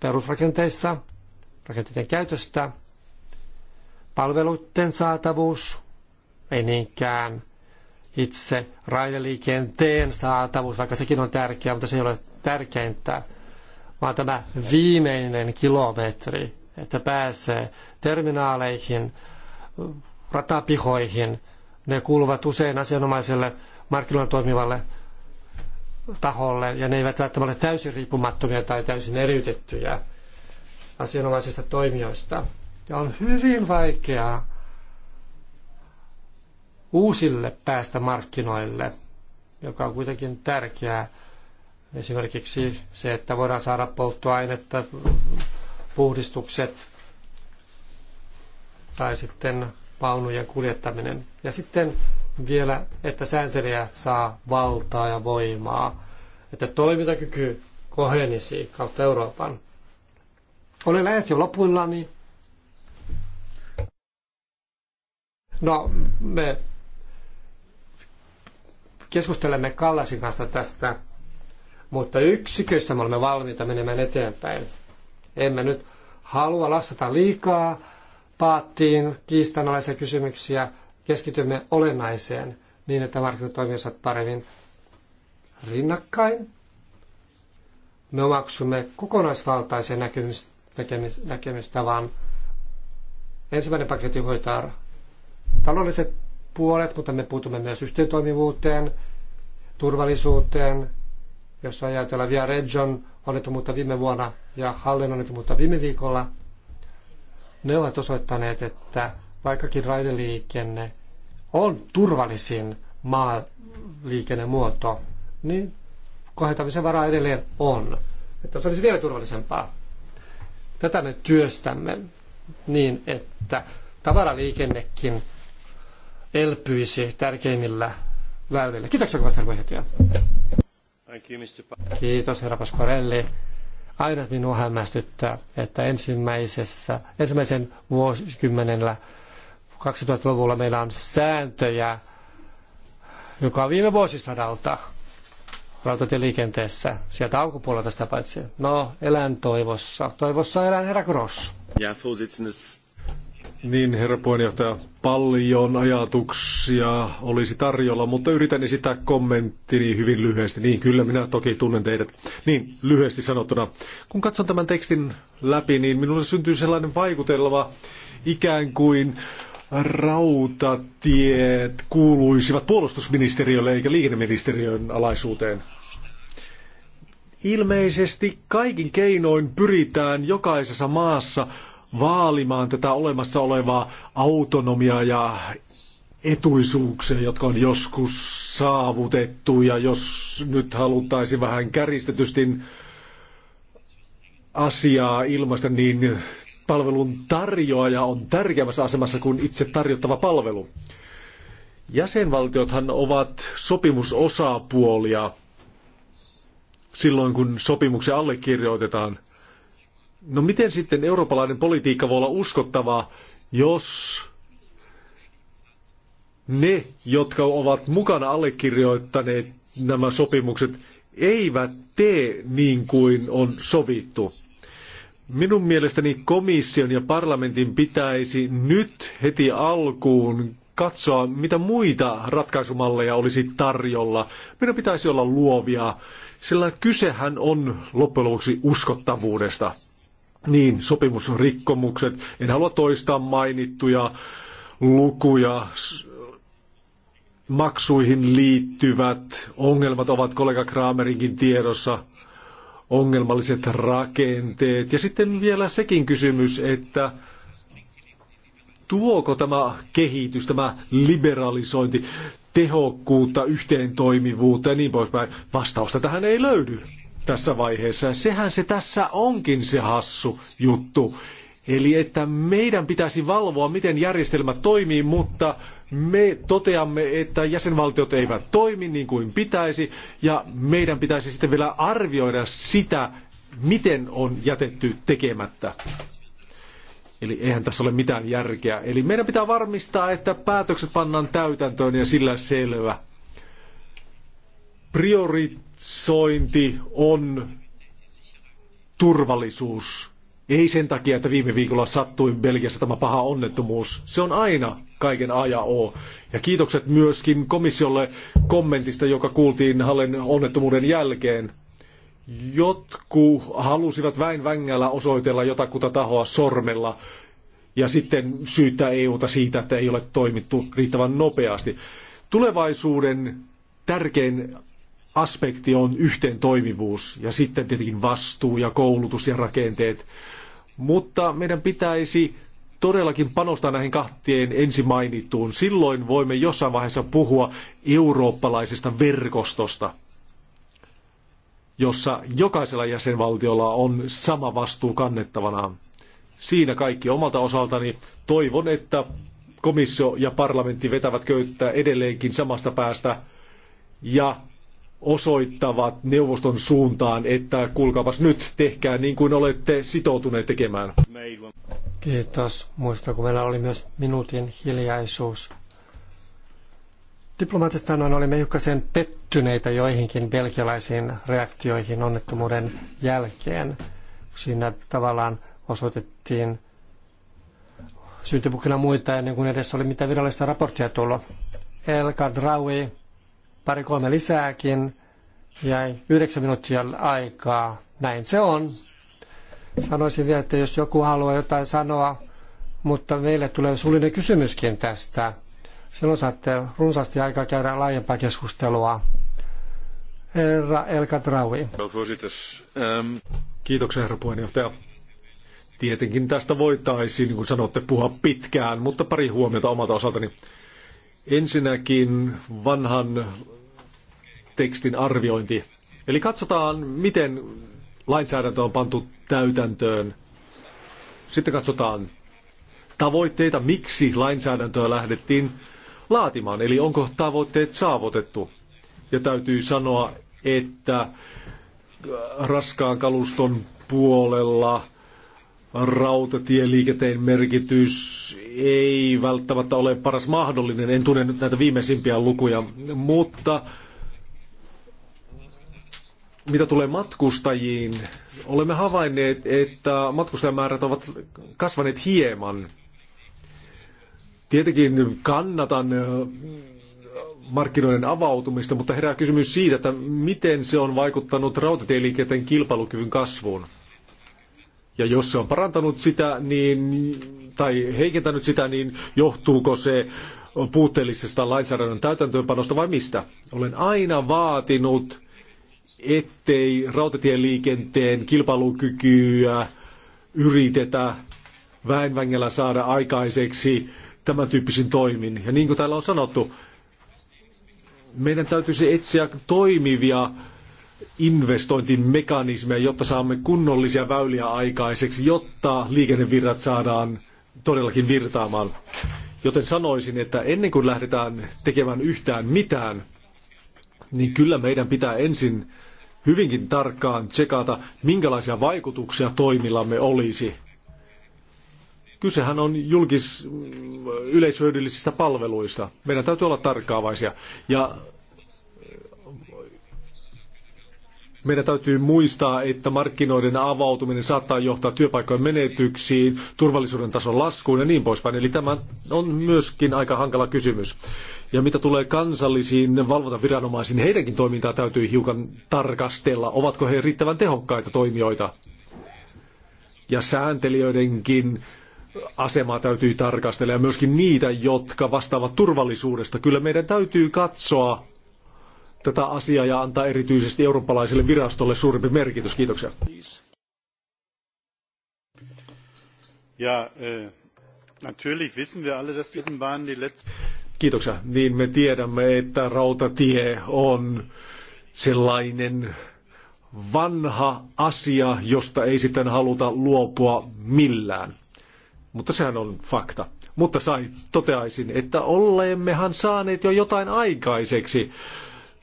perusrakenteissa, rakenteiden käytöstä, palveluiden saatavuus, ei niinkään itse raideliikenteen saatavuus, vaikka sekin on tärkeää, mutta se ei ole tärkeintä, vaan tämä viimeinen kilometri, että pääsee terminaaleihin, ratapihoihin. Ne kuuluvat usein asianomaiselle markkinoilla toimivalle taholle ja ne eivät välttämättä ole täysin riippumattomia tai täysin eriytettyjä asianomaisista toimijoista. Ja on hyvin vaikeaa uusille päästä markkinoille, joka on kuitenkin tärkeää. Esimerkiksi se, että voidaan saada polttoainetta, puhdistukset tai sitten vaunujen kuljettaminen. Ja sitten vielä, että sääntelijä saa valtaa ja voimaa, että toimintakyky kohenisi kautta Euroopan. Oli lähes jo lopuillani. No, me keskustelemme Kallasin kanssa tästä, mutta yksiköistä me olemme valmiita menemään eteenpäin. Emme nyt halua lassata liikaa, paattiin kiistanalaisia kysymyksiä, keskitymme olennaiseen niin, että markkinat toimisivat paremmin rinnakkain. Me omaksumme kokonaisvaltaisen näkemys, näkemys, näkemystavan. Ensimmäinen paketti hoitaa taloudelliset puolet, mutta me puutumme myös toimivuuteen, turvallisuuteen, jos ajatellaan Via Region onnettomuutta viime vuonna ja hallinnon onnettomuutta viime viikolla – ne ovat osoittaneet, että vaikkakin raideliikenne on turvallisin maaliikennemuoto, niin kohentamisen varaa edelleen on. Että se olisi vielä turvallisempaa. Tätä me työstämme niin, että tavaraliikennekin elpyisi tärkeimmillä väylillä. Kiitoksia kovasti, herra puheenjohtaja. Kiitos, herra Pasquarelli aina minua hämmästyttää, että ensimmäisessä, ensimmäisen vuosikymmenellä 2000-luvulla meillä on sääntöjä, joka on viime vuosisadalta rautatieliikenteessä, sieltä alkupuolelta sitä paitsi. No, elän toivossa. Toivossa elän herra Gross. Ja, Vorsitzender, niin, herra puheenjohtaja, paljon ajatuksia olisi tarjolla, mutta yritän esittää kommenttini hyvin lyhyesti. Niin, kyllä, minä toki tunnen teidät. Niin, lyhyesti sanottuna. Kun katson tämän tekstin läpi, niin minulle syntyy sellainen vaikutelma ikään kuin rautatiet kuuluisivat puolustusministeriölle eikä liikenneministeriön alaisuuteen. Ilmeisesti kaikin keinoin pyritään jokaisessa maassa vaalimaan tätä olemassa olevaa autonomiaa ja etuisuuksia, jotka on joskus saavutettu. Ja jos nyt haluttaisiin vähän käristetysti asiaa ilmaista, niin palvelun tarjoaja on tärkeämmässä asemassa kuin itse tarjottava palvelu. Jäsenvaltiothan ovat sopimusosapuolia silloin, kun sopimuksen allekirjoitetaan – No miten sitten eurooppalainen politiikka voi olla uskottavaa, jos ne, jotka ovat mukana allekirjoittaneet nämä sopimukset, eivät tee niin kuin on sovittu. Minun mielestäni komission ja parlamentin pitäisi nyt heti alkuun katsoa, mitä muita ratkaisumalleja olisi tarjolla. Meidän pitäisi olla luovia, sillä kysehän on loppujen lopuksi uskottavuudesta. Niin, sopimusrikkomukset. En halua toistaa mainittuja lukuja. Maksuihin liittyvät ongelmat ovat kollega Kramerinkin tiedossa ongelmalliset rakenteet. Ja sitten vielä sekin kysymys, että tuoko tämä kehitys, tämä liberalisointi tehokkuutta, yhteentoimivuutta ja niin poispäin. Vastausta tähän ei löydy tässä vaiheessa. Ja sehän se tässä onkin se hassu juttu. Eli että meidän pitäisi valvoa, miten järjestelmä toimii, mutta me toteamme, että jäsenvaltiot eivät toimi niin kuin pitäisi, ja meidän pitäisi sitten vielä arvioida sitä, miten on jätetty tekemättä. Eli eihän tässä ole mitään järkeä. Eli meidän pitää varmistaa, että päätökset pannaan täytäntöön ja sillä selvä. Prioriteetti Sointi on turvallisuus. Ei sen takia, että viime viikolla sattui Belgiassa tämä paha onnettomuus. Se on aina kaiken A ja O. Ja kiitokset myöskin komissiolle kommentista, joka kuultiin Hallen onnettomuuden jälkeen. Jotkut halusivat väin vängällä osoitella jotakuta tahoa sormella ja sitten syyttää EUta siitä, että ei ole toimittu riittävän nopeasti. Tulevaisuuden tärkein aspekti on yhteen toimivuus ja sitten tietenkin vastuu ja koulutus ja rakenteet. Mutta meidän pitäisi todellakin panostaa näihin kahteen mainittuun. Silloin voimme jossain vaiheessa puhua eurooppalaisesta verkostosta, jossa jokaisella jäsenvaltiolla on sama vastuu kannettavanaan. Siinä kaikki omalta osaltani. Toivon, että komissio ja parlamentti vetävät köyttä edelleenkin samasta päästä ja osoittavat neuvoston suuntaan, että kuulkaapas nyt, tehkää niin kuin olette sitoutuneet tekemään. Kiitos. Muista, kun meillä oli myös minuutin hiljaisuus. Diplomaattista noin olimme hiukkasen pettyneitä joihinkin belgialaisiin reaktioihin onnettomuuden jälkeen. Siinä tavallaan osoitettiin syytipukina muita ennen kuin edes oli mitä virallista raporttia tullut. El Kadraui pari kolme lisääkin, jäi yhdeksän minuuttia aikaa. Näin se on. Sanoisin vielä, että jos joku haluaa jotain sanoa, mutta meille tulee suullinen kysymyskin tästä. Silloin saatte runsaasti aikaa käydä laajempaa keskustelua. Herra Elka Traui. Kiitoksia, herra puheenjohtaja. Tietenkin tästä voitaisiin, niin kuin sanotte, puhua pitkään, mutta pari huomiota omalta osaltani. Ensinnäkin vanhan tekstin arviointi. Eli katsotaan, miten lainsäädäntö on pantu täytäntöön. Sitten katsotaan tavoitteita, miksi lainsäädäntöä lähdettiin laatimaan, eli onko tavoitteet saavutettu. Ja täytyy sanoa, että raskaan kaluston puolella rautatieliikenteen merkitys ei välttämättä ole paras mahdollinen. En tunne nyt näitä viimeisimpiä lukuja, mutta mitä tulee matkustajiin, olemme havainneet, että matkustajamäärät ovat kasvaneet hieman. Tietenkin kannatan markkinoiden avautumista, mutta herää kysymys siitä, että miten se on vaikuttanut rautatieliikenteen kilpailukyvyn kasvuun. Ja jos se on parantanut sitä niin, tai heikentänyt sitä, niin johtuuko se puutteellisesta lainsäädännön täytäntöönpanosta vai mistä? Olen aina vaatinut, ettei rautatieliikenteen kilpailukykyä yritetä väenvängellä saada aikaiseksi tämän tyyppisin toimin. Ja niin kuin täällä on sanottu, meidän täytyisi etsiä toimivia investointimekanismeja, jotta saamme kunnollisia väyliä aikaiseksi, jotta liikennevirrat saadaan todellakin virtaamaan. Joten sanoisin, että ennen kuin lähdetään tekemään yhtään mitään, niin kyllä meidän pitää ensin hyvinkin tarkkaan tsekata, minkälaisia vaikutuksia toimillamme olisi. Kysehän on julkis yleishyödyllisistä palveluista. Meidän täytyy olla tarkkaavaisia. Ja Meidän täytyy muistaa, että markkinoiden avautuminen saattaa johtaa työpaikkojen menetyksiin, turvallisuuden tason laskuun ja niin poispäin. Eli tämä on myöskin aika hankala kysymys. Ja mitä tulee kansallisiin valvontaviranomaisiin, heidänkin toimintaa täytyy hiukan tarkastella. Ovatko he riittävän tehokkaita toimijoita? Ja sääntelijöidenkin asemaa täytyy tarkastella ja myöskin niitä, jotka vastaavat turvallisuudesta. Kyllä meidän täytyy katsoa tätä asiaa ja antaa erityisesti eurooppalaiselle virastolle suurempi merkitys. Kiitoksia. Ja, äh, natürlich wissen wir alle, dass die Kiitoksia. Niin me tiedämme, että rautatie on sellainen vanha asia, josta ei sitten haluta luopua millään. Mutta sehän on fakta. Mutta sai, toteaisin, että olemmehan saaneet jo jotain aikaiseksi.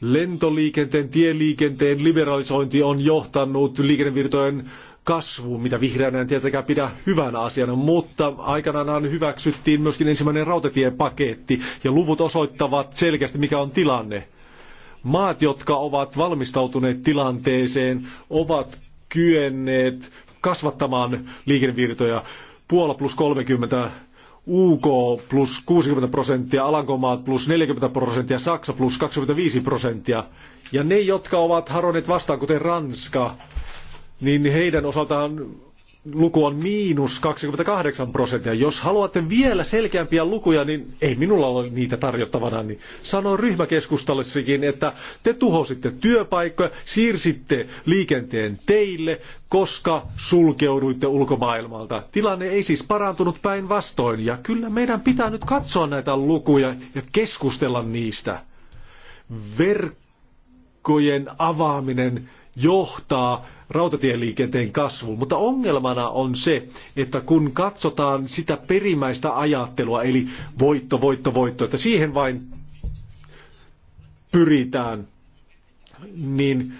Lentoliikenteen, tieliikenteen liberalisointi on johtanut liikennevirtojen kasvuun, mitä vihreänä en tietenkään pidä hyvänä asiana, mutta aikanaan hyväksyttiin myöskin ensimmäinen rautatiepaketti ja luvut osoittavat selkeästi, mikä on tilanne. Maat, jotka ovat valmistautuneet tilanteeseen, ovat kyenneet kasvattamaan liikennevirtoja. Puola plus 30 UK plus 60 prosenttia, Alankomaat plus 40 prosenttia, Saksa plus 25 prosenttia. Ja ne, jotka ovat haronneet vastaan, kuten Ranska, niin heidän osaltaan luku on miinus 28 prosenttia. Jos haluatte vielä selkeämpiä lukuja, niin ei minulla ole niitä tarjottavana, niin sanoin ryhmäkeskustallessakin, että te tuhositte työpaikkoja, siirsitte liikenteen teille, koska sulkeuduitte ulkomaailmalta. Tilanne ei siis parantunut päinvastoin, ja kyllä meidän pitää nyt katsoa näitä lukuja ja keskustella niistä. Verkkojen avaaminen johtaa rautatieliikenteen kasvuun. Mutta ongelmana on se, että kun katsotaan sitä perimmäistä ajattelua, eli voitto, voitto, voitto, että siihen vain pyritään, niin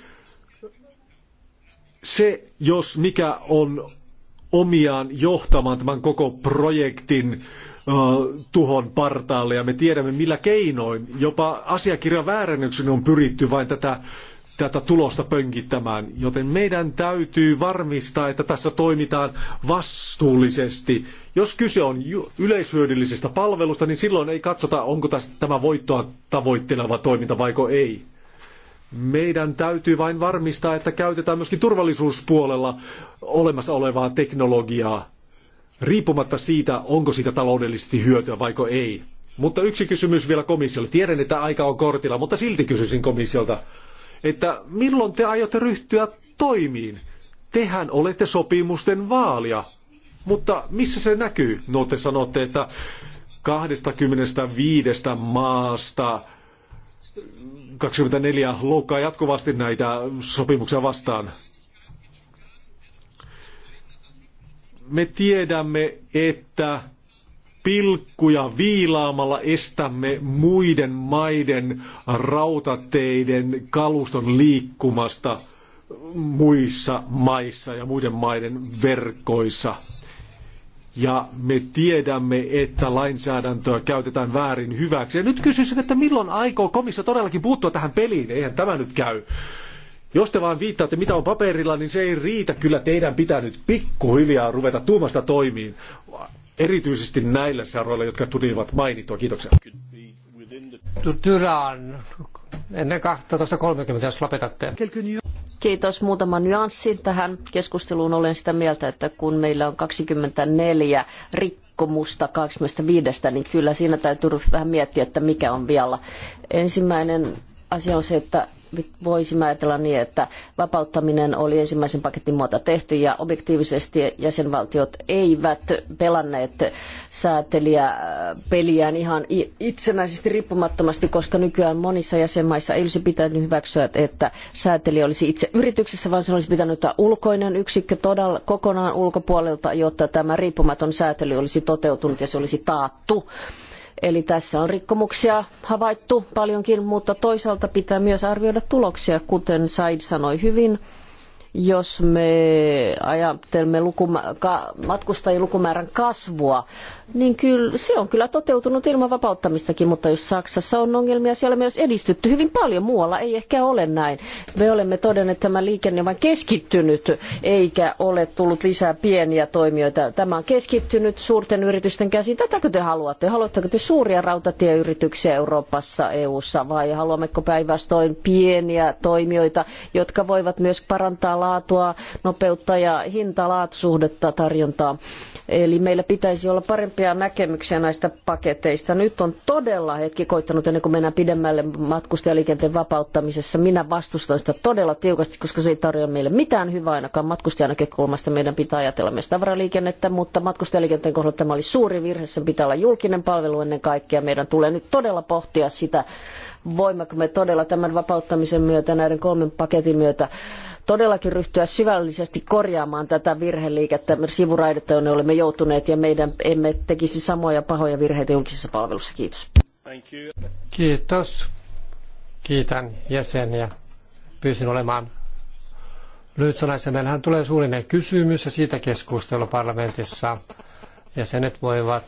se, jos mikä on omiaan johtamaan tämän koko projektin tuhon partaalle ja me tiedämme millä keinoin. Jopa asiakirjan väärennyksen on pyritty vain tätä tätä tulosta pönkittämään. Joten meidän täytyy varmistaa, että tässä toimitaan vastuullisesti. Jos kyse on yleishyödyllisestä palvelusta, niin silloin ei katsota, onko tämä voittoa tavoitteleva toiminta vaiko ei. Meidän täytyy vain varmistaa, että käytetään myöskin turvallisuuspuolella olemassa olevaa teknologiaa, riippumatta siitä, onko siitä taloudellisesti hyötyä vaiko ei. Mutta yksi kysymys vielä komissiolle. Tiedän, että aika on kortilla, mutta silti kysyisin komissiolta että milloin te aiotte ryhtyä toimiin? Tehän olette sopimusten vaalia, mutta missä se näkyy? No te sanotte, että 25 maasta 24 loukkaa jatkuvasti näitä sopimuksia vastaan. Me tiedämme, että pilkkuja viilaamalla estämme muiden maiden rautateiden kaluston liikkumasta muissa maissa ja muiden maiden verkoissa. Ja me tiedämme, että lainsäädäntöä käytetään väärin hyväksi. Ja nyt kysyisin, että milloin aikoo komissio todellakin puuttua tähän peliin? Eihän tämä nyt käy. Jos te vaan viittaatte, mitä on paperilla, niin se ei riitä. Kyllä teidän pitää nyt pikkuhiljaa ruveta tuumasta toimiin erityisesti näillä saroilla, jotka tulivat mainittua. Kiitoksia. Tyrään ennen 12.30, jos lopetatte. Kiitos. Muutama nyanssi tähän keskusteluun. Olen sitä mieltä, että kun meillä on 24 rikkomusta 25, niin kyllä siinä täytyy vähän miettiä, että mikä on vialla. Ensimmäinen asia on se, että voisimme ajatella niin, että vapauttaminen oli ensimmäisen paketin muuta tehty ja objektiivisesti jäsenvaltiot eivät pelanneet säätelijä äh, peliään ihan itsenäisesti riippumattomasti, koska nykyään monissa jäsenmaissa ei olisi pitänyt hyväksyä, että säätelijä olisi itse yrityksessä, vaan se olisi pitänyt ottaa ulkoinen yksikkö todella kokonaan ulkopuolelta, jotta tämä riippumaton säätely olisi toteutunut ja se olisi taattu. Eli tässä on rikkomuksia havaittu paljonkin, mutta toisaalta pitää myös arvioida tuloksia, kuten Said sanoi hyvin. Jos me ajattelemme lukuma- ka- matkustajien lukumäärän kasvua, niin kyllä, se on kyllä toteutunut ilman vapauttamistakin, mutta jos Saksassa on ongelmia, siellä on myös edistytty hyvin paljon. Muualla ei ehkä ole näin. Me olemme todenneet, että tämä liikenne on vain keskittynyt, eikä ole tullut lisää pieniä toimijoita. Tämä on keskittynyt suurten yritysten käsiin. Tätäkö te haluatte? Haluatteko te suuria rautatieyrityksiä Euroopassa, EU-ssa, vai haluammeko päinvastoin pieniä toimijoita, jotka voivat myös parantaa laatua, nopeutta ja hinta-laatusuhdetta tarjontaa? Eli meillä pitäisi olla parempi useampia näkemyksiä näistä paketeista. Nyt on todella hetki koittanut ennen kuin mennään pidemmälle matkustajaliikenteen vapauttamisessa. Minä vastustan sitä todella tiukasti, koska se ei tarjoa meille mitään hyvää ainakaan matkustajan näkökulmasta. Meidän pitää ajatella myös tavaraliikennettä, mutta matkustajaliikenteen kohdalla tämä oli suuri virhe. Sen pitää olla julkinen palvelu ennen kaikkea. Meidän tulee nyt todella pohtia sitä, voimmeko me todella tämän vapauttamisen myötä, näiden kolmen paketin myötä, todellakin ryhtyä syvällisesti korjaamaan tätä virheliikettä, sivuraidetta, jonne olemme joutuneet, ja meidän emme tekisi samoja pahoja virheitä julkisessa palvelussa. Kiitos. Kiitos. Kiitän jäseniä. Pyysin olemaan lyhytsanaisen. Meillähän tulee suullinen kysymys ja siitä keskustelu parlamentissa. Jäsenet voivat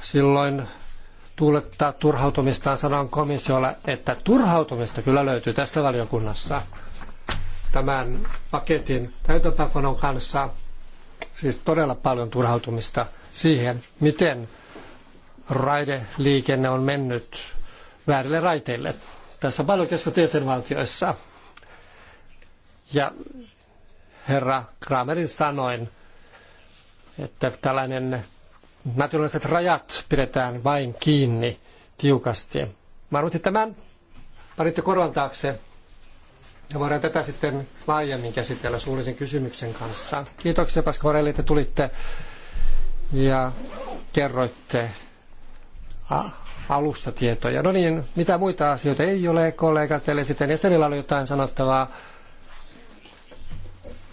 silloin tuulettaa turhautumistaan, sanon komissiolle, että turhautumista kyllä löytyy tässä valiokunnassa tämän paketin täytäntöönpanon kanssa. Siis todella paljon turhautumista siihen, miten raideliikenne on mennyt väärille raiteille. Tässä on paljon keskustelua jäsenvaltioissa. Ja herra Kramerin sanoin, että tällainen naturaaliset rajat pidetään vain kiinni tiukasti. Mä arvoin, tämän parittu korvan taakse ja voidaan tätä sitten laajemmin käsitellä suullisen kysymyksen kanssa. Kiitoksia Pasquarelli, että tulitte ja kerroitte alustatietoja. No niin, mitä muita asioita ei ole kollegat, eli sitten jäsenillä oli jotain sanottavaa.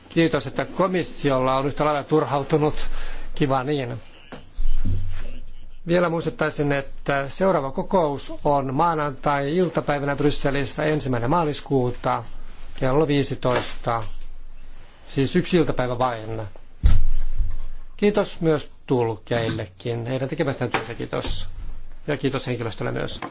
Kiitos, että komissiolla on yhtä lailla turhautunut. Kiva niin. Vielä muistuttaisin, että seuraava kokous on maanantai-iltapäivänä Brysselissä ensimmäinen maaliskuuta kello 15. Siis yksi iltapäivä vain. Kiitos myös tulkeillekin. Heidän tekemästään työtä kiitos. Ja kiitos henkilöstölle myös.